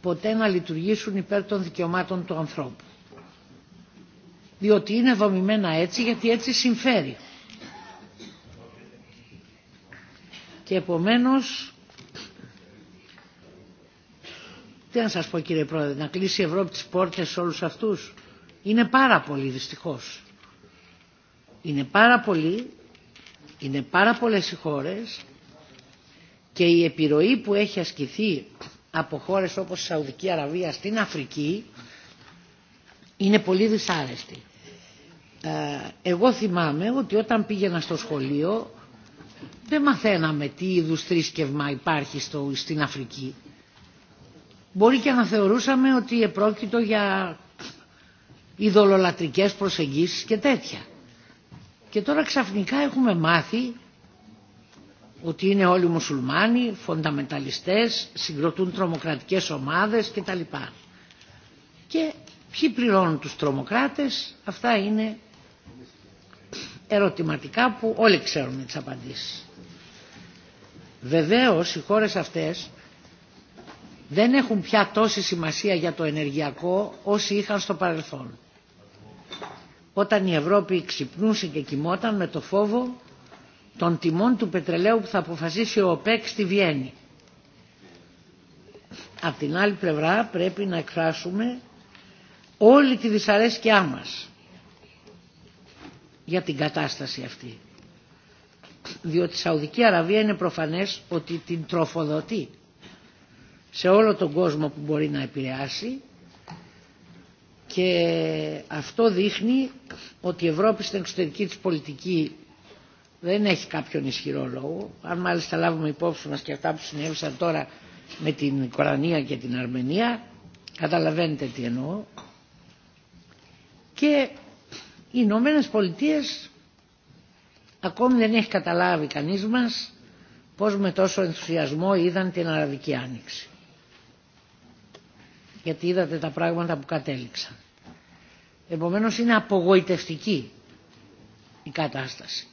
ποτέ να λειτουργήσουν υπέρ των δικαιωμάτων του ανθρώπου. Διότι είναι δομημένα έτσι γιατί έτσι συμφέρει. Και επομένως, τι να σας πω κύριε Πρόεδρε, να κλείσει η Ευρώπη τις πόρτες σε όλους αυτούς. Είναι πάρα πολύ δυστυχώς. Είναι πάρα πολύ, είναι πάρα πολλές οι χώρες και η επιρροή που έχει ασκηθεί από χώρες όπως η Σαουδική Αραβία στην Αφρική είναι πολύ δυσάρεστη. Ε, εγώ θυμάμαι ότι όταν πήγαινα στο σχολείο δεν μαθαίναμε τι είδου θρήσκευμα υπάρχει στο, στην Αφρική. Μπορεί και να θεωρούσαμε ότι επρόκειτο για ειδωλολατρικές προσεγγίσεις και τέτοια. Και τώρα ξαφνικά έχουμε μάθει ότι είναι όλοι μουσουλμάνοι, φονταμεταλιστές, συγκροτούν τρομοκρατικές ομάδες κτλ. Και ποιοι πληρώνουν τους τρομοκράτες, αυτά είναι ερωτηματικά που όλοι ξέρουμε τις απαντήσεις. Βεβαίως οι χώρες αυτές δεν έχουν πια τόση σημασία για το ενεργειακό όσοι είχαν στο παρελθόν. Όταν η Ευρώπη ξυπνούσε και κοιμόταν με το φόβο των τιμών του πετρελαίου που θα αποφασίσει ο ΟΠΕΚ στη Βιέννη. Απ' την άλλη πλευρά πρέπει να εκφράσουμε όλη τη δυσαρέσκειά μας για την κατάσταση αυτή. Διότι η Σαουδική Αραβία είναι προφανές ότι την τροφοδοτεί σε όλο τον κόσμο που μπορεί να επηρεάσει και αυτό δείχνει ότι η Ευρώπη στην εξωτερική της πολιτική δεν έχει κάποιον ισχυρό λόγο. Αν μάλιστα λάβουμε υπόψη μας και αυτά που συνέβησαν τώρα με την Κορανία και την Αρμενία, καταλαβαίνετε τι εννοώ. Και οι Ηνωμένε Πολιτείε ακόμη δεν έχει καταλάβει κανείς μας πώς με τόσο ενθουσιασμό είδαν την Αραβική Άνοιξη. Γιατί είδατε τα πράγματα που κατέληξαν. Επομένως είναι απογοητευτική η κατάσταση.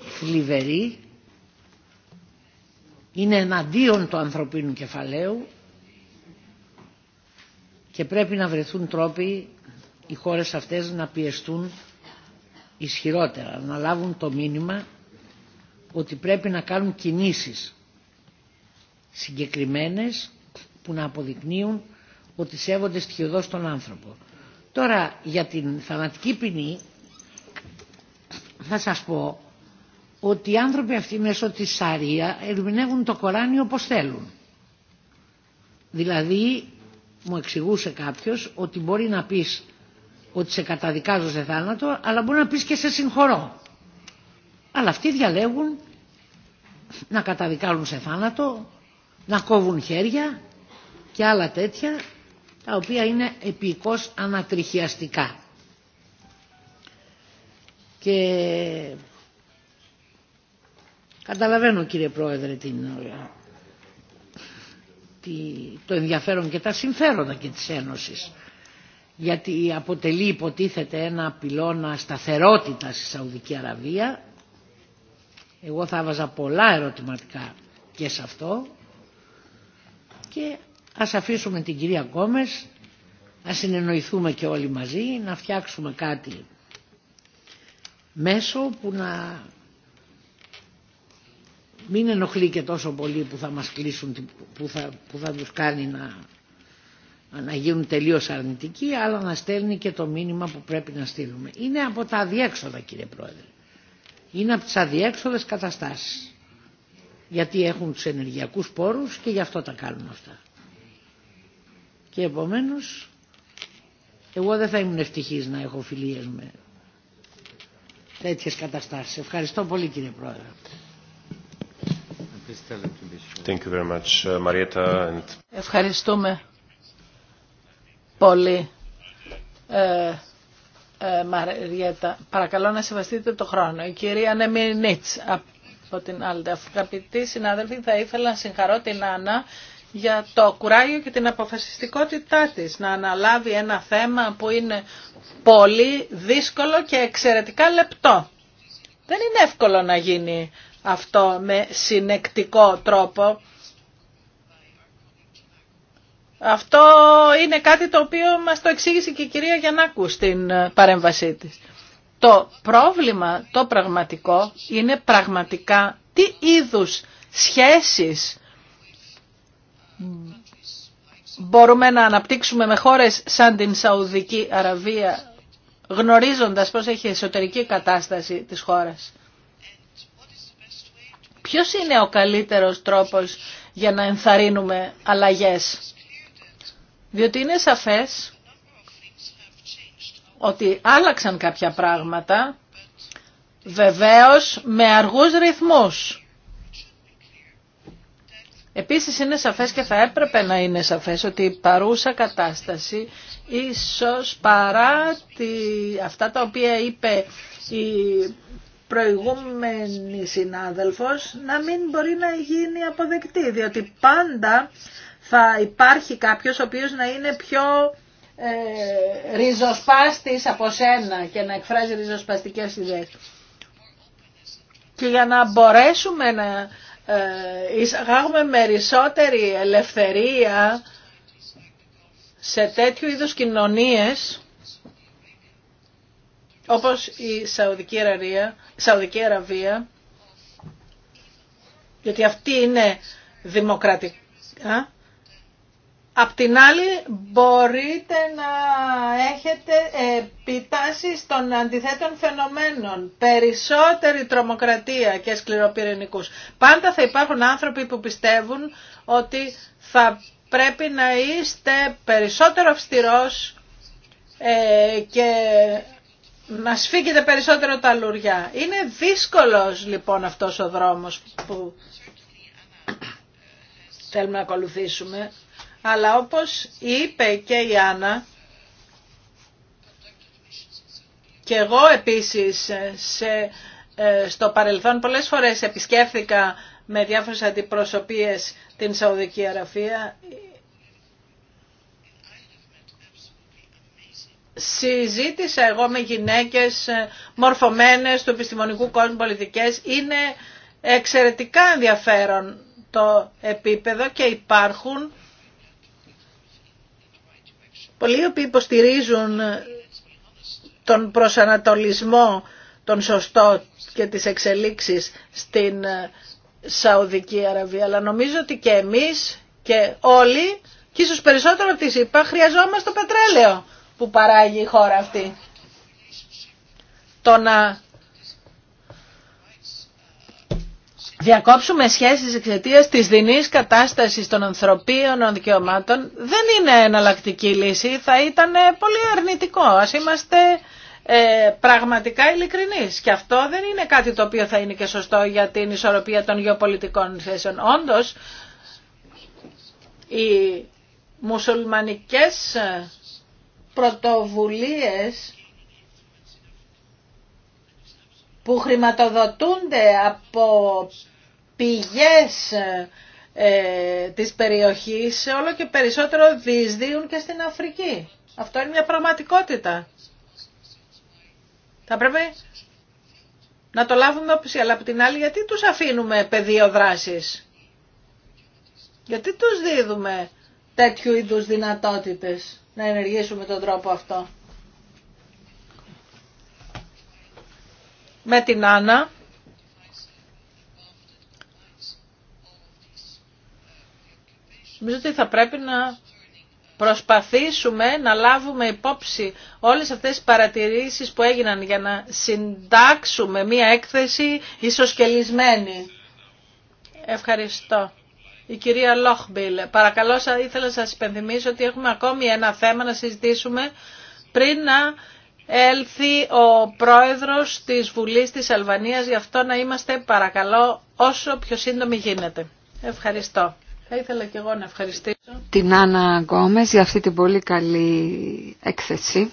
Φλιβερή. είναι εναντίον του ανθρωπίνου κεφαλαίου και πρέπει να βρεθούν τρόποι οι χώρες αυτές να πιεστούν ισχυρότερα, να λάβουν το μήνυμα ότι πρέπει να κάνουν κινήσεις συγκεκριμένες που να αποδεικνύουν ότι σέβονται στοιχειοδός τον άνθρωπο. Τώρα για την θανατική ποινή θα σας πω ότι οι άνθρωποι αυτοί μέσω της Σαρία ερμηνεύουν το Κοράνι όπως θέλουν. Δηλαδή μου εξηγούσε κάποιος ότι μπορεί να πεις ότι σε καταδικάζω σε θάνατο, αλλά μπορεί να πεις και σε συγχωρώ. Αλλά αυτοί διαλέγουν να καταδικάζουν σε θάνατο, να κόβουν χέρια και άλλα τέτοια, τα οποία είναι επικώς ανατριχιαστικά. Και καταλαβαίνω κύριε Πρόεδρε την, το ενδιαφέρον και τα συμφέροντα και της Ένωσης γιατί αποτελεί υποτίθεται ένα πυλώνα σταθερότητας στη Σαουδική Αραβία. Εγώ θα βάζα πολλά ερωτηματικά και σε αυτό και ας αφήσουμε την κυρία Κόμες, να συνεννοηθούμε και όλοι μαζί, να φτιάξουμε κάτι μέσο που να μην ενοχλεί και τόσο πολύ που θα μας κλείσουν, που θα, που θα τους κάνει να να γίνουν τελείως αρνητικοί αλλά να στέλνει και το μήνυμα που πρέπει να στείλουμε. Είναι από τα αδιέξοδα κύριε Πρόεδρε. Είναι από τις αδιέξοδες καταστάσεις. Γιατί έχουν τους ενεργειακούς πόρους και γι' αυτό τα κάνουν αυτά. Και επομένως εγώ δεν θα ήμουν ευτυχής να έχω φιλίες με τέτοιες καταστάσεις. Ευχαριστώ πολύ κύριε Πρόεδρε. Uh, Ευχαριστούμε πολύ, ε, ε, Μαριέτα. Παρακαλώ να σεβαστείτε το χρόνο. Η κυρία Νεμινίτς από την Άλντα. Αγαπητοί συνάδελφοι, θα ήθελα να συγχαρώ την Άννα για το κουράγιο και την αποφασιστικότητά της να αναλάβει ένα θέμα που είναι πολύ δύσκολο και εξαιρετικά λεπτό. Δεν είναι εύκολο να γίνει αυτό με συνεκτικό τρόπο αυτό είναι κάτι το οποίο μας το εξήγησε και η κυρία Γιαννάκου στην ε, παρέμβασή της. Το πρόβλημα το πραγματικό είναι πραγματικά τι είδους σχέσεις μπορούμε να αναπτύξουμε με χώρες σαν την Σαουδική Αραβία γνωρίζοντας πώς έχει εσωτερική κατάσταση της χώρας. Ποιος είναι ο καλύτερος τρόπος για να ενθαρρύνουμε αλλαγές διότι είναι σαφές ότι άλλαξαν κάποια πράγματα, βεβαίως με αργούς ρυθμούς. Επίσης είναι σαφές και θα έπρεπε να είναι σαφές ότι η παρούσα κατάσταση ίσως παρά τη, αυτά τα οποία είπε η προηγούμενη συνάδελφος να μην μπορεί να γίνει αποδεκτή διότι πάντα θα υπάρχει κάποιος ο οποίος να είναι πιο ε, ριζοσπάστης από σένα και να εκφράζει ριζοσπαστικές ιδέες. Και για να μπορέσουμε να ε, εισαγάγουμε μερισσότερη περισσότερη ελευθερία σε τέτοιου είδους κοινωνίες όπως η Σαουδική Αραβία, γιατί αυτή είναι δημοκρατικά Απ' την άλλη μπορείτε να έχετε επιτάσεις των αντιθέτων φαινομένων, περισσότερη τρομοκρατία και σκληροπυρηνικούς. Πάντα θα υπάρχουν άνθρωποι που πιστεύουν ότι θα πρέπει να είστε περισσότερο αυστηρός ε, και να σφίγγετε περισσότερο τα λουριά. Είναι δύσκολος λοιπόν αυτός ο δρόμος που θέλουμε να ακολουθήσουμε. Αλλά όπως είπε και η Άννα, και εγώ επίσης σε, ε, στο παρελθόν πολλές φορές επισκέφθηκα με διάφορες αντιπροσωπείες την Σαουδική αραφία Συζήτησα εγώ με γυναίκες μορφωμένες του επιστημονικού κόσμου πολιτικές. Είναι εξαιρετικά ενδιαφέρον το επίπεδο και υπάρχουν Πολλοί οποίοι υποστηρίζουν τον προσανατολισμό τον σωστό και τις εξελίξεις στην ε, Σαουδική Αραβία. Αλλά νομίζω ότι και εμείς και όλοι και ίσως περισσότερο από τις είπα χρειαζόμαστε το πετρέλαιο που παράγει η χώρα αυτή. Το να διακόψουμε σχέσεις εξαιτία της δινής κατάστασης των ανθρωπίων δικαιωμάτων δεν είναι εναλλακτική λύση, θα ήταν πολύ αρνητικό. Ας είμαστε ε, πραγματικά ειλικρινείς και αυτό δεν είναι κάτι το οποίο θα είναι και σωστό για την ισορροπία των γεωπολιτικών θέσεων. Όντως, οι μουσουλμανικές πρωτοβουλίες που χρηματοδοτούνται από πηγές ε, της περιοχής όλο και περισσότερο διεισδύουν και στην Αφρική. Αυτό είναι μια πραγματικότητα. Θα πρέπει να το λάβουμε όπως αλλά από την άλλη γιατί τους αφήνουμε πεδίο δράσης. Γιατί τους δίδουμε τέτοιου είδους δυνατότητες να ενεργήσουμε τον τρόπο αυτό. Με την Άννα Νομίζω ότι θα πρέπει να προσπαθήσουμε να λάβουμε υπόψη όλες αυτές τις παρατηρήσεις που έγιναν για να συντάξουμε μία έκθεση ισοσκελισμένη. Ευχαριστώ. Η κυρία Λόχμπιλ, παρακαλώ ήθελα να σας υπενθυμίσω ότι έχουμε ακόμη ένα θέμα να συζητήσουμε πριν να έλθει ο πρόεδρος της Βουλής της Αλβανίας, γι' αυτό να είμαστε παρακαλώ όσο πιο σύντομοι γίνεται. Ευχαριστώ. Θα ήθελα και εγώ να ευχαριστήσω την Άννα Γκόμες για αυτή την πολύ καλή έκθεση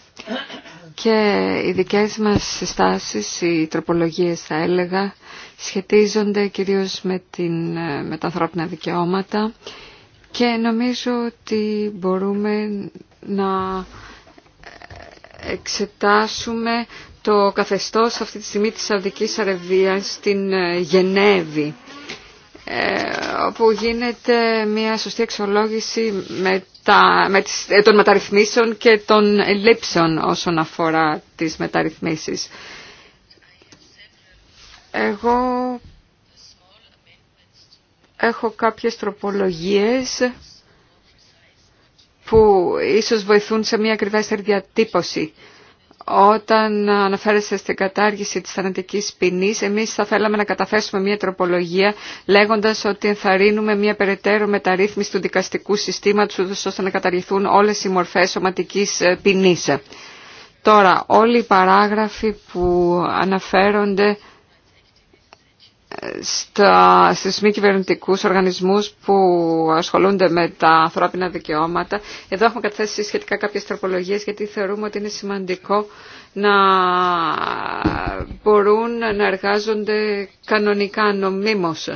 και οι δικές μας συστάσεις, οι τροπολογίες θα έλεγα, σχετίζονται κυρίως με, την, με τα ανθρώπινα δικαιώματα και νομίζω ότι μπορούμε να εξετάσουμε το καθεστώς αυτή τη στιγμή της Σαουδικής Αραβίας στην ε, Γενέβη ε, όπου γίνεται μια σωστή εξολόγηση με τα, με τις, ε, των μεταρρυθμίσεων και των ελλείψεων όσον αφορά τις μεταρρυθμίσεις. Εγώ έχω κάποιες τροπολογίες που ίσως βοηθούν σε μια ακριβέστερη διατύπωση όταν αναφέρεστε στην κατάργηση της θανατικής ποινή, εμείς θα θέλαμε να καταθέσουμε μια τροπολογία λέγοντας ότι ενθαρρύνουμε μια περαιτέρω μεταρρύθμιση του δικαστικού συστήματος ώστε να καταργηθούν όλες οι μορφές σωματικής ε, ποινή. Τώρα, όλοι οι παράγραφοι που αναφέρονται στα, στις μη κυβερνητικού οργανισμούς που ασχολούνται με τα ανθρώπινα δικαιώματα. Εδώ έχουμε καταθέσει σχετικά κάποιες τροπολογίες γιατί θεωρούμε ότι είναι σημαντικό να μπορούν να εργάζονται κανονικά, νομίμως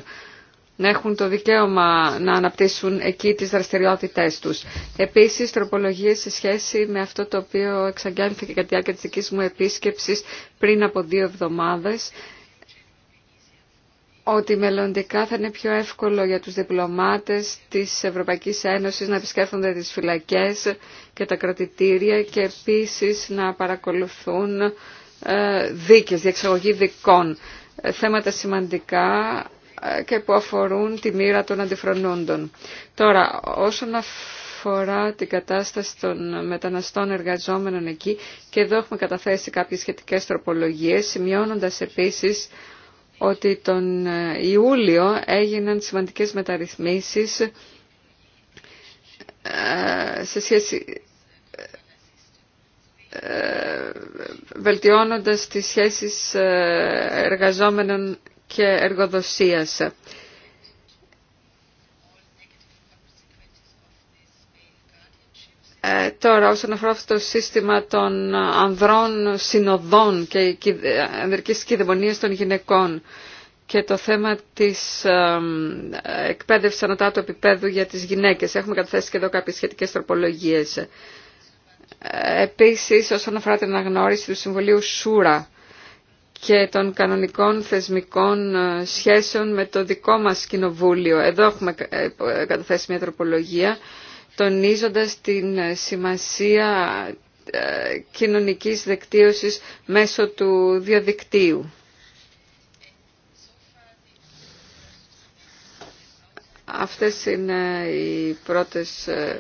να έχουν το δικαίωμα να αναπτύσσουν εκεί τις δραστηριότητές τους. Επίσης, τροπολογίες σε σχέση με αυτό το οποίο εξαγγέλθηκε κατά τη διάρκεια της δικής μου επίσκεψης πριν από δύο εβδομάδες ότι μελλοντικά θα είναι πιο εύκολο για τους διπλωμάτες της Ευρωπαϊκής Ένωσης να επισκέφτονται τις φυλακές και τα κρατητήρια και επίσης να παρακολουθούν ε, δίκες, διεξαγωγή δικών. Ε, θέματα σημαντικά ε, και που αφορούν τη μοίρα των αντιφρονούντων. Τώρα, όσον αφορά την κατάσταση των μεταναστών εργαζόμενων εκεί, και εδώ έχουμε καταθέσει κάποιες σχετικές τροπολογίες, σημειώνοντας επίσης ότι τον ε, Ιούλιο έγιναν σημαντικές μεταρρυθμίσεις ε, σε σχέση ε, βελτιώνοντας τις σχέσεις εργαζόμενων και εργοδοσίας. Ε, τώρα, όσον αφορά αυτό το σύστημα των ανδρών συνοδών και ε, ανδρικής κυδαιμονίας των γυναικών και το θέμα της εκπαίδευση εκπαίδευσης ανωτά του επίπεδου για τις γυναίκες. Έχουμε καταθέσει και εδώ κάποιες σχετικές τροπολογίες. Ε, επίσης, όσον αφορά την αναγνώριση του Συμβουλίου ΣΟΥΡΑ και των κανονικών θεσμικών σχέσεων με το δικό μας κοινοβούλιο. Εδώ έχουμε καταθέσει μια τροπολογία τονίζοντας την σημασία ε, κοινωνικής δεκτύωσης μέσω του διαδικτύου. Αυτές είναι οι πρώτες ε,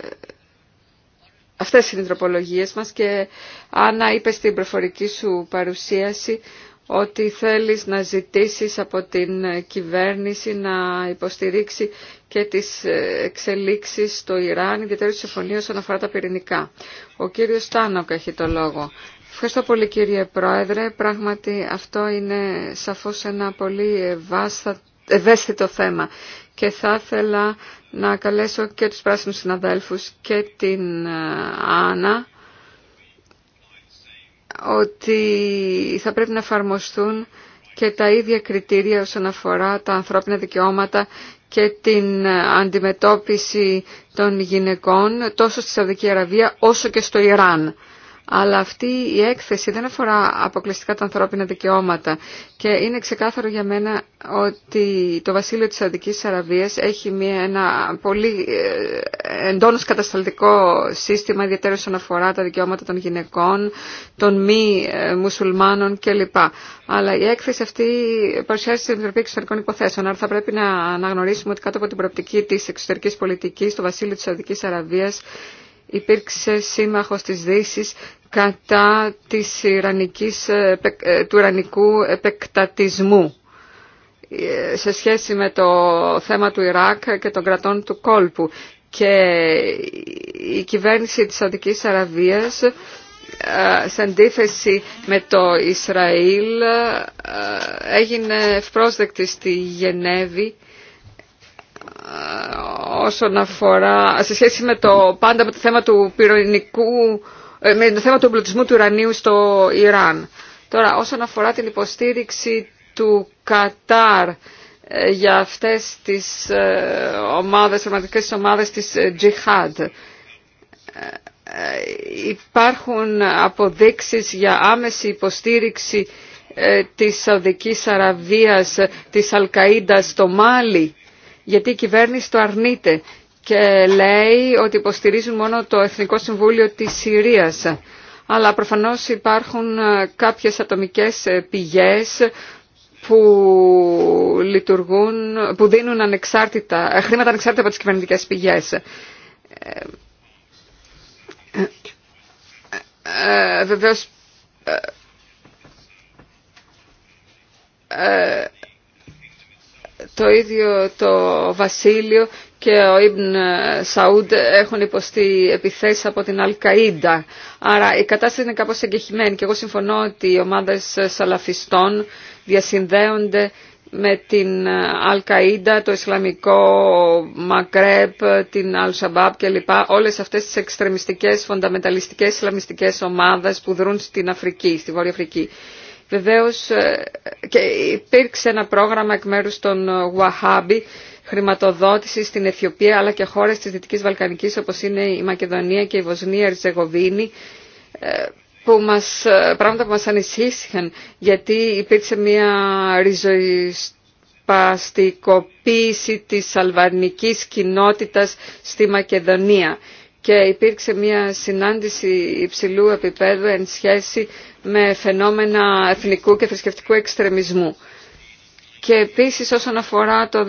Αυτές είναι οι τροπολογίες μας και Άννα είπε στην προφορική σου παρουσίαση ότι θέλεις να ζητήσεις από την κυβέρνηση να υποστηρίξει και τις εξελίξεις στο Ιράν, ιδιαίτερα τη συμφωνία όσον αφορά τα πυρηνικά. Ο κύριος Τάνοκ έχει το λόγο. Ευχαριστώ πολύ κύριε Πρόεδρε. Πράγματι αυτό είναι σαφώς ένα πολύ ευαίσθητο θέμα και θα ήθελα να καλέσω και τους πράσινους συναδέλφους και την ε, Άννα ότι θα πρέπει να εφαρμοστούν και τα ίδια κριτήρια όσον αφορά τα ανθρώπινα δικαιώματα και την αντιμετώπιση των γυναικών τόσο στη Σαουδική Αραβία όσο και στο Ιράν αλλά αυτή η έκθεση δεν αφορά αποκλειστικά τα ανθρώπινα δικαιώματα και είναι ξεκάθαρο για μένα ότι το βασίλειο της Αδικής Αραβίας έχει ένα πολύ ε, εντόνως κατασταλτικό σύστημα ιδιαίτερα όσον αφορά τα δικαιώματα των γυναικών, των μη ε, μουσουλμάνων κλπ. Αλλά η έκθεση αυτή παρουσιάζει στην Επιτροπή Εξωτερικών Υποθέσεων, άρα θα πρέπει να αναγνωρίσουμε ότι κάτω από την προοπτική της εξωτερικής πολιτικής το βασίλειο της Αδικής Αραβίας υπήρξε σύμμαχος της Δύσης κατά της Ιρανικής, ε, ε, του Ιρανικού επεκτατισμού ε, σε σχέση με το θέμα του Ιράκ και των κρατών του κόλπου. Και η κυβέρνηση της Σαουδικής Αραβίας σε αντίθεση με το Ισραήλ έγινε ευπρόσδεκτη στη Γενέβη ε, όσον αφορά, σε σχέση με το πάντα με το θέμα του πυρηνικού, ε, με το θέμα του εμπλουτισμού του Ιρανίου στο Ιράν. Τώρα, όσον αφορά την υποστήριξη του Κατάρ ε, για αυτές τις ομάδες, πραγματικές ομάδες της Τζιχάντ, υπάρχουν αποδείξεις για άμεση υποστήριξη της Σαουδικής Αραβίας, της Αλκαΐντας στο Μάλι γιατί η κυβέρνηση το αρνείται και λέει ότι υποστηρίζουν μόνο το Εθνικό Συμβούλιο της Συρίας. Αλλά προφανώς υπάρχουν κάποιες ατομικές πηγές που, λειτουργούν, που δίνουν ανεξάρτητα, χρήματα ανεξάρτητα από τις κυβερνητικές πηγές το ίδιο το Βασίλειο και ο Ιμπν Σαούντ έχουν υποστεί επιθέσεις από την Αλκαΐντα. Άρα η κατάσταση είναι κάπως εγκεχημένη και εγώ συμφωνώ ότι οι ομάδες σαλαφιστών διασυνδέονται με την Αλκαΐντα, το Ισλαμικό Μακρέπ, την Αλσαμπάπ κλπ. Όλες αυτές τις εξτρεμιστικές, φονταμεταλιστικές, ισλαμιστικές ομάδες που δρούν στην Αφρική, στη Βόρεια Αφρική. Βεβαίως ε, και υπήρξε ένα πρόγραμμα εκ μέρους των Wahhabi χρηματοδότηση στην Αιθιοπία αλλά και χώρες της Δυτικής Βαλκανικής όπως είναι η Μακεδονία και η Βοσνία Ερζεγοβίνη ε, που μας, ε, πράγματα που μας ανησύχησαν γιατί υπήρξε μια ριζοσπαστικοποίηση της αλβανικής κοινότητας στη Μακεδονία και υπήρξε μια συνάντηση υψηλού επίπεδου εν σχέση με φαινόμενα εθνικού και θρησκευτικού εξτρεμισμού. Και επίσης όσον αφορά το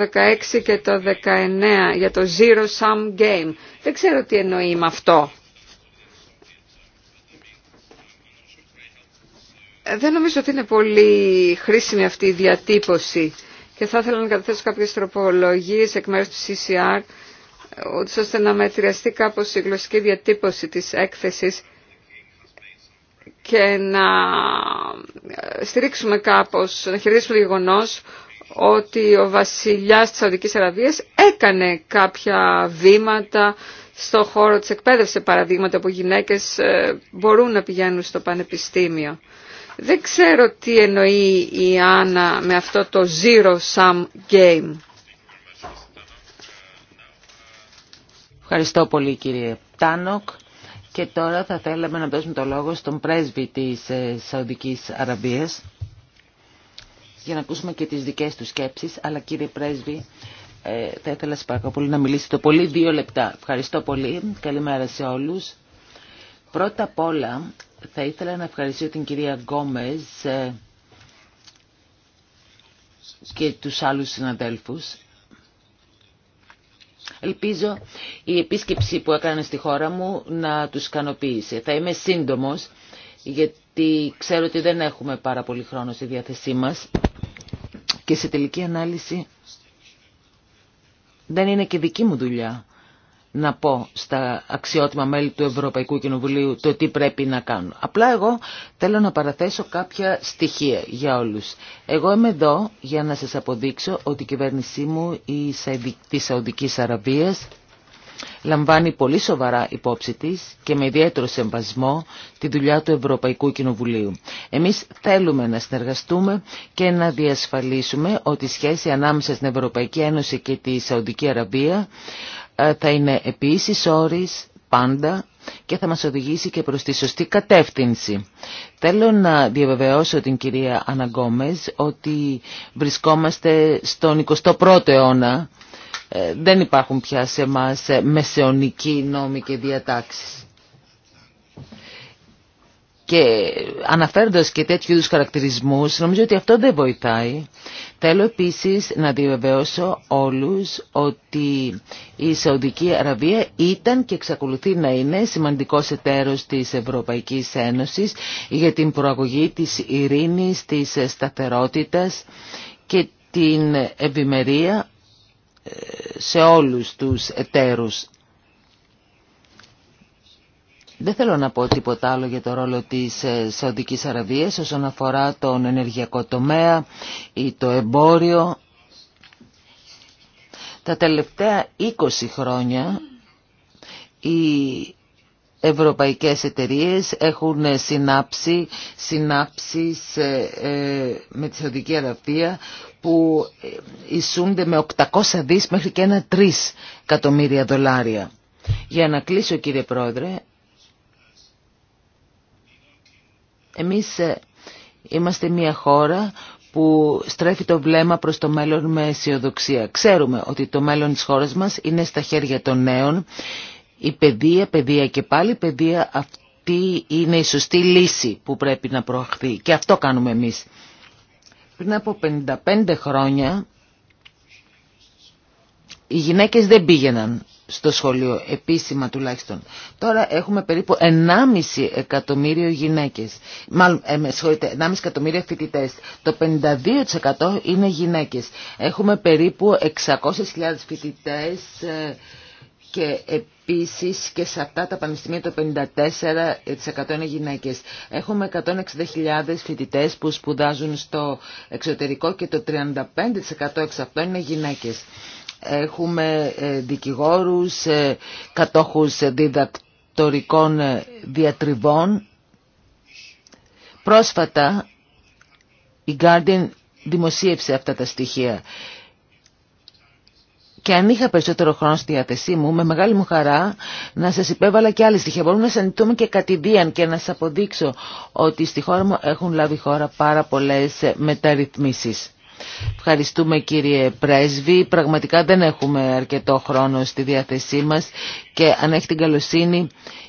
16 και το 19 για το Zero Sum Game. Δεν ξέρω τι εννοεί με αυτό. Δεν νομίζω ότι είναι πολύ χρήσιμη αυτή η διατύπωση και θα ήθελα να καταθέσω κάποιες τροπολογίες εκ μέρους του CCR ούτως ώστε να μετριαστεί κάπως η γλωσσική διατύπωση της έκθεσης και να στηρίξουμε κάπως, να χαιρετήσουμε το γεγονό ότι ο βασιλιάς της Σαουδικής Αραβίας έκανε κάποια βήματα στο χώρο της εκπαίδευσης, παραδείγματα που γυναίκες ε, μπορούν να πηγαίνουν στο πανεπιστήμιο. Δεν ξέρω τι εννοεί η Άννα με αυτό το zero-sum game. Ευχαριστώ πολύ κύριε Τάνοκ. Και τώρα θα θέλαμε να δώσουμε το λόγο στον πρέσβη της ε, Σαουδικής Αραβίας για να ακούσουμε και τις δικές του σκέψεις. Αλλά κύριε πρέσβη, ε, θα ήθελα παρακαλώ πολύ να μιλήσετε πολύ δύο λεπτά. Ευχαριστώ πολύ. Καλημέρα σε όλους. Πρώτα απ' όλα θα ήθελα να ευχαριστήσω την κυρία Γκόμες ε, και τους άλλους συναδέλφους Ελπίζω η επίσκεψη που έκανε στη χώρα μου να τους ικανοποίησε. Θα είμαι σύντομος γιατί ξέρω ότι δεν έχουμε πάρα πολύ χρόνο στη διάθεσή μας και σε τελική ανάλυση δεν είναι και δική μου δουλειά να πω στα αξιότιμα μέλη του Ευρωπαϊκού Κοινοβουλίου το τι πρέπει να κάνω. Απλά εγώ θέλω να παραθέσω κάποια στοιχεία για όλους. Εγώ είμαι εδώ για να σας αποδείξω ότι η κυβέρνησή μου η της Σαουδικής Αραβίας λαμβάνει πολύ σοβαρά υπόψη τη και με ιδιαίτερο σεμβασμό τη δουλειά του Ευρωπαϊκού Κοινοβουλίου. Εμείς θέλουμε να συνεργαστούμε και να διασφαλίσουμε ότι η σχέση ανάμεσα στην Ευρωπαϊκή Ένωση και τη Σαουδική Αραβία ε, θα είναι επίσης όρης πάντα και θα μας οδηγήσει και προς τη σωστή κατεύθυνση. Θέλω να διαβεβαιώσω την κυρία Αναγκόμες ότι βρισκόμαστε στον 21ο αιώνα. Ε, δεν υπάρχουν πια σε εμάς μεσαιωνικοί νόμοι και διατάξεις. Και αναφέροντας και τέτοιου είδου χαρακτηρισμούς, νομίζω ότι αυτό δεν βοηθάει. Θέλω επίσης να διαβεβαιώσω όλους ότι η Σαουδική Αραβία ήταν και εξακολουθεί να είναι σημαντικός εταίρος της Ευρωπαϊκής Ένωσης για την προαγωγή της ειρήνης, της σταθερότητας και την ευημερία ε, σε όλους τους εταίρους δεν θέλω να πω τίποτα άλλο για το ρόλο της ε, Σαουδικής Αραβίας όσον αφορά τον ενεργειακό τομέα ή το εμπόριο. Τα τελευταία 20 χρόνια η ευρωπαϊκές εταιρείες χρονια οι ευρωπαικες συνάψει συνάψεις ε, ε, με τη Σαουδική Αραβία που ισούνται με 800 δις μέχρι και ένα 3 εκατομμύρια δολάρια. Για να κλείσω κύριε Πρόεδρε, Εμείς ε, είμαστε μια χώρα που στρέφει το βλέμμα προς το μέλλον με αισιοδοξία. Ξέρουμε ότι το μέλλον της χώρας μας είναι στα χέρια των νέων. Η παιδεία, παιδεία και πάλι παιδεία αυτή είναι η σωστή λύση που πρέπει να προαχθεί. Και αυτό κάνουμε εμείς. Πριν από 55 χρόνια οι γυναίκες δεν πήγαιναν στο σχολείο, επίσημα τουλάχιστον. Τώρα έχουμε περίπου 1,5 εκατομμύριο γυναίκες, μάλλον, 1,5 ε, εκατομμύριο φοιτητές. Το 52% είναι γυναίκες. Έχουμε περίπου 600.000 φοιτητές ε, και επίσης και σε αυτά τα πανεπιστήμια το 54% είναι γυναίκες. Έχουμε 160.000 φοιτητές που σπουδάζουν στο εξωτερικό και το 35% εξ αυτών είναι γυναίκες. Έχουμε ε, δικηγόρους, ε, κατόχους διδακτορικών ε, διατριβών. Πρόσφατα η Guardian δημοσίευσε αυτά τα στοιχεία. Και αν είχα περισσότερο χρόνο στη διάθεσή μου, με μεγάλη μου χαρά να σας υπέβαλα και άλλες στοιχεία. Μπορούμε να ανητούμε και κατηδίαν και να σας αποδείξω ότι στη χώρα μου έχουν λάβει χώρα πάρα πολλές μεταρρυθμίσεις. Ευχαριστούμε κύριε Πρέσβη. Πραγματικά δεν έχουμε αρκετό χρόνο στη διάθεσή μας και αν έχει την καλοσύνη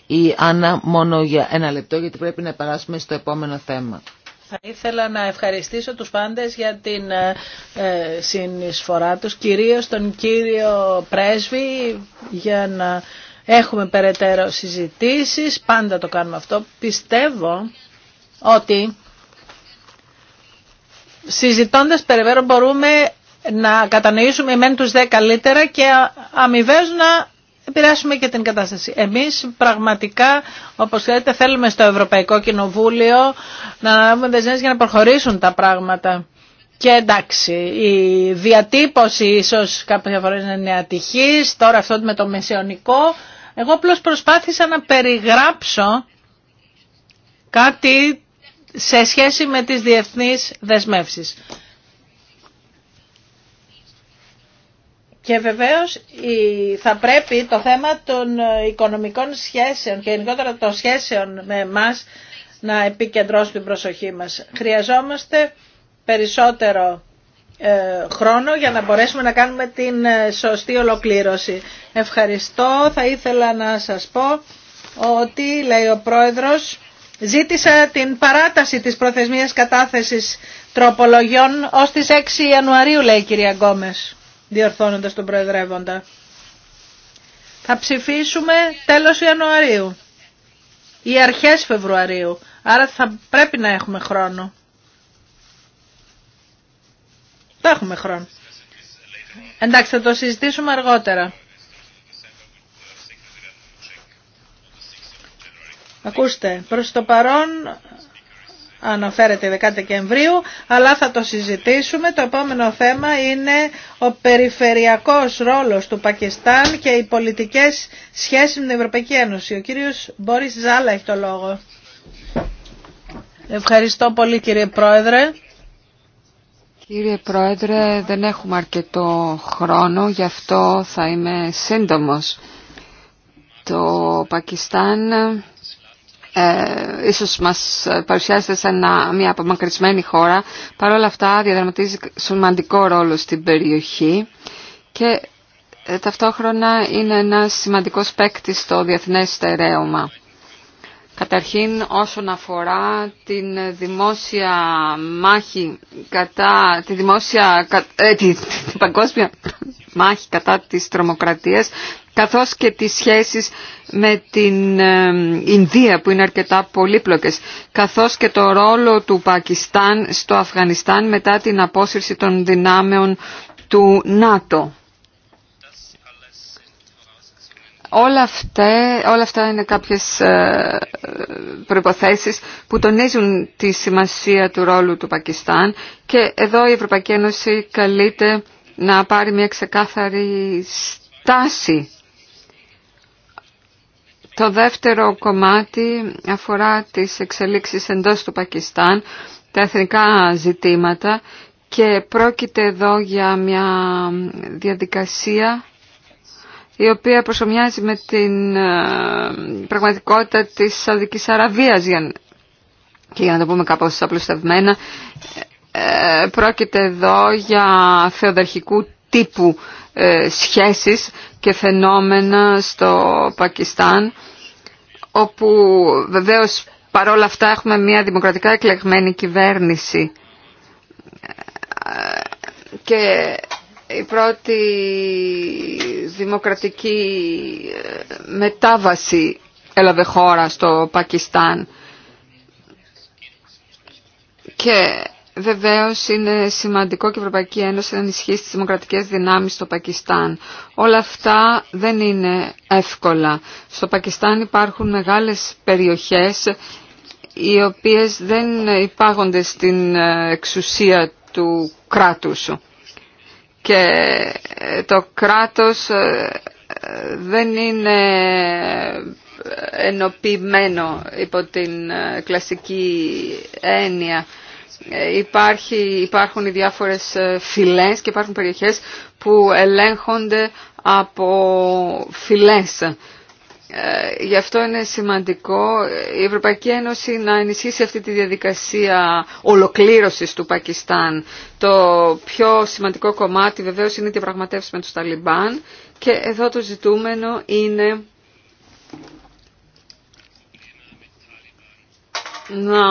η Άννα μόνο για ένα λεπτό γιατί πρέπει να περάσουμε στο επόμενο θέμα. Θα ήθελα να ευχαριστήσω τους πάντες για την ε, ε συνεισφορά τους, κυρίως τον κύριο Πρέσβη για να έχουμε περαιτέρω συζητήσεις, πάντα το κάνουμε αυτό. Πιστεύω ότι συζητώντας περιβέρω μπορούμε να κατανοήσουμε μεν τους 10 καλύτερα και αμοιβέ να επηρεάσουμε και την κατάσταση. Εμείς πραγματικά, όπως ξέρετε, θέλουμε στο Ευρωπαϊκό Κοινοβούλιο να αναλάβουμε δεσμένες για να προχωρήσουν τα πράγματα. Και εντάξει, η διατύπωση ίσως κάποιες φορές είναι ατυχής, τώρα αυτό με το μεσαιωνικό. Εγώ απλώ προσπάθησα να περιγράψω κάτι σε σχέση με τις διεθνείς δεσμεύσεις. Και βεβαίως θα πρέπει το θέμα των οικονομικών σχέσεων και γενικότερα των σχέσεων με εμάς να επικεντρώσει την προσοχή μας. Χρειαζόμαστε περισσότερο ε, χρόνο για να μπορέσουμε να κάνουμε την ε, σωστή ολοκλήρωση. Ευχαριστώ. Θα ήθελα να σας πω ότι, λέει ο Πρόεδρος, Ζήτησα την παράταση της προθεσμίας κατάθεσης τροπολογιών ως τις 6 Ιανουαρίου, λέει η κυρία Γκόμες, διορθώνοντας τον Προεδρεύοντα. Θα ψηφίσουμε τέλος Ιανουαρίου ή αρχές Φεβρουαρίου, άρα θα πρέπει να έχουμε χρόνο. Θα έχουμε χρόνο. Εντάξει, θα το συζητήσουμε αργότερα. Ακούστε, προς το παρόν αναφέρεται 10 Δεκεμβρίου, αλλά θα το συζητήσουμε. Το επόμενο θέμα είναι ο περιφερειακός ρόλος του Πακιστάν και οι πολιτικές σχέσεις με την Ευρωπαϊκή Ένωση. Ο κύριος Μπόρις Ζάλα έχει το λόγο. Ευχαριστώ πολύ κύριε Πρόεδρε. Κύριε Πρόεδρε, δεν έχουμε αρκετό χρόνο, γι' αυτό θα είμαι σύντομος. Το Πακιστάν ε, ίσως μας παρουσιάζεται σαν μια απομακρυσμένη χώρα, παρόλα αυτά διαδραματίζει σημαντικό ρόλο στην περιοχή και ε, ταυτόχρονα είναι ένα σημαντικό παίκτη στο διεθνές στερέωμα. Καταρχήν όσον αφορά την δημόσια μάχη κατά τη δημόσια, κα, ε, παγκόσμια μάχη κατά της τρομοκρατίας καθώς και τις σχέσεις με την ε, Ινδία που είναι αρκετά πολύπλοκες, καθώς και το ρόλο του Πακιστάν στο Αφγανιστάν μετά την απόσυρση των δυνάμεων του ΝΑΤΟ. Όλα αυτά, όλα αυτά είναι κάποιες ε, προϋποθέσεις που τονίζουν τη σημασία του ρόλου του Πακιστάν και εδώ η Ευρωπαϊκή Ένωση καλείται να πάρει μια ξεκάθαρη στάση το δεύτερο κομμάτι αφορά τις εξελίξεις εντός του Πακιστάν, τα εθνικά ζητήματα και πρόκειται εδώ για μια διαδικασία η οποία προσωμιάζει με την ε, πραγματικότητα της Σαουδικής Αραβίας και για να το πούμε κάπως απλουστευμένα ε, ε, πρόκειται εδώ για θεοδερχικού τύπου ε, σχέσεις και φαινόμενα στο Πακιστάν όπου βεβαίως παρόλα αυτά έχουμε μια δημοκρατικά εκλεγμένη κυβέρνηση και η πρώτη δημοκρατική ε, μετάβαση έλαβε χώρα στο Πακιστάν και Βεβαίω είναι σημαντικό και η Ευρωπαϊκή Ένωση να ενισχύσει τι δημοκρατικέ δυνάμει στο Πακιστάν. Όλα αυτά δεν είναι εύκολα. Στο Πακιστάν υπάρχουν μεγάλε περιοχέ οι οποίες δεν υπάγονται στην ε, εξουσία του κράτους. Και ε, το κράτος ε, δεν είναι ενοποιημένο υπό την κλασική έννοια ε, υπάρχει, υπάρχουν οι διάφορες ε, φυλές και υπάρχουν περιοχές που ελέγχονται από φυλές. Ε, γι' αυτό είναι σημαντικό η Ευρωπαϊκή Ένωση να ενισχύσει αυτή τη διαδικασία ολοκλήρωσης του Πακιστάν. Το πιο σημαντικό κομμάτι βεβαίως είναι η διαπραγματεύση με τους Ταλιμπάν και εδώ το ζητούμενο είναι να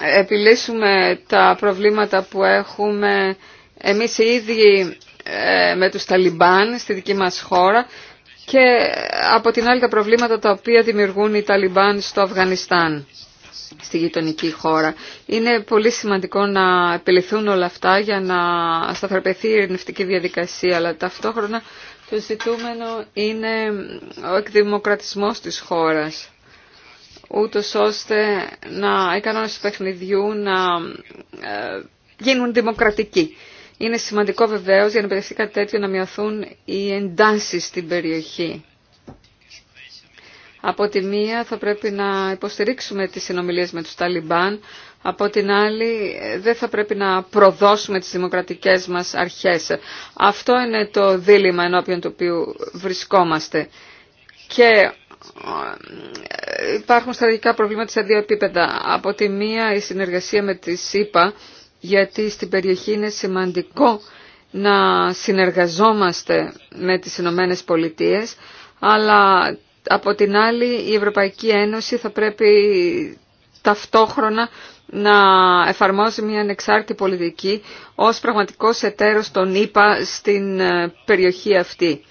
επιλύσουμε τα προβλήματα που έχουμε εμείς οι ίδιοι ε, με τους Ταλιμπάν στη δική μας χώρα και ε, από την άλλη τα προβλήματα τα οποία δημιουργούν οι Ταλιμπάν στο Αφγανιστάν, στη γειτονική χώρα. Είναι πολύ σημαντικό να επιληθούν όλα αυτά για να σταθεροποιηθεί η ειρηνευτική διαδικασία, αλλά ταυτόχρονα το ζητούμενο είναι ο εκδημοκρατισμός της χώρας ούτως ώστε να, οι κανόνες του παιχνιδιού να ε, γίνουν δημοκρατικοί. Είναι σημαντικό βεβαίως για να επιτευχθεί κάτι τέτοιο να μειωθούν οι εντάσεις στην περιοχή. Από τη μία θα πρέπει να υποστηρίξουμε τις συνομιλίες με τους Ταλιμπάν, από την άλλη ε, δεν θα πρέπει να προδώσουμε τις δημοκρατικές μας αρχές. Αυτό είναι το δίλημα ενώπιον του οποίου βρισκόμαστε. Και υπάρχουν στρατηγικά προβλήματα σε δύο επίπεδα. Από τη μία η συνεργασία με τη ΣΥΠΑ, γιατί στην περιοχή είναι σημαντικό να συνεργαζόμαστε με τις Ηνωμένε Πολιτείες, αλλά από την άλλη η Ευρωπαϊκή Ένωση θα πρέπει ταυτόχρονα να εφαρμόζει μια ανεξάρτητη πολιτική ως πραγματικός εταίρος των ΙΠΑ στην ε, περιοχή αυτή.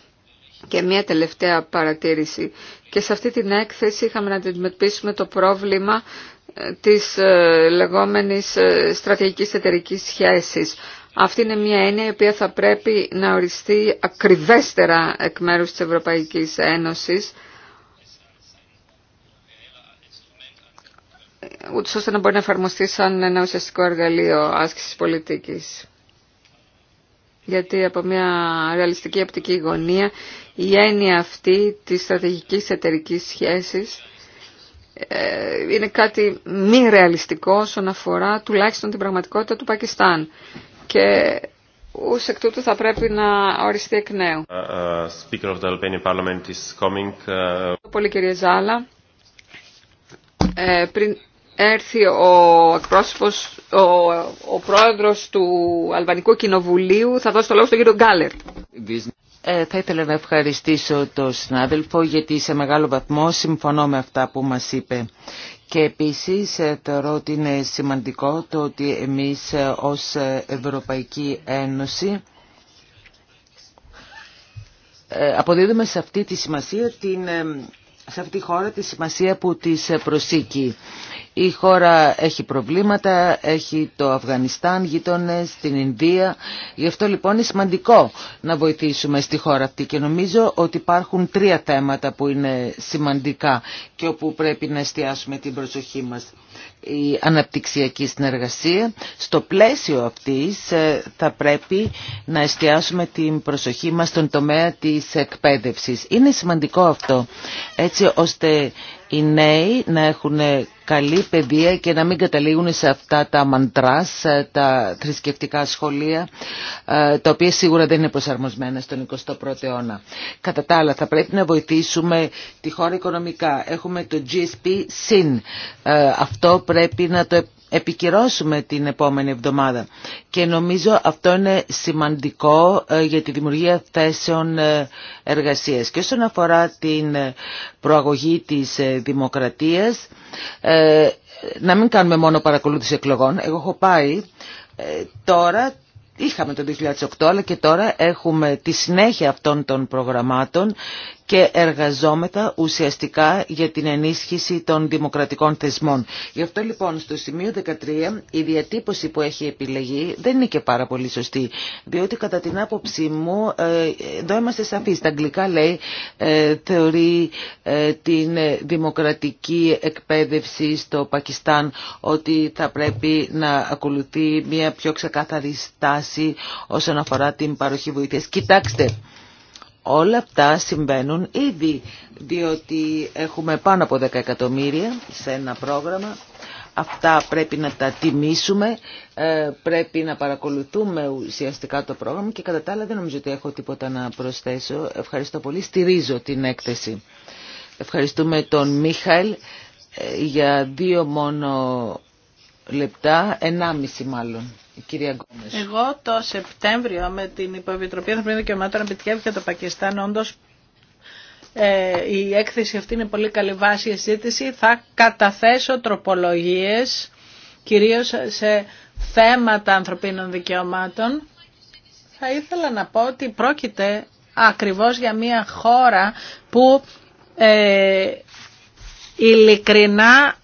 Και μια τελευταία παρατήρηση. Και σε αυτή την έκθεση είχαμε να αντιμετωπίσουμε το πρόβλημα ε, της ε, λεγόμενης ε, στρατηγικής εταιρικής σχέσης. Αυτή είναι μια έννοια η οποία θα πρέπει να οριστεί ακριβέστερα εκ μέρους της Ευρωπαϊκής Ένωσης, ούτως ώστε να μπορεί να εφαρμοστεί σαν ένα ουσιαστικό εργαλείο άσκησης πολιτικής γιατί από μια ρεαλιστική οπτική γωνία η έννοια αυτή της στρατηγικής εταιρικής σχέσης ε, είναι κάτι μη ρεαλιστικό όσον αφορά τουλάχιστον την πραγματικότητα του Πακιστάν. Και ως εκ τούτου θα πρέπει να οριστεί εκ νέου. Uh, uh, of the is uh, Πολύ Ζάλα. Ε, έρθει ο εκπρόσωπος, ο, ο πρόεδρος του Αλβανικού Κοινοβουλίου. Θα δώσει το λόγο στον κύριο Γκάλερ. Ε, θα ήθελα να ευχαριστήσω τον συνάδελφο γιατί σε μεγάλο βαθμό συμφωνώ με αυτά που μας είπε. Και επίσης ε, θεωρώ ότι είναι σημαντικό το ότι εμείς ε, ως Ευρωπαϊκή Ένωση αποδίδουμε σε αυτή τη σημασία την, σε αυτή τη χώρα τη σημασία που της προσήκει. Η χώρα έχει προβλήματα, έχει το Αφγανιστάν γείτονες, την Ινδία. Γι' αυτό λοιπόν είναι σημαντικό να βοηθήσουμε στη χώρα αυτή και νομίζω ότι υπάρχουν τρία θέματα που είναι σημαντικά και όπου πρέπει να εστιάσουμε την προσοχή μας. Η αναπτυξιακή συνεργασία. Στο πλαίσιο αυτής ε, θα πρέπει να εστιάσουμε την προσοχή μας στον τομέα της εκπαίδευσης. Είναι σημαντικό αυτό, έτσι ώστε οι νέοι να έχουν καλή παιδεία και να μην καταλήγουν σε αυτά τα μαντράς, ε, τα θρησκευτικά σχολεία, ε, τα οποία σίγουρα δεν είναι προσαρμοσμένα στον 21ο αιώνα. Κατά τα άλλα, θα πρέπει να βοηθήσουμε τη χώρα οικονομικά. Έχουμε το GSP συν. Ε, αυτό πρέπει να το επικυρώσουμε την επόμενη εβδομάδα. Και νομίζω αυτό είναι σημαντικό για τη δημιουργία θέσεων εργασίας. Και όσον αφορά την προαγωγή της δημοκρατίας, ε, να μην κάνουμε μόνο παρακολούθηση εκλογών. Εγώ έχω πάει ε, τώρα, είχαμε το 2008, αλλά και τώρα έχουμε τη συνέχεια αυτών των προγραμμάτων και εργαζόμεθα ουσιαστικά για την ενίσχυση των δημοκρατικών θεσμών. Γι' αυτό λοιπόν στο σημείο 13 η διατύπωση που έχει επιλεγεί δεν είναι και πάρα πολύ σωστή, διότι κατά την άποψή μου, ε, εδώ είμαστε σαφείς, στα αγγλικά λέει, ε, θεωρεί ε, την δημοκρατική εκπαίδευση στο Πακιστάν ότι θα πρέπει να ακολουθεί μια πιο ξεκάθαρη στάση όσον αφορά την παροχή βοήθειας. Κοιτάξτε, Όλα αυτά συμβαίνουν ήδη, διότι έχουμε πάνω από 10 εκατομμύρια σε ένα πρόγραμμα. Αυτά πρέπει να τα τιμήσουμε, ε, πρέπει να παρακολουθούμε ουσιαστικά το πρόγραμμα και κατά τα άλλα δεν νομίζω ότι έχω τίποτα να προσθέσω. Ευχαριστώ πολύ, στηρίζω την έκθεση. Ευχαριστούμε τον Μίχαηλ ε, για δύο μόνο λεπτά, ενάμιση μάλλον. Κυρία Εγώ το Σεπτέμβριο με την Υποεπιτροπή Ανθρωπίνων Δικαιωμάτων για το Πακιστάν. Όντω ε, η έκθεση αυτή είναι πολύ καλή βάση συζήτηση. Θα καταθέσω τροπολογίες κυρίως σε θέματα ανθρωπίνων δικαιωμάτων. Θα ήθελα να πω ότι πρόκειται ακριβώς για μια χώρα που ε, ειλικρινά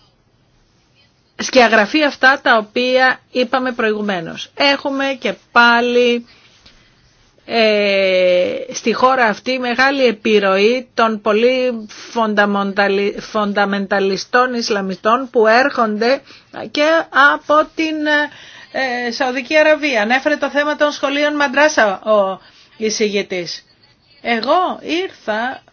σκιαγραφεί αυτά τα οποία είπαμε προηγουμένως. Έχουμε και πάλι ε, στη χώρα αυτή μεγάλη επιρροή των πολύ φονταμενταλιστών Ισλαμιστών που έρχονται και από την ε, Σαουδική Αραβία. Ανέφερε το θέμα των σχολείων Μαντράσα ο εισηγητής. Εγώ ήρθα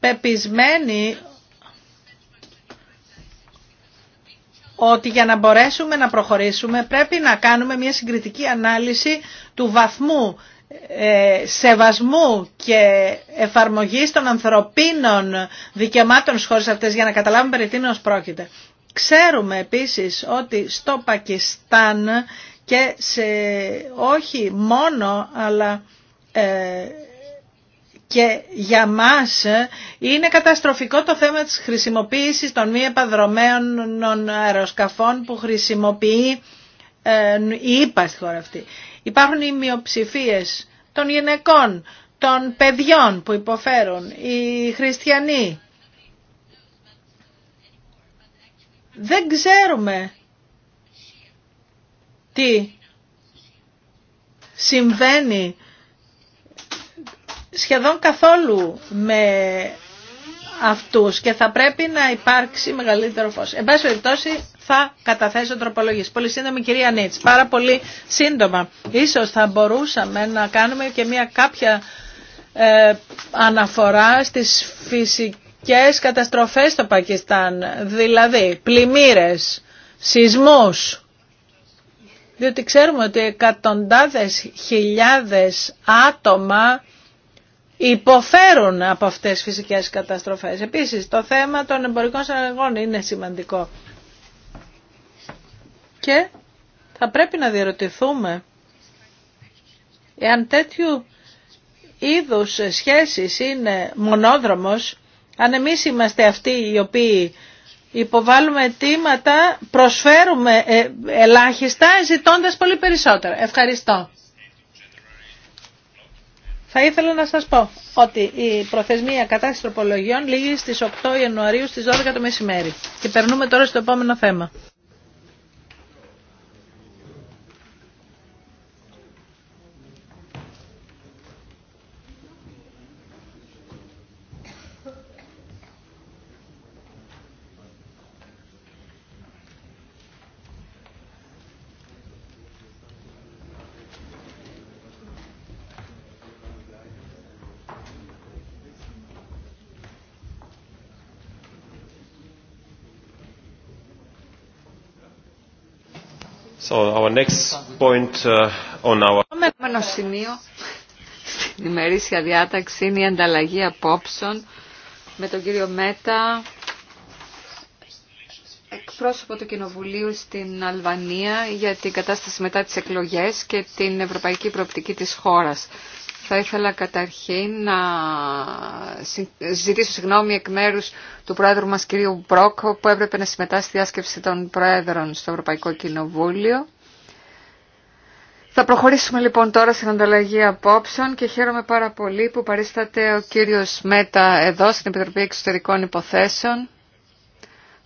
πεπισμένη ότι για να μπορέσουμε να προχωρήσουμε πρέπει να κάνουμε μια συγκριτική ανάλυση του βαθμού ε, σεβασμού και εφαρμογής των ανθρωπίνων δικαιωμάτων στις χώρες αυτές για να καταλάβουμε περί τίνος πρόκειται. Ξέρουμε επίσης ότι στο Πακιστάν και σε όχι μόνο αλλά ε, και για μας ε, είναι καταστροφικό το θέμα της χρησιμοποίησης των μη επαδρομένων αεροσκαφών που χρησιμοποιεί ε, η ΙΠΑ στη χώρα αυτή. Υπάρχουν οι μειοψηφίες των γυναικών, των παιδιών που υποφέρουν, οι χριστιανοί. Δεν ξέρουμε τι συμβαίνει σχεδόν καθόλου με αυτούς και θα πρέπει να υπάρξει μεγαλύτερο φως. Εν πάση περιπτώσει θα καταθέσω τροπολογίες. Πολύ σύντομη κυρία Νίτς, πάρα πολύ σύντομα. Ίσως θα μπορούσαμε να κάνουμε και μια κάποια ε, αναφορά στις φυσικές καταστροφές στο Πακιστάν, δηλαδή πλημμύρες, σεισμούς, διότι ξέρουμε ότι εκατοντάδες χιλιάδες άτομα υποφέρουν από αυτές τις φυσικές καταστροφές. Επίσης, το θέμα των εμπορικών συναλλαγών είναι σημαντικό. Και θα πρέπει να διαρωτηθούμε εάν τέτοιου είδους σχέσεις είναι μονόδρομος, αν εμείς είμαστε αυτοί οι οποίοι υποβάλλουμε αιτήματα, προσφέρουμε ε, ελάχιστα ζητώντας πολύ περισσότερο. Ευχαριστώ. Θα ήθελα να σας πω ότι η προθεσμία κατάσταση τροπολογιών λήγει στις 8 Ιανουαρίου στις 12 το μεσημέρι. Και περνούμε τώρα στο επόμενο θέμα. Uh, Το επόμενο σημείο στην ημερήσια διάταξη είναι η ανταλλαγή απόψεων με τον κύριο Μέτα, εκπρόσωπο του Κοινοβουλίου στην Αλβανία για την κατάσταση μετά τις εκλογές και την ευρωπαϊκή προοπτική της χώρας. Θα ήθελα καταρχήν να ζητήσω συγγνώμη εκ μέρους του Πρόεδρου μας κυρίου Μπρόκ που έπρεπε να συμμετάσχει στη διάσκεψη των Πρόεδρων στο Ευρωπαϊκό Κοινοβούλιο. Θα προχωρήσουμε λοιπόν τώρα στην ανταλλαγή απόψεων και χαίρομαι πάρα πολύ που παρίσταται ο κύριος Μέτα εδώ στην Επιτροπή Εξωτερικών Υποθέσεων.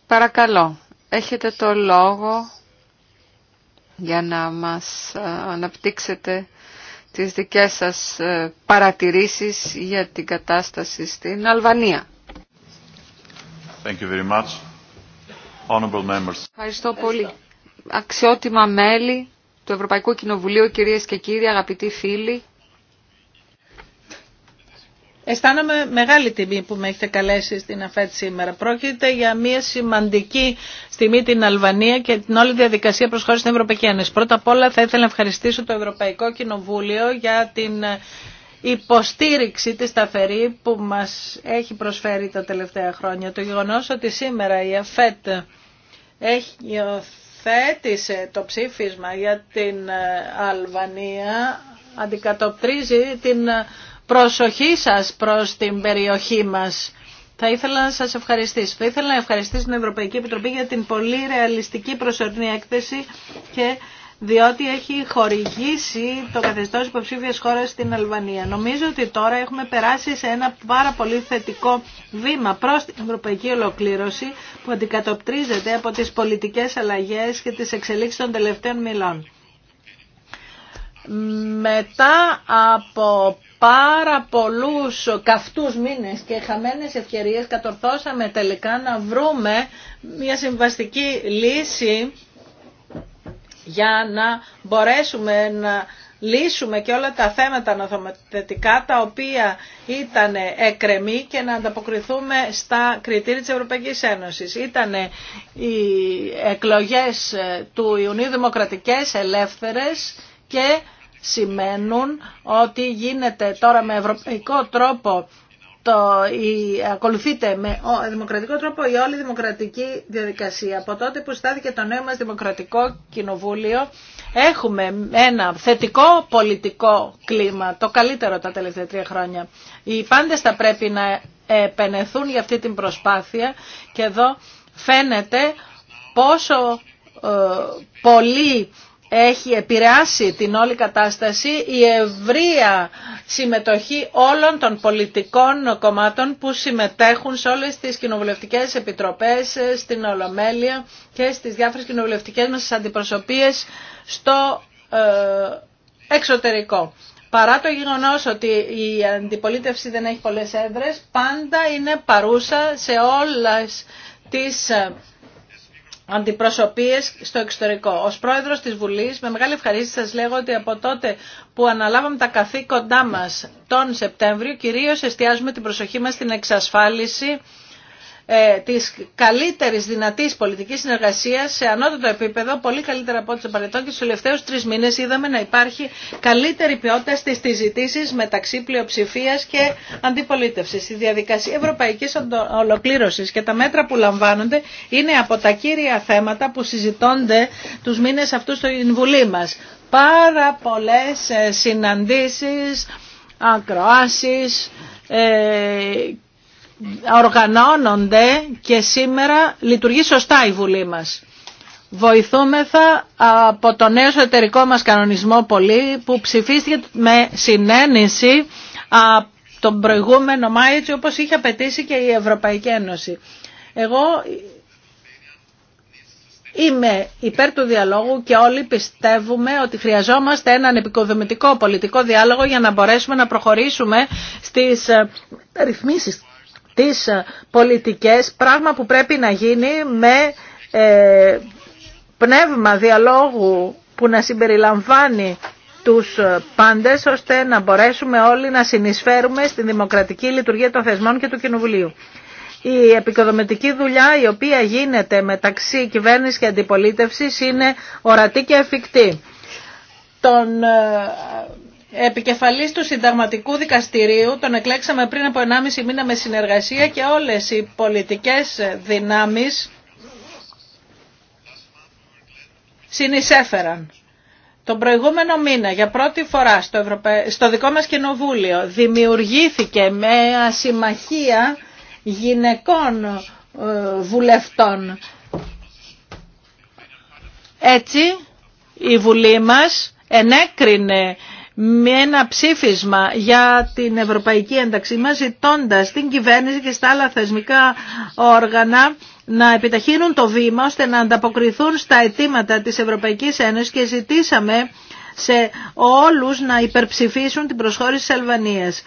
Παρακαλώ, έχετε το λόγο για να μας ε, αναπτύξετε τις δικές σας ε, παρατηρήσεις για την κατάσταση στην Αλβανία. Ευχαριστώ πολύ. Αξιότιμα μέλη του Ευρωπαϊκού Κοινοβουλίου, κυρίες και κύριοι, αγαπητοί φίλοι, Αισθάνομαι μεγάλη τιμή που με έχετε καλέσει στην ΑΦΕΤ σήμερα. Πρόκειται για μια σημαντική στιγμή την Αλβανία και την όλη διαδικασία προσχώρηση στην Ευρωπαϊκή Ένωση. Πρώτα απ' όλα θα ήθελα να ευχαριστήσω το Ευρωπαϊκό Κοινοβούλιο για την υποστήριξη τη σταθερή που μας έχει προσφέρει τα τελευταία χρόνια. Το γεγονός ότι σήμερα η ΑΦΕΤ έχει υιοθέτησε το ψήφισμα για την Αλβανία αντικατοπτρίζει την προσοχή σας προς την περιοχή μας. Θα ήθελα να σας ευχαριστήσω. Θα ήθελα να ευχαριστήσω την Ευρωπαϊκή Επιτροπή για την πολύ ρεαλιστική προσωρινή έκθεση και διότι έχει χορηγήσει το καθεστώς υποψήφια χώρα στην Αλβανία. Νομίζω ότι τώρα έχουμε περάσει σε ένα πάρα πολύ θετικό βήμα προς την ευρωπαϊκή ολοκλήρωση που αντικατοπτρίζεται από τις πολιτικές αλλαγές και τις εξελίξεις των τελευταίων μιλών μετά από πάρα πολλούς καυτούς μήνες και χαμένες ευκαιρίες κατορθώσαμε τελικά να βρούμε μια συμβαστική λύση για να μπορέσουμε να λύσουμε και όλα τα θέματα νοθομετικά τα οποία ήταν εκρεμή και να ανταποκριθούμε στα κριτήρια της Ευρωπαϊκής Ένωσης. Ήταν οι εκλογές του Ιουνίου Δημοκρατικές, ελεύθερες και σημαίνουν ότι γίνεται τώρα με ευρωπαϊκό τρόπο το, η, ακολουθείται με ο, δημοκρατικό τρόπο η όλη δημοκρατική διαδικασία. Από τότε που στάθηκε το νέο μας δημοκρατικό κοινοβούλιο έχουμε ένα θετικό πολιτικό κλίμα, το καλύτερο τα τελευταία τρία χρόνια. Οι πάντες θα πρέπει να επενεθούν για αυτή την προσπάθεια και εδώ φαίνεται πόσο ε, πολύ έχει επηρεάσει την όλη κατάσταση η ευρεία συμμετοχή όλων των πολιτικών κομμάτων που συμμετέχουν σε όλες τις κοινοβουλευτικές επιτροπές, στην Ολομέλεια και στις διάφορες κοινοβουλευτικές μας αντιπροσωπείες στο ε, εξωτερικό. Παρά το γεγονός ότι η αντιπολίτευση δεν έχει πολλές έδρες, πάντα είναι παρούσα σε όλες τις ε, αντιπροσωπείες στο εξωτερικό. Ως πρόεδρος της Βουλής, με μεγάλη ευχαρίστηση σας λέγω ότι από τότε που αναλάβαμε τα καθήκοντά μας τον Σεπτέμβριο, κυρίως εστιάζουμε την προσοχή μας στην εξασφάλιση ε, της καλύτερης δυνατής πολιτικής συνεργασίας σε ανώτατο επίπεδο, πολύ καλύτερα από ό,τι στο παρελθόν και στους τελευταίους τρεις μήνες είδαμε να υπάρχει καλύτερη ποιότητα στις συζητήσεις μεταξύ πλειοψηφία και αντιπολίτευσης. Η διαδικασία ευρωπαϊκής ολοκλήρωσης και τα μέτρα που λαμβάνονται είναι από τα κύρια θέματα που συζητώνται τους μήνες αυτού στο Βουλή μας. Πάρα πολλές ε, συναντήσεις, ακροάσεις ε, οργανώνονται και σήμερα λειτουργεί σωστά η Βουλή μας. Βοηθούμεθα από το νέο εσωτερικό μας κανονισμό πολύ που ψηφίστηκε με συνένεση τον προηγούμενο Μάιο έτσι όπως είχε απαιτήσει και η Ευρωπαϊκή Ένωση. Εγώ είμαι υπέρ του διαλόγου και όλοι πιστεύουμε ότι χρειαζόμαστε έναν επικοδομητικό πολιτικό διάλογο για να μπορέσουμε να προχωρήσουμε στις ε, ρυθμίσεις τις ε, πολιτικές, πράγμα που πρέπει να γίνει με ε, πνεύμα διαλόγου που να συμπεριλαμβάνει τους ε, πάντες ώστε να μπορέσουμε όλοι να συνεισφέρουμε στην δημοκρατική λειτουργία των θεσμών και του Κοινοβουλίου. Η επικοδομητική δουλειά η οποία γίνεται μεταξύ κυβέρνησης και αντιπολίτευσης είναι ορατή και εφικτή. Τον επικεφαλής του συνταγματικού δικαστηρίου, τον εκλέξαμε πριν από 1,5 μήνα με συνεργασία και όλες οι πολιτικές δυνάμεις συνεισέφεραν. Τον προηγούμενο μήνα, για πρώτη φορά στο, στο δικό μας κοινοβούλιο, δημιουργήθηκε μια συμμαχία γυναικών ε, βουλευτών. Έτσι, η Βουλή μας ενέκρινε με ένα ψήφισμα για την ευρωπαϊκή ένταξή μας ζητώντα την κυβέρνηση και στα άλλα θεσμικά όργανα να επιταχύνουν το βήμα ώστε να ανταποκριθούν στα αιτήματα της Ευρωπαϊκής Ένωσης και ζητήσαμε σε όλους να υπερψηφίσουν την προσχώρηση της Αλβανίας.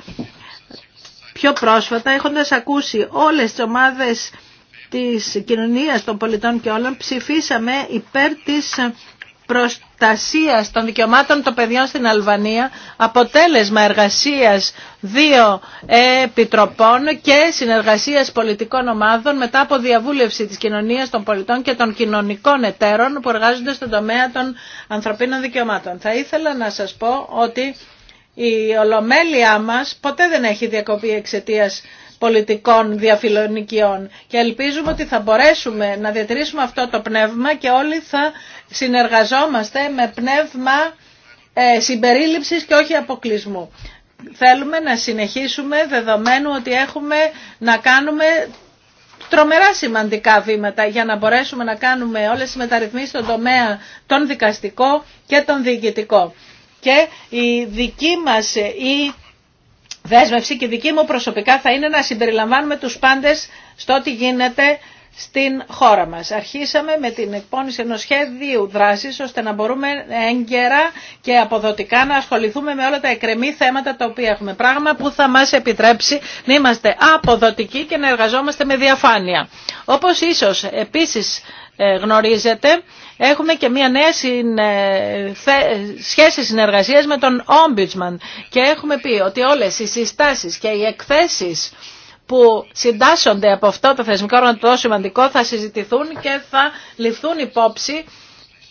Πιο πρόσφατα, έχοντας ακούσει όλες τις ομάδες της κοινωνίας των πολιτών και όλων, ψηφίσαμε υπέρ της προσ των δικαιωμάτων των παιδιών στην Αλβανία, αποτέλεσμα εργασίας δύο επιτροπών και συνεργασίας πολιτικών ομάδων μετά από διαβούλευση της κοινωνίας των πολιτών και των κοινωνικών εταίρων που εργάζονται στον τομέα των ανθρωπίνων δικαιωμάτων. Θα ήθελα να σας πω ότι η ολομέλειά μας ποτέ δεν έχει διακοπεί εξαιτία πολιτικών διαφιλονικιών και ελπίζουμε ότι θα μπορέσουμε να διατηρήσουμε αυτό το πνεύμα και όλοι θα συνεργαζόμαστε με πνεύμα ε, συμπερίληψης και όχι αποκλεισμού. Θέλουμε να συνεχίσουμε δεδομένου ότι έχουμε να κάνουμε τρομερά σημαντικά βήματα για να μπορέσουμε να κάνουμε όλες τις μεταρρυθμίσεις στον τομέα τον δικαστικό και τον διοικητικό. Και η δική μας η δέσμευση και η δική μου προσωπικά θα είναι να συμπεριλαμβάνουμε τους πάντες στο ότι γίνεται στην χώρα μας. Αρχίσαμε με την εκπόνηση ενός σχέδιου δράσης ώστε να μπορούμε έγκαιρα και αποδοτικά να ασχοληθούμε με όλα τα εκκρεμή θέματα τα οποία έχουμε. Πράγμα που θα μας επιτρέψει να είμαστε αποδοτικοί και να εργαζόμαστε με διαφάνεια. Όπως ίσως επίσης ε, γνωρίζετε, έχουμε και μια νέα σχέση συνεργασίας με τον Ombudsman και έχουμε πει ότι όλες οι συστάσεις και οι εκθέσεις που συντάσσονται από αυτό το θεσμικό όργανο τόσο σημαντικό θα συζητηθούν και θα ληφθούν υπόψη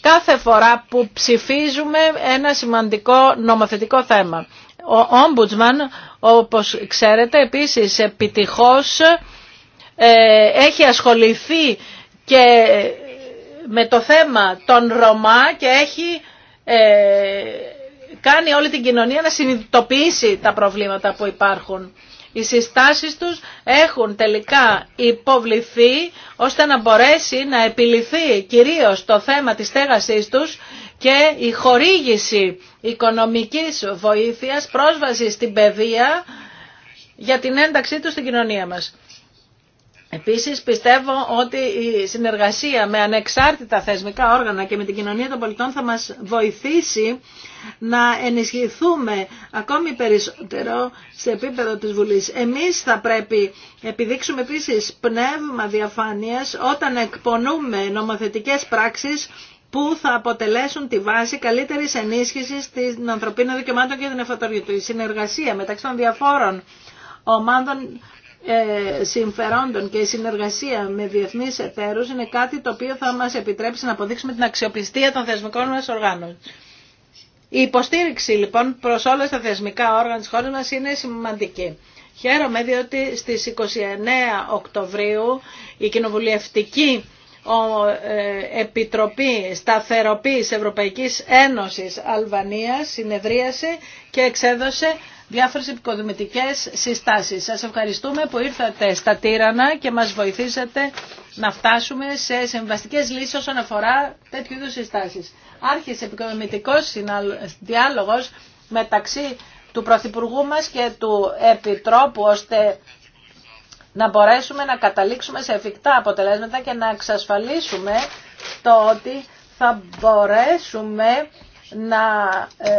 κάθε φορά που ψηφίζουμε ένα σημαντικό νομοθετικό θέμα. Ο Ombudsman, όπως ξέρετε, επίσης επιτυχώς ε, έχει ασχοληθεί και με το θέμα των Ρωμά και έχει ε, κάνει όλη την κοινωνία να συνειδητοποιήσει τα προβλήματα που υπάρχουν. Οι συστάσεις τους έχουν τελικά υποβληθεί ώστε να μπορέσει να επιληθεί κυρίως το θέμα της στέγασής τους και η χορήγηση οικονομικής βοήθειας, πρόσβαση στην παιδεία για την ένταξή τους στην κοινωνία μας. Επίσης πιστεύω ότι η συνεργασία με ανεξάρτητα θεσμικά όργανα και με την κοινωνία των πολιτών θα μας βοηθήσει να ενισχυθούμε ακόμη περισσότερο σε επίπεδο της Βουλής. Εμείς θα πρέπει επιδείξουμε επίσης πνεύμα διαφάνειας όταν εκπονούμε νομοθετικές πράξεις που θα αποτελέσουν τη βάση καλύτερης ενίσχυσης των ανθρωπίνων δικαιωμάτων και των Η συνεργασία μεταξύ των διαφόρων ομάδων ε, συμφερόντων και η συνεργασία με διεθνείς εταίρους είναι κάτι το οποίο θα μας επιτρέψει να αποδείξουμε την αξιοπιστία των θεσμικών μας οργάνων. Η υποστήριξη λοιπόν προς όλα τα θεσμικά όργανα της χώρας μας είναι σημαντική. Χαίρομαι διότι στις 29 Οκτωβρίου η κοινοβουλευτική ε, Επιτροπή Σταθεροποίησης Ευρωπαϊκής Ένωσης Αλβανίας συνεδρίασε και εξέδωσε διάφορες επικοδομητικές συστάσεις. Σας ευχαριστούμε που ήρθατε στα Τύρανα και μας βοηθήσατε να φτάσουμε σε συμβαστικές λύσεις όσον αφορά τέτοιου είδους συστάσεις. Άρχισε επικοδομητικός διάλογος μεταξύ του Πρωθυπουργού μας και του Επιτρόπου, ώστε να μπορέσουμε να καταλήξουμε σε εφικτά αποτελέσματα και να εξασφαλίσουμε το ότι θα μπορέσουμε να ε,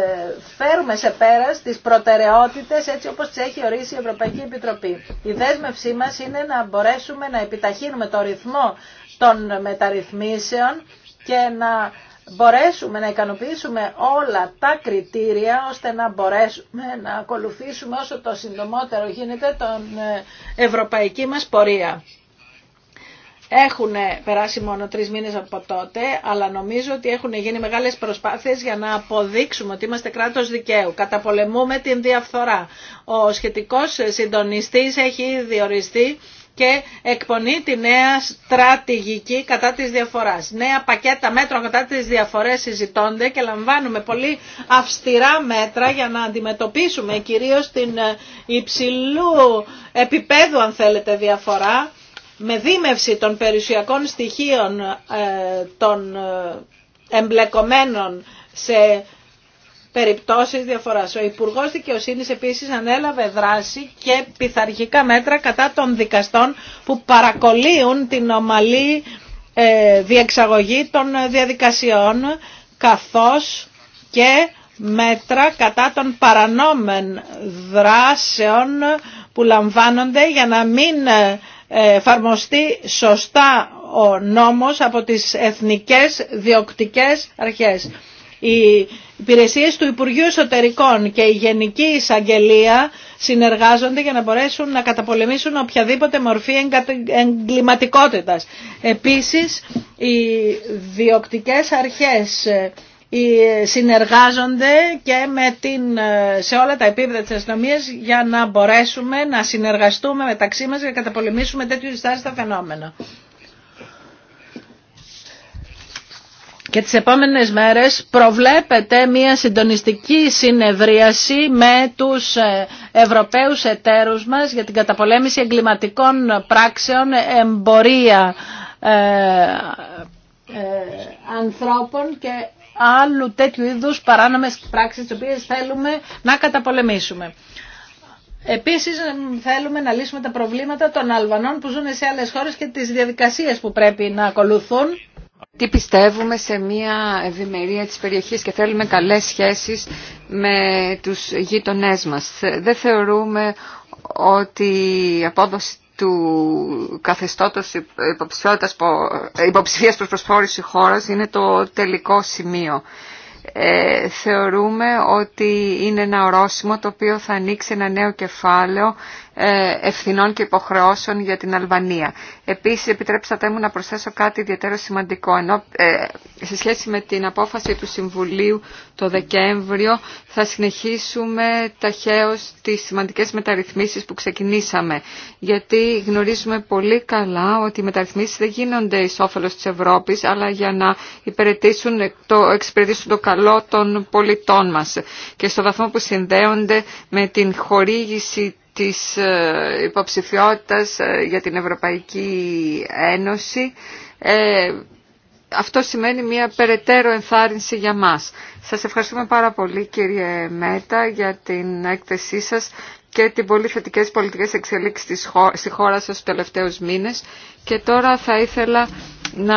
φέρουμε σε πέρα τις προτεραιότητες έτσι όπως τις έχει ορίσει η Ευρωπαϊκή Επιτροπή. Η δέσμευσή μας είναι να μπορέσουμε να επιταχύνουμε το ρυθμό των μεταρρυθμίσεων και να μπορέσουμε να ικανοποιήσουμε όλα τα κριτήρια ώστε να μπορέσουμε να ακολουθήσουμε όσο το συντομότερο γίνεται τον ε, ευρωπαϊκή μας πορεία. Έχουν περάσει μόνο τρει μήνε από τότε, αλλά νομίζω ότι έχουν γίνει μεγάλε προσπάθειε για να αποδείξουμε ότι είμαστε κράτο δικαίου. Καταπολεμούμε την διαφθορά. Ο σχετικό συντονιστή έχει διοριστεί και εκπονεί τη νέα στρατηγική κατά της διαφοράς. Νέα πακέτα μέτρων κατά της διαφορές συζητώνται και λαμβάνουμε πολύ αυστηρά μέτρα για να αντιμετωπίσουμε κυρίως την ε, υψηλού επίπεδου αν θέλετε διαφορά με δίμευση των περιουσιακών στοιχείων ε, των ε, εμπλεκομένων σε περιπτώσεις διαφοράς. Ο Υπουργός Δικαιοσύνης επίσης ανέλαβε δράση και πειθαρχικά μέτρα κατά των δικαστών που παρακολύουν την ομαλή ε, διεξαγωγή των διαδικασιών καθώς και μέτρα κατά των παρανόμεν δράσεων που λαμβάνονται για να μην εφαρμοστεί σωστά ο νόμος από τις εθνικές διοκτικές αρχές. Οι υπηρεσίες του Υπουργείου Εσωτερικών και η Γενική Εισαγγελία συνεργάζονται για να μπορέσουν να καταπολεμήσουν οποιαδήποτε μορφή εγκληματικότητας. Επίσης, οι διοκτικές αρχές ε, συνεργάζονται και με την, ε, σε όλα τα επίπεδα της αστυνομία για να μπορέσουμε να συνεργαστούμε μεταξύ μας για να καταπολεμήσουμε τέτοιου διστάριστα φαινόμενα. Και τις επόμενες μέρες προβλέπεται μια συντονιστική συνευρίαση με τους ε, Ευρωπαίους εταίρους μας για την καταπολέμηση εγκληματικών πράξεων, εμπορία ανθρώπων και άλλου τέτοιου είδους παράνομες πράξεις τις οποίες θέλουμε να καταπολεμήσουμε. Επίσης θέλουμε να λύσουμε τα προβλήματα των Αλβανών που ζουν σε άλλες χώρες και τις διαδικασίες που πρέπει να ακολουθούν. Τι πιστεύουμε σε μια ευημερία της περιοχής και θέλουμε καλές σχέσεις με τους γείτονές μας. Δεν θεωρούμε ότι η απόδοση του καθεστώτος ε, υποψηφίας προς προσφόρηση χώρας είναι το τελικό σημείο. Ε, θεωρούμε ότι είναι ένα ορόσημο το οποίο θα ανοίξει ένα νέο κεφάλαιο ε, ευθυνών και υποχρεώσεων για την Αλβανία. Επίσης, επιτρέψατε μου να προσθέσω κάτι ιδιαίτερο σημαντικό. Ενώ, ε, σε σχέση με την απόφαση του Συμβουλίου το Δεκέμβριο, θα συνεχίσουμε ταχαίως τις σημαντικές μεταρρυθμίσεις που ξεκινήσαμε. Γιατί γνωρίζουμε πολύ καλά ότι οι μεταρρυθμίσεις δεν γίνονται εις όφελος της Ευρώπης, αλλά για να υπηρετήσουν το, εξυπηρετήσουν το καλό των πολιτών μας. Και στο βαθμό που συνδέονται με την χορήγηση της ε, υποψηφιότητας ε, για την Ευρωπαϊκή Ένωση. Ε, αυτό σημαίνει μια περαιτέρω ενθάρρυνση για μας. Σας ευχαριστούμε πάρα πολύ κύριε Μέτα για την έκθεσή σας και την πολύ θετικές πολιτικές εξελίξεις στη χώρα σας τους τελευταίους μήνες. Και τώρα θα ήθελα να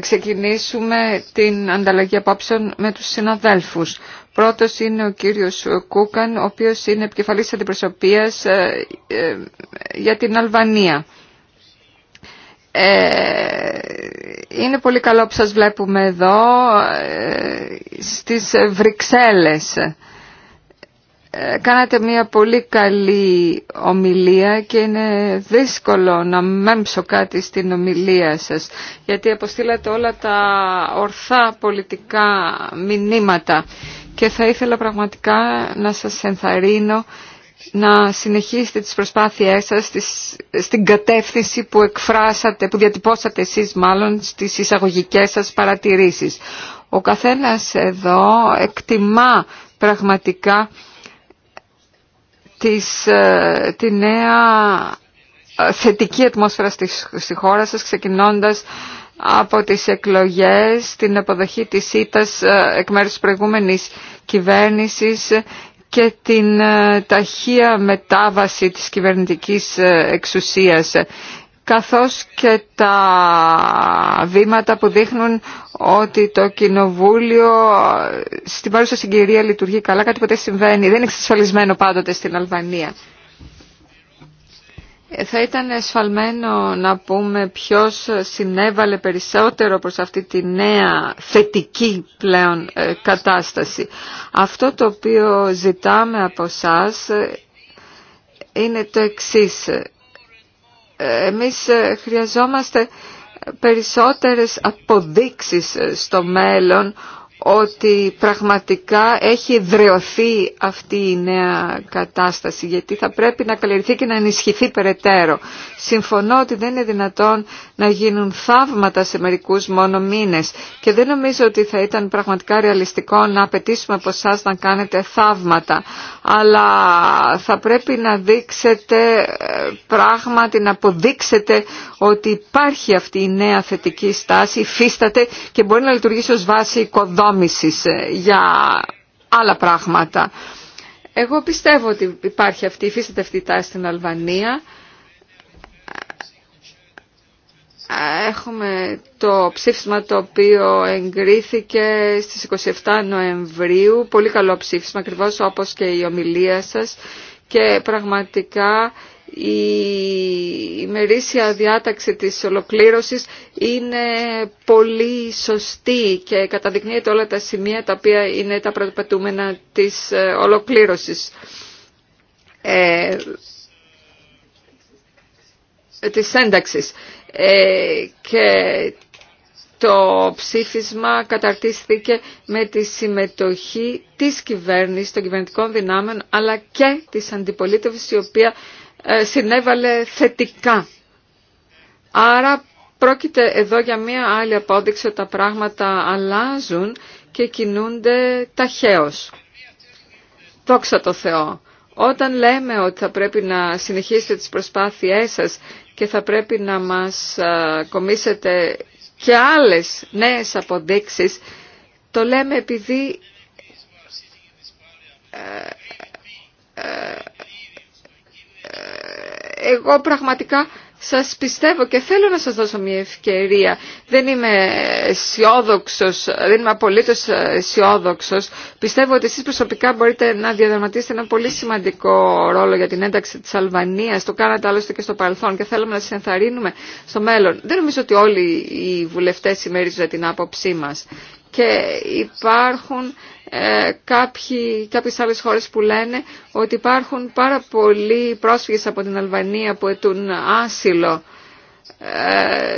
ξεκινήσουμε την ανταλλαγή απόψεων με τους συναδέλφους. Πρώτος είναι ο κύριος Κούκαν, ο οποίος είναι επικεφαλής αντιπροσωπείας ε, ε, για την Αλβανία. Ε, είναι πολύ καλό που σας βλέπουμε εδώ στις Βρυξέλλες. Κάνατε μια πολύ καλή ομιλία και είναι δύσκολο να μέμψω κάτι στην ομιλία σας γιατί αποστήλατε όλα τα ορθά πολιτικά μηνύματα και θα ήθελα πραγματικά να σας ενθαρρύνω να συνεχίσετε τις προσπάθειές σας στην κατεύθυνση που εκφράσατε, που διατυπώσατε εσείς μάλλον στις εισαγωγικές σας παρατηρήσεις. Ο καθένας εδώ εκτιμά πραγματικά ε, τη νέα ε, θετική ατμόσφαιρα στη, στη χώρα σας ξεκινώντας από τις εκλογές, την αποδοχή της ΣΥΤΑΣ ε, εκ μέρους της προηγούμενης κυβέρνησης και την ε, ταχεία μετάβαση της κυβερνητικής ε, εξουσίας καθώς και τα βήματα που δείχνουν ότι το Κοινοβούλιο στην παρούσα συγκυρία λειτουργεί καλά, κάτι ποτέ συμβαίνει, δεν είναι εξασφαλισμένο πάντοτε στην Αλβανία. Θα ήταν εσφαλμένο να πούμε ποιος συνέβαλε περισσότερο προς αυτή τη νέα θετική πλέον ε, κατάσταση. Αυτό το οποίο ζητάμε από εσά είναι το εξής. Ε, εμείς ε, χρειαζόμαστε περισσότερες αποδείξεις στο μέλλον ότι πραγματικά έχει δρεωθεί αυτή η νέα κατάσταση γιατί θα πρέπει να καλλιεργηθεί και να ενισχυθεί περαιτέρω. Συμφωνώ ότι δεν είναι δυνατόν να γίνουν θαύματα σε μερικούς μόνο μήνες και δεν νομίζω ότι θα ήταν πραγματικά ρεαλιστικό να απαιτήσουμε από εσά να κάνετε θαύματα αλλά θα πρέπει να δείξετε ε, πράγματι να αποδείξετε ότι υπάρχει αυτή η νέα θετική στάση, υφίσταται και μπορεί να λειτουργήσει ως βάση οικοδόμησης ε, για άλλα πράγματα. Εγώ πιστεύω ότι υπάρχει αυτή, υφίσταται αυτή η τάση στην Αλβανία Έχουμε το ψήφισμα το οποίο εγκρίθηκε στις 27 Νοεμβρίου. Πολύ καλό ψήφισμα, ακριβώ όπως και η ομιλία σας. Και πραγματικά η ημερήσια διάταξη της ολοκλήρωσης είναι πολύ σωστή και καταδεικνύεται όλα τα σημεία τα οποία είναι τα προπατούμενα της ε, ολοκλήρωσης. Ε, της ένταξης. Ε, και το ψήφισμα καταρτίστηκε με τη συμμετοχή της κυβέρνησης, των κυβερνητικών δυνάμεων, αλλά και της αντιπολίτευσης, η οποία ε, συνέβαλε θετικά. Άρα πρόκειται εδώ για μία άλλη απόδειξη ότι τα πράγματα αλλάζουν και κινούνται ταχαίως. Δόξα το Θεό. Όταν λέμε ότι θα πρέπει να συνεχίσετε τις προσπάθειές σας και θα πρέπει να μας κομίσετε και άλλες νέες αποδείξεις. Το λέμε επειδή ε, ε, ε, εγώ πραγματικά σας πιστεύω και θέλω να σας δώσω μια ευκαιρία. Δεν είμαι αισιόδοξο, δεν είμαι απολύτως αισιόδοξο. Πιστεύω ότι εσείς προσωπικά μπορείτε να διαδραματίσετε ένα πολύ σημαντικό ρόλο για την ένταξη της Αλβανίας. Το κάνατε άλλωστε και στο παρελθόν και θέλουμε να σας ενθαρρύνουμε στο μέλλον. Δεν νομίζω ότι όλοι οι βουλευτές συμμερίζονται την άποψή μας. Και υπάρχουν ε, κάποιοι, κάποιες άλλες χώρες που λένε ότι υπάρχουν πάρα πολλοί πρόσφυγες από την Αλβανία που αιτούν άσυλο. Ε,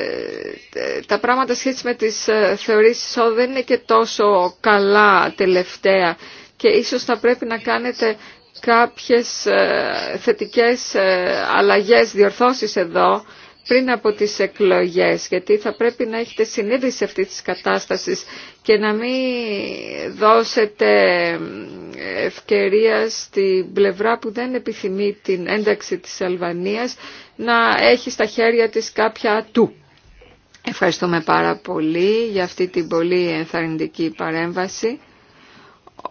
τα πράγματα σχέση με τις ε, θεωρήσεις δεν είναι και τόσο καλά τελευταία και ίσως θα πρέπει να κάνετε κάποιες θετικές αλλαγές, διορθώσεις εδώ πριν από τις εκλογές, γιατί θα πρέπει να έχετε συνείδηση αυτή της κατάστασης και να μην δώσετε ευκαιρία στην πλευρά που δεν επιθυμεί την ένταξη της Αλβανίας να έχει στα χέρια της κάποια του. Ευχαριστούμε πάρα πολύ για αυτή την πολύ ενθαρρυντική παρέμβαση.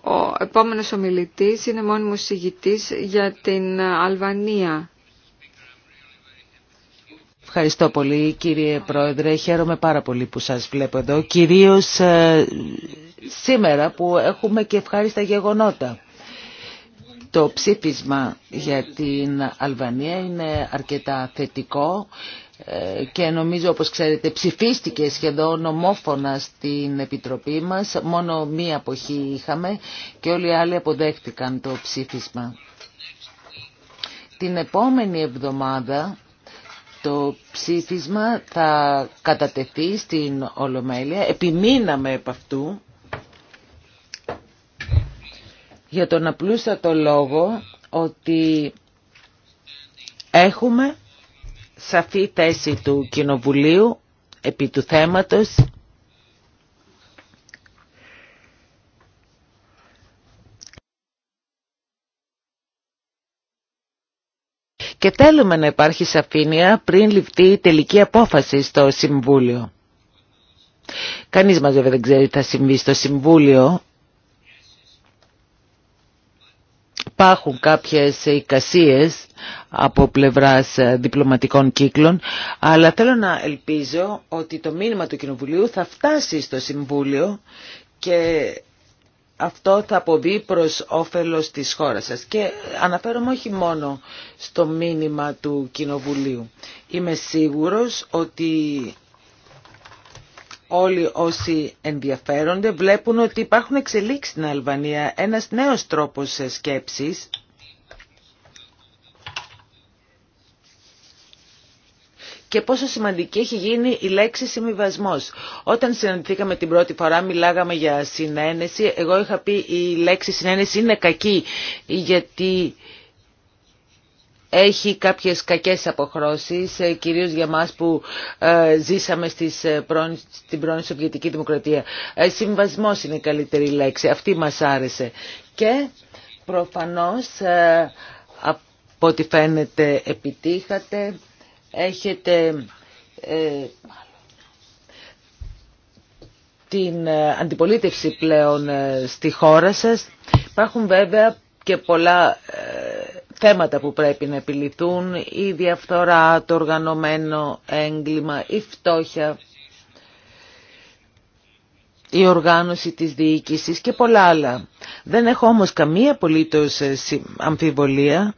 Ο επόμενος ομιλητής είναι μόνιμος συγητής για την Αλβανία. Ευχαριστώ πολύ κύριε Πρόεδρε. Χαίρομαι πάρα πολύ που σας βλέπω εδώ. Κυρίως ε, σήμερα που έχουμε και ευχάριστα γεγονότα. Το ψήφισμα για την Αλβανία είναι αρκετά θετικό ε, και νομίζω όπως ξέρετε ψηφίστηκε σχεδόν ομόφωνα στην Επιτροπή μας. Μόνο μία αποχή είχαμε και όλοι οι άλλοι αποδέχτηκαν το ψήφισμα. Την επόμενη εβδομάδα το ψήφισμα θα κατατεθεί στην Ολομέλεια. Επιμείναμε επ' αυτού για τον απλούστατο λόγο ότι έχουμε σαφή θέση του Κοινοβουλίου επί του θέματος και θέλουμε να υπάρχει σαφήνεια πριν ληφθεί η τελική απόφαση στο Συμβούλιο. Κανείς μας βέβαια δεν ξέρει τι θα συμβεί στο Συμβούλιο. Υπάρχουν κάποιες εικασίες από πλευράς ε, διπλωματικών κύκλων, αλλά θέλω να ελπίζω ότι το μήνυμα του Κοινοβουλίου θα φτάσει στο Συμβούλιο και αυτό θα αποβεί προς όφελος της χώρας σας. Και αναφέρομαι όχι μόνο στο μήνυμα του Κοινοβουλίου. Είμαι σίγουρος ότι όλοι όσοι ενδιαφέρονται βλέπουν ότι υπάρχουν εξελίξει στην Αλβανία, ένας νέος τρόπος σκέψης και πόσο σημαντική έχει γίνει η λέξη συμβιβασμό. Όταν συναντηθήκαμε την πρώτη φορά, μιλάγαμε για συνένεση. Εγώ είχα πει η λέξη συνένεση είναι κακή γιατί έχει κάποιες κακές αποχρώσεις, ε, κυρίως για μας που ε, ζήσαμε στις, ε, στην πρώην Σοβιετική Δημοκρατία. Συμβασμός είναι η καλύτερη λέξη, αυτή μας άρεσε. Και προφανώς, από ό,τι φαίνεται, επιτύχατε έχετε ε, την ε, αντιπολίτευση πλέον ε, στη χώρα σας. Υπάρχουν βέβαια και πολλά θέματα που πρέπει να επιληθούν, η διαφθορά, το οργανωμένο έγκλημα, η φτώχεια, η οργάνωση της διοίκησης και πολλά άλλα. Δεν έχω όμως καμία απολύτως αμφιβολία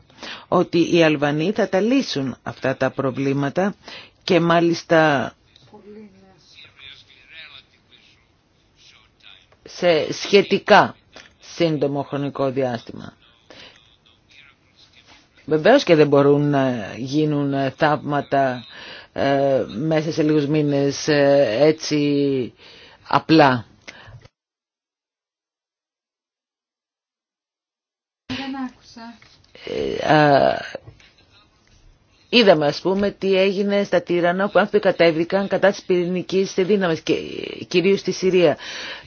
ότι οι Αλβανοί θα τα λύσουν αυτά τα προβλήματα και μάλιστα σε σχετικά σύντομο χρονικό διάστημα. Βεβαίως και δεν μπορούν να γίνουν θαύματα ε, μέσα σε λίγους μήνες ε, έτσι απλά. Ε, είδαμε ας πούμε τι έγινε στα Τύρανα που άνθρωποι κατέβηκαν κατά της πυρηνικής δύναμης και κυρίως στη Συρία.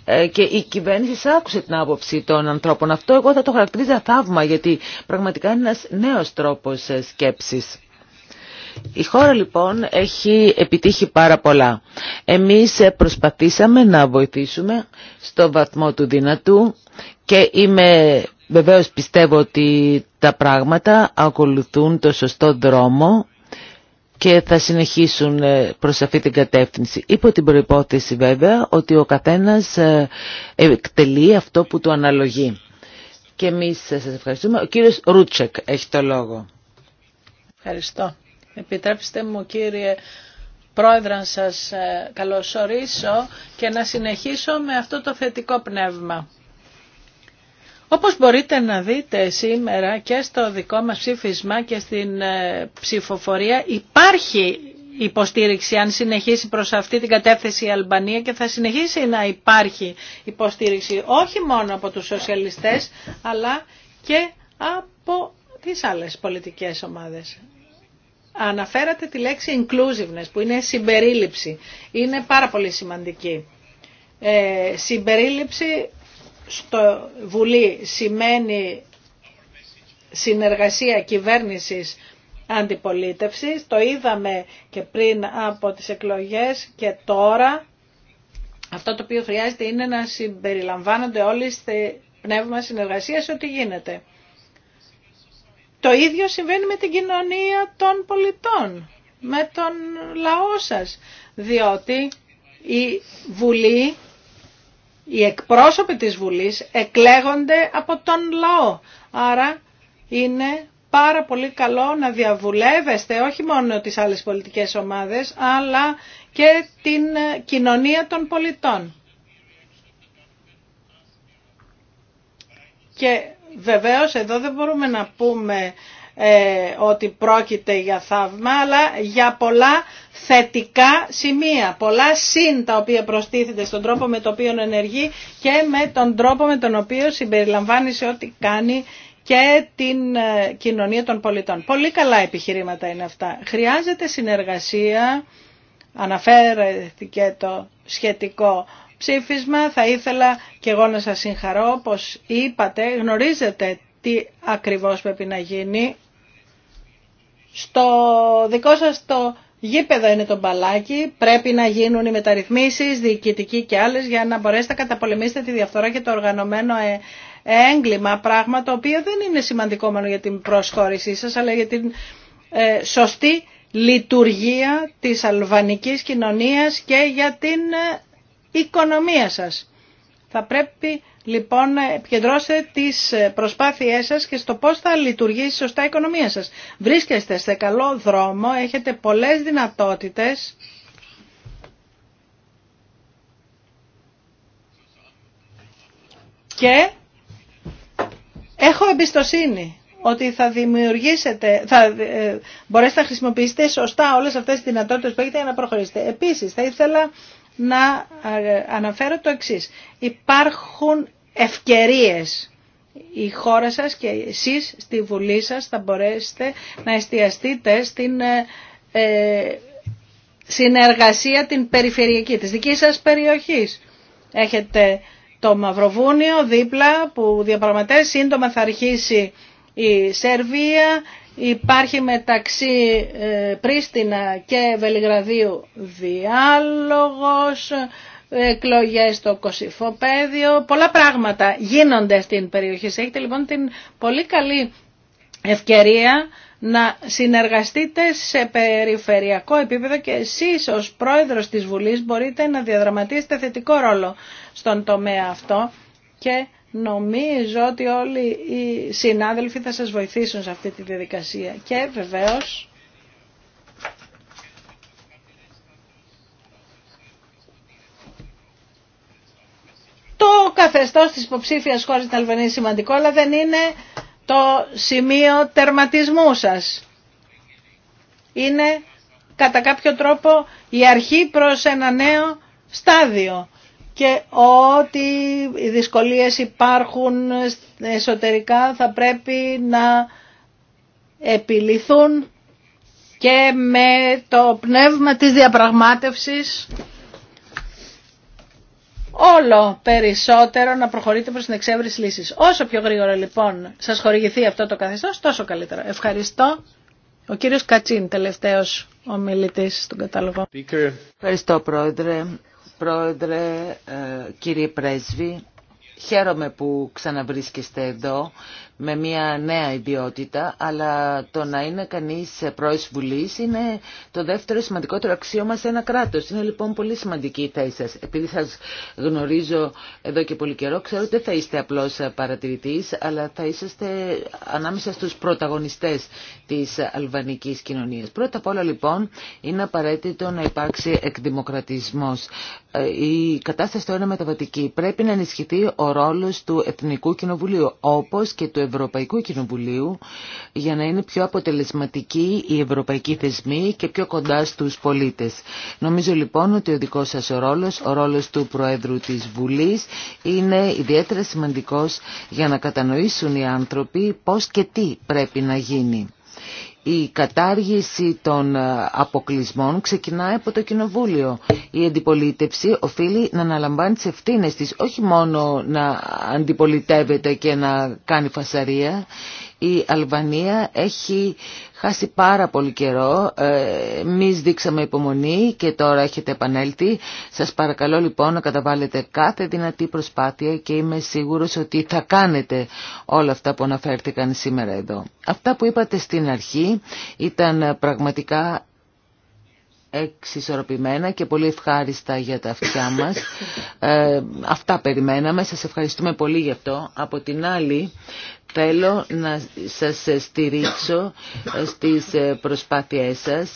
Ε, και η κυβέρνηση άκουσε την άποψη των ανθρώπων. Αυτό εγώ θα το χαρακτηρίζα θαύμα γιατί πραγματικά είναι ένας νέος τρόπος ε, σκέψης. Η χώρα λοιπόν έχει επιτύχει πάρα πολλά. Εμείς προσπαθήσαμε να βοηθήσουμε στο βαθμό του δυνατού και είμαι Βεβαίως πιστεύω ότι τα πράγματα ακολουθούν το σωστό δρόμο και θα συνεχίσουν ε, προς αυτή την κατεύθυνση. Υπό την προϋπόθεση βέβαια ότι ο καθένας ε, εκτελεί αυτό που του αναλογεί. Και εμείς ε, σας ευχαριστούμε. Ο κύριος Ρούτσεκ έχει το λόγο. Ευχαριστώ. Επιτρέψτε μου κύριε Πρόεδρα να σας καλωσορίσω και να συνεχίσω με αυτό το θετικό πνεύμα. Όπως μπορείτε να δείτε σήμερα και στο δικό μας ψήφισμα και στην ε, ψηφοφορία υπάρχει υποστήριξη αν συνεχίσει προς αυτή την κατεύθυνση η Αλμπανία και θα συνεχίσει να υπάρχει υποστήριξη όχι μόνο από τους σοσιαλιστές αλλά και από τις άλλες πολιτικές ομάδες. Αναφέρατε τη λέξη inclusiveness που είναι συμπερίληψη. Είναι πάρα πολύ σημαντική. Ε, συμπερίληψη στο Βουλή σημαίνει συνεργασία κυβέρνησης αντιπολίτευσης. Το είδαμε και πριν από τις εκλογές και τώρα. Αυτό το οποίο χρειάζεται είναι να συμπεριλαμβάνονται όλοι στη πνεύμα συνεργασίας ό,τι γίνεται. Το ίδιο συμβαίνει με την κοινωνία των πολιτών, με τον λαό σας, διότι η Βουλή οι εκπρόσωποι της Βουλής εκλέγονται από τον λαό. Άρα είναι πάρα πολύ καλό να διαβουλεύεστε όχι μόνο τις άλλες πολιτικές ομάδες, αλλά και την κοινωνία των πολιτών. Και βεβαίως εδώ δεν μπορούμε να πούμε ε, ότι πρόκειται για θαύμα, αλλά για πολλά θετικά σημεία, πολλά συν τα οποία προστίθεται στον τρόπο με τον οποίο ενεργεί και με τον τρόπο με τον οποίο συμπεριλαμβάνει σε ό,τι κάνει και την ε, κοινωνία των πολιτών. Πολύ καλά επιχειρήματα είναι αυτά. Χρειάζεται συνεργασία, αναφέρεται και το σχετικό ψήφισμα. Θα ήθελα και εγώ να σας συγχαρώ, όπως είπατε, γνωρίζετε τι ακριβώς πρέπει να γίνει στο δικό σας το γήπεδο είναι το μπαλάκι, πρέπει να γίνουν οι μεταρρυθμίσεις, διοικητικοί και άλλες, για να μπορέσετε να καταπολεμήσετε τη διαφθορά και το οργανωμένο ε, έγκλημα, πράγμα το οποίο δεν είναι σημαντικό μόνο για την προσχώρησή σας, αλλά για την ε, σωστή λειτουργία της αλβανικής κοινωνίας και για την ε, οικονομία σας. Θα πρέπει λοιπόν επικεντρώστε τις προσπάθειές σας και στο πώς θα λειτουργήσει σωστά η οικονομία σας. Βρίσκεστε σε καλό δρόμο, έχετε πολλές δυνατότητες. Και έχω εμπιστοσύνη ότι θα δημιουργήσετε, θα ε, μπορέσετε να χρησιμοποιήσετε σωστά όλες αυτές τις δυνατότητες που έχετε για να προχωρήσετε. Επίσης θα ήθελα να ε, αναφέρω το εξής. Υπάρχουν ευκαιρίες. Η χώρα σας και εσείς στη Βουλή σας θα μπορέσετε να εστιαστείτε στην ε, ε, συνεργασία την περιφερειακή της δικής σας περιοχής. Έχετε το Μαυροβούνιο δίπλα που διαπραγματεύει, σύντομα θα αρχίσει η Σερβία, υπάρχει μεταξύ ε, Πρίστινα και Βελιγραδίου διάλογος, εκλογές στο Κωσυφοπαίδιο, πολλά πράγματα γίνονται στην περιοχή. έχετε λοιπόν την πολύ καλή ευκαιρία να συνεργαστείτε σε περιφερειακό επίπεδο και εσείς ως πρόεδρος της Βουλής μπορείτε να διαδραματίσετε θετικό ρόλο στον τομέα αυτό και νομίζω ότι όλοι οι συνάδελφοι θα σας βοηθήσουν σε αυτή τη διαδικασία. Και βεβαίως Το καθεστώς της υποψήφιας χώρας στην Αλβανία είναι σημαντικό, αλλά δεν είναι το σημείο τερματισμού σας. Είναι κατά κάποιο τρόπο η αρχή προς ένα νέο στάδιο και ότι οι δυσκολίες υπάρχουν εσωτερικά θα πρέπει να επιληθούν και με το πνεύμα της διαπραγμάτευσης όλο περισσότερο να προχωρείτε προς την εξέβριση λύσης. Όσο πιο γρήγορα λοιπόν σας χορηγηθεί αυτό το καθεστώς, τόσο καλύτερα. Ευχαριστώ. Ο κύριος Κατσίν, τελευταίος ομιλητής στον κατάλογο. Ευχαριστώ πρόεδρε. Πρόεδρε, ε, κύριε πρέσβη, χαίρομαι που ξαναβρίσκεστε εδώ με μια νέα ιδιότητα, αλλά το να είναι κανείς πρώης βουλής είναι το δεύτερο σημαντικότερο αξίωμα σε ένα κράτος. Είναι λοιπόν πολύ σημαντική η θέση σας. Επειδή σας γνωρίζω εδώ και πολύ καιρό, ξέρω ότι δεν θα είστε απλώς παρατηρητής, αλλά θα είσαστε ανάμεσα στους πρωταγωνιστές της αλβανικής κοινωνίας. Πρώτα απ' όλα λοιπόν είναι απαραίτητο να υπάρξει εκδημοκρατισμός. Ε, η κατάσταση τώρα είναι μεταβατική. Πρέπει να ενισχυθεί ο ρόλος του Εθνικού Κοινοβουλίου, όπως και του Ευρωπαϊκού Κοινοβουλίου για να είναι πιο αποτελεσματική η ευρωπαϊκή θεσμή και πιο κοντά στους πολίτες. Νομίζω λοιπόν ότι ο δικός σας ρόλος, ο ρόλος του Προέδρου της Βουλής είναι ιδιαίτερα σημαντικός για να κατανοήσουν οι άνθρωποι πώς και τι πρέπει να γίνει η κατάργηση των ε, αποκλεισμών ξεκινάει από το Κοινοβούλιο. Η αντιπολίτευση οφείλει να αναλαμβάνει τις ευθύνες της, όχι μόνο να αντιπολιτεύεται και να κάνει φασαρία. Η Αλβανία έχει χάσει πάρα πολύ καιρό. Ε, Εμεί δείξαμε υπομονή και τώρα έχετε επανέλθει. Σας παρακαλώ λοιπόν να καταβάλλετε κάθε δυνατή προσπάθεια και είμαι σίγουρος ότι θα κάνετε όλα αυτά που αναφέρθηκαν σήμερα εδώ. Αυτά που είπατε στην αρχή ήταν πραγματικά εξισορροπημένα και πολύ ευχάριστα για τα αυτιά μας. Ε, αυτά περιμέναμε. Σας ευχαριστούμε πολύ γι' αυτό. Από την άλλη, Θέλω να σας στηρίξω στις προσπάθειές σας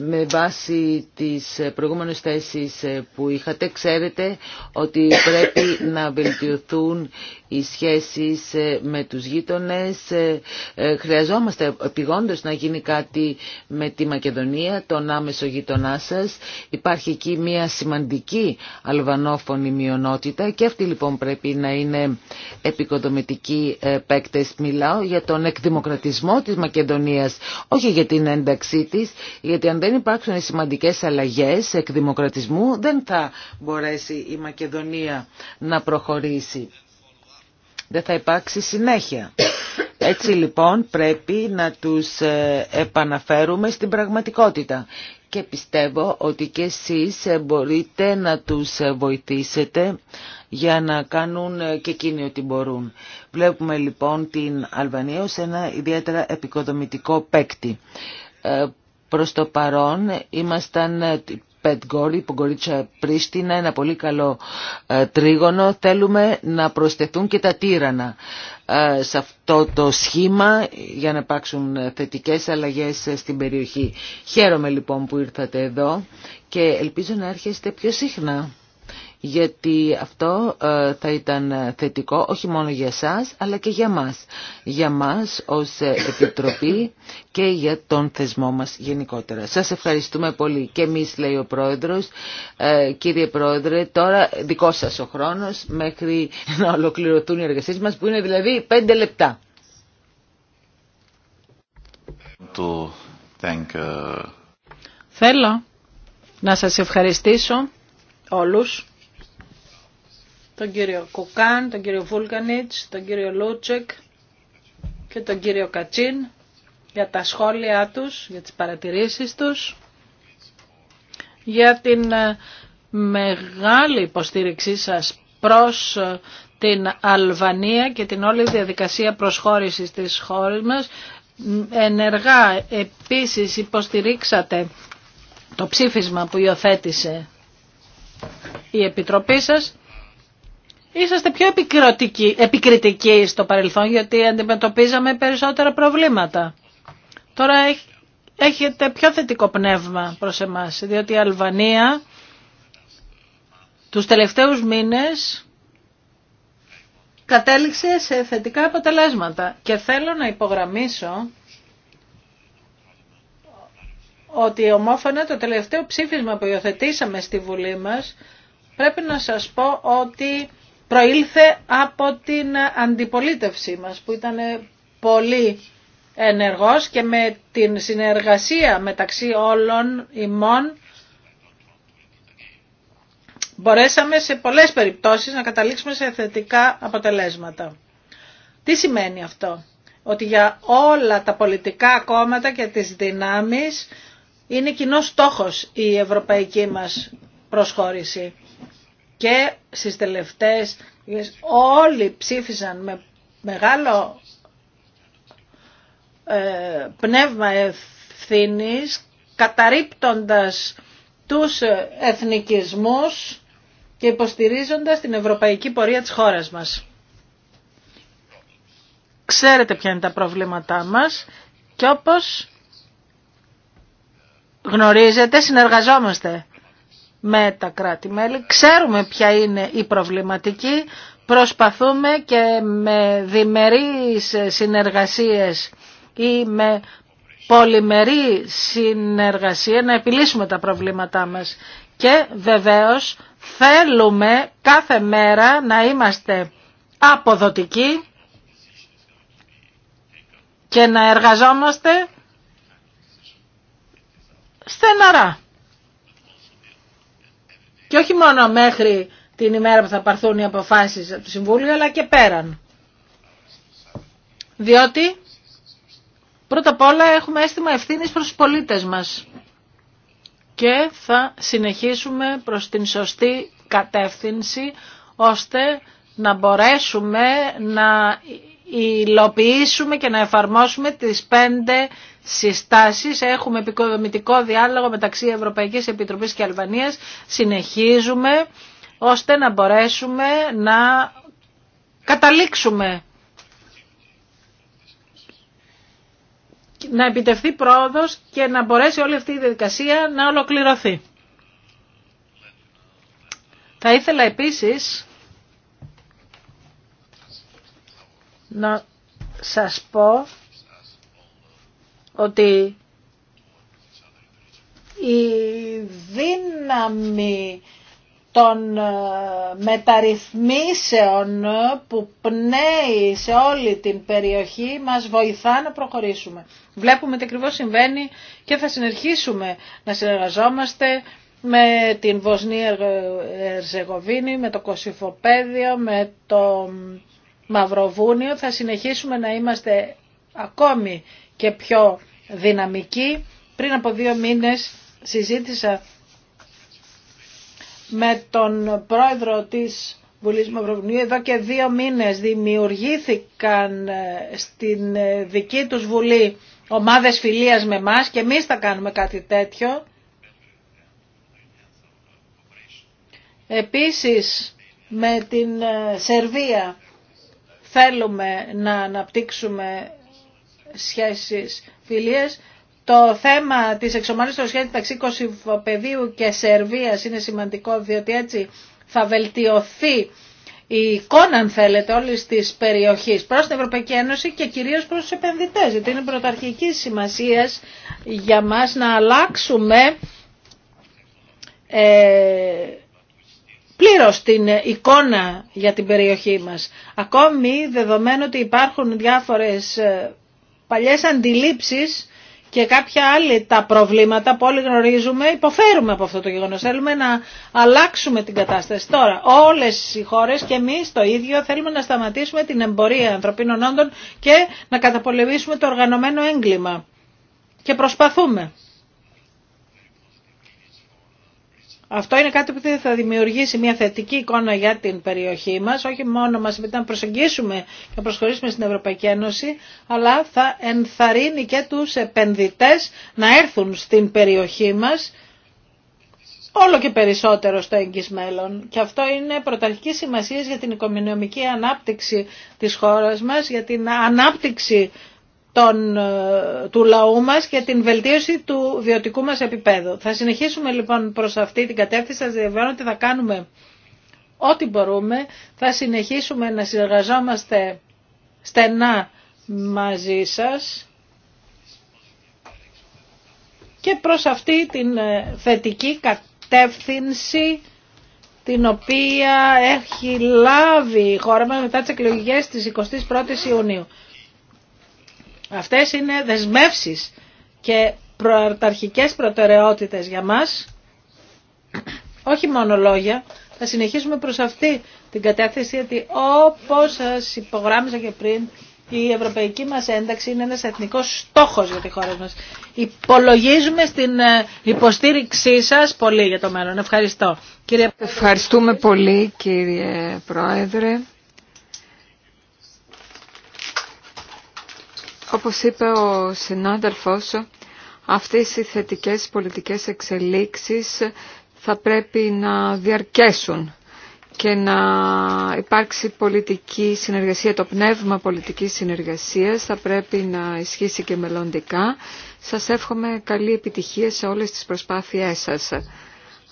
με βάση τις προηγούμενες θέσεις που είχατε. Ξέρετε ότι πρέπει να βελτιωθούν οι σχέσεις ε, με τους γείτονες. Ε, ε, χρειαζόμαστε επιγόντως να γίνει κάτι με τη Μακεδονία, τον άμεσο γείτονά σας. Υπάρχει εκεί μια σημαντική αλβανόφωνη μειονότητα και αυτή λοιπόν πρέπει να είναι επικοδομητικοί παίκτες. Μιλάω για τον εκδημοκρατισμό της Μακεδονίας, όχι για την ένταξή της, γιατί αν δεν υπάρξουν σημαντικές αλλαγές εκδημοκρατισμού δεν θα μπορέσει η Μακεδονία να προχωρήσει δεν θα υπάρξει συνέχεια. Έτσι λοιπόν πρέπει να τους ε, επαναφέρουμε στην πραγματικότητα και πιστεύω ότι και εσείς ε, μπορείτε να τους ε, βοηθήσετε για να κάνουν και εκείνοι ό,τι μπορούν. Βλέπουμε λοιπόν την Αλβανία ως ένα ιδιαίτερα επικοδομητικό παίκτη. Προς το παρόν ήμασταν Γκόρι, Πογκορίτσα Πρίστινα, ένα πολύ καλό ε, τρίγωνο. Θέλουμε να προσθεθούν και τα τύρανα ε, σε αυτό το σχήμα για να υπάρξουν ε, θετικές αλλαγές στην περιοχή. Χαίρομαι λοιπόν που ήρθατε εδώ και ελπίζω να έρχεστε πιο συχνά γιατί αυτό ε, θα ήταν θετικό όχι μόνο για σας αλλά και για μας. Για μας ως ε, Επιτροπή και για τον θεσμό μας γενικότερα. Σας ευχαριστούμε πολύ και εμείς λέει ο Πρόεδρος. Ε, κύριε Πρόεδρε, τώρα δικό σας ο χρόνος μέχρι να ολοκληρωθούν οι εργασίες μας που είναι δηλαδή πέντε λεπτά. Θέλω να σας ευχαριστήσω όλους τον κύριο κοκάν, τον κύριο Βούλκανιτς, τον κύριο Λούτσεκ και τον κύριο Κατσίν για τα σχόλια τους, για τις παρατηρήσεις τους, για την ε, μεγάλη υποστήριξή σας προς ε, την Αλβανία και την όλη διαδικασία προσχώρησης της χώρας μας. Ενεργά επίσης υποστηρίξατε το ψήφισμα που υιοθέτησε η Επιτροπή σας είσαστε πιο επικριτικοί στο παρελθόν γιατί αντιμετωπίζαμε περισσότερα προβλήματα. Τώρα έχετε πιο θετικό πνεύμα προς εμάς, διότι η Αλβανία τους τελευταίους μήνες κατέληξε σε θετικά αποτελέσματα. Και θέλω να υπογραμμίσω ότι ομόφωνα το τελευταίο ψήφισμα που υιοθετήσαμε στη Βουλή μας πρέπει να σας πω ότι προήλθε από την αντιπολίτευσή μας που ήταν πολύ ενεργός και με την συνεργασία μεταξύ όλων ημών μπορέσαμε σε πολλές περιπτώσεις να καταλήξουμε σε θετικά αποτελέσματα. Τι σημαίνει αυτό? Ότι για όλα τα πολιτικά κόμματα και τις δυνάμεις είναι κοινό στόχος η ευρωπαϊκή μας προσχώρηση και στις τελευταίες όλοι ψήφισαν με μεγάλο ε, πνεύμα ευθύνης καταρρύπτοντας τους εθνικισμούς και υποστηρίζοντας την ευρωπαϊκή πορεία της χώρας μας. Ξέρετε ποια είναι τα προβλήματά μας και όπως γνωρίζετε συνεργαζόμαστε με τα κράτη-μέλη. Ξέρουμε ποια είναι η προβληματική. Προσπαθούμε και με διμερείς συνεργασίες ή με πολυμερή συνεργασία να επιλύσουμε τα προβλήματά μας. Και βεβαίως θέλουμε κάθε μέρα να είμαστε αποδοτικοί και να εργαζόμαστε στεναρά. Και όχι μόνο μέχρι την ημέρα που θα παρθούν οι αποφάσεις από το αλλά και πέραν. Διότι πρώτα απ' όλα έχουμε αίσθημα ευθύνης προς τους πολίτες μας και θα συνεχίσουμε προς την σωστή κατεύθυνση ώστε να μπορέσουμε να υλοποιήσουμε και να εφαρμόσουμε τις πέντε συστάσεις. Έχουμε επικοδομητικό διάλογο μεταξύ Ευρωπαϊκής Επιτροπής και Αλβανίας. Συνεχίζουμε ώστε να μπορέσουμε να καταλήξουμε να επιτευθεί πρόοδος και να μπορέσει όλη αυτή η διαδικασία να ολοκληρωθεί. Θα ήθελα επίσης να σας πω ότι η δύναμη των ε, μεταρρυθμίσεων που πνέει σε όλη την περιοχή μας βοηθά να προχωρήσουμε. Βλέπουμε τι ακριβώ συμβαίνει και θα συνεχίσουμε να συνεργαζόμαστε με την Βοσνία Ερζεγοβίνη, με το Κωσυφοπέδιο, με το Μαυροβούνιο. Θα συνεχίσουμε να είμαστε ακόμη και πιο δυναμική. Πριν από δύο μήνες συζήτησα με τον πρόεδρο της Βουλής Μαυροβουνίου. Εδώ και δύο μήνες δημιουργήθηκαν ε, στην ε, δική τους Βουλή ομάδες φιλίας με μας και εμείς θα κάνουμε κάτι τέτοιο. Επίσης με την ε, Σερβία θέλουμε να αναπτύξουμε σχέσεις φιλίες. Το θέμα της εξομάλυνσης των σχέσεων μεταξύ Κωσυφοπεδίου και Σερβίας είναι σημαντικό διότι έτσι θα βελτιωθεί η εικόνα, αν θέλετε, όλη τη περιοχή προ την Ευρωπαϊκή Ένωση και κυρίω προς του επενδυτέ. Γιατί είναι πρωταρχική σημασία για μα να αλλάξουμε ε, πλήρω την εικόνα για την περιοχή μας. Ακόμη δεδομένου ότι υπάρχουν διάφορες ε, παλιές αντιλήψεις και κάποια άλλη τα προβλήματα που όλοι γνωρίζουμε, υποφέρουμε από αυτό το γεγονός. Θέλουμε να αλλάξουμε την κατάσταση. Τώρα, όλες οι χώρες και εμείς το ίδιο θέλουμε να σταματήσουμε την εμπορία ανθρωπίνων όντων και να καταπολεμήσουμε το οργανωμένο έγκλημα. Και προσπαθούμε. Αυτό είναι κάτι που θα δημιουργήσει μια θετική εικόνα για την περιοχή μας, όχι μόνο μας επειδή να προσεγγίσουμε και να προσχωρήσουμε στην Ευρωπαϊκή Ένωση, αλλά θα ενθαρρύνει και τους επενδυτές να έρθουν στην περιοχή μας όλο και περισσότερο στο εγγύς μέλλον. Και αυτό είναι πρωταρχική σημασία για την οικονομική ανάπτυξη της χώρας μας, για την ανάπτυξη τον ε, του λαού μας και την βελτίωση του βιωτικού μας επίπεδου. Θα συνεχίσουμε λοιπόν προς αυτή την κατεύθυνση, σας διαβεβαιώνω ότι θα κάνουμε ό,τι μπορούμε, θα συνεχίσουμε να συνεργαζόμαστε στενά μαζί σας και προς αυτή την ε, θετική κατεύθυνση την οποία έχει λάβει η χώρα μας μετά τις εκλογές της 21ης Ιουνίου. Αυτές είναι δεσμεύσεις και προαρταρχικές προτεραιότητες για μας, όχι μόνο λόγια, θα συνεχίσουμε προς αυτή την κατεύθυνση, γιατί όπως σας υπογράμμισα και πριν, η ευρωπαϊκή μας ένταξη είναι ένας εθνικός στόχος για τη χώρα μας. Υπολογίζουμε στην ε, υποστήριξή σας πολύ για το μέλλον. Ευχαριστώ. Κύριε... Ευχαριστούμε πολύ κύριε Πρόεδρε. Όπως είπε ο συνάδελφος, αυτές οι θετικές πολιτικές εξελίξεις θα πρέπει να διαρκέσουν και να υπάρξει πολιτική συνεργασία. Το πνεύμα πολιτικής συνεργασίας θα πρέπει να ισχύσει και μελλοντικά. Σας εύχομαι καλή επιτυχία σε όλες τις προσπάθειές σας.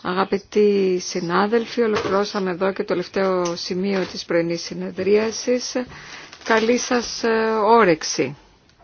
Αγαπητοί συνάδελφοι, ολοκληρώσαμε εδώ και το τελευταίο σημείο της πρωινής συνεδρίασης. Καλή σας ε, όρεξη.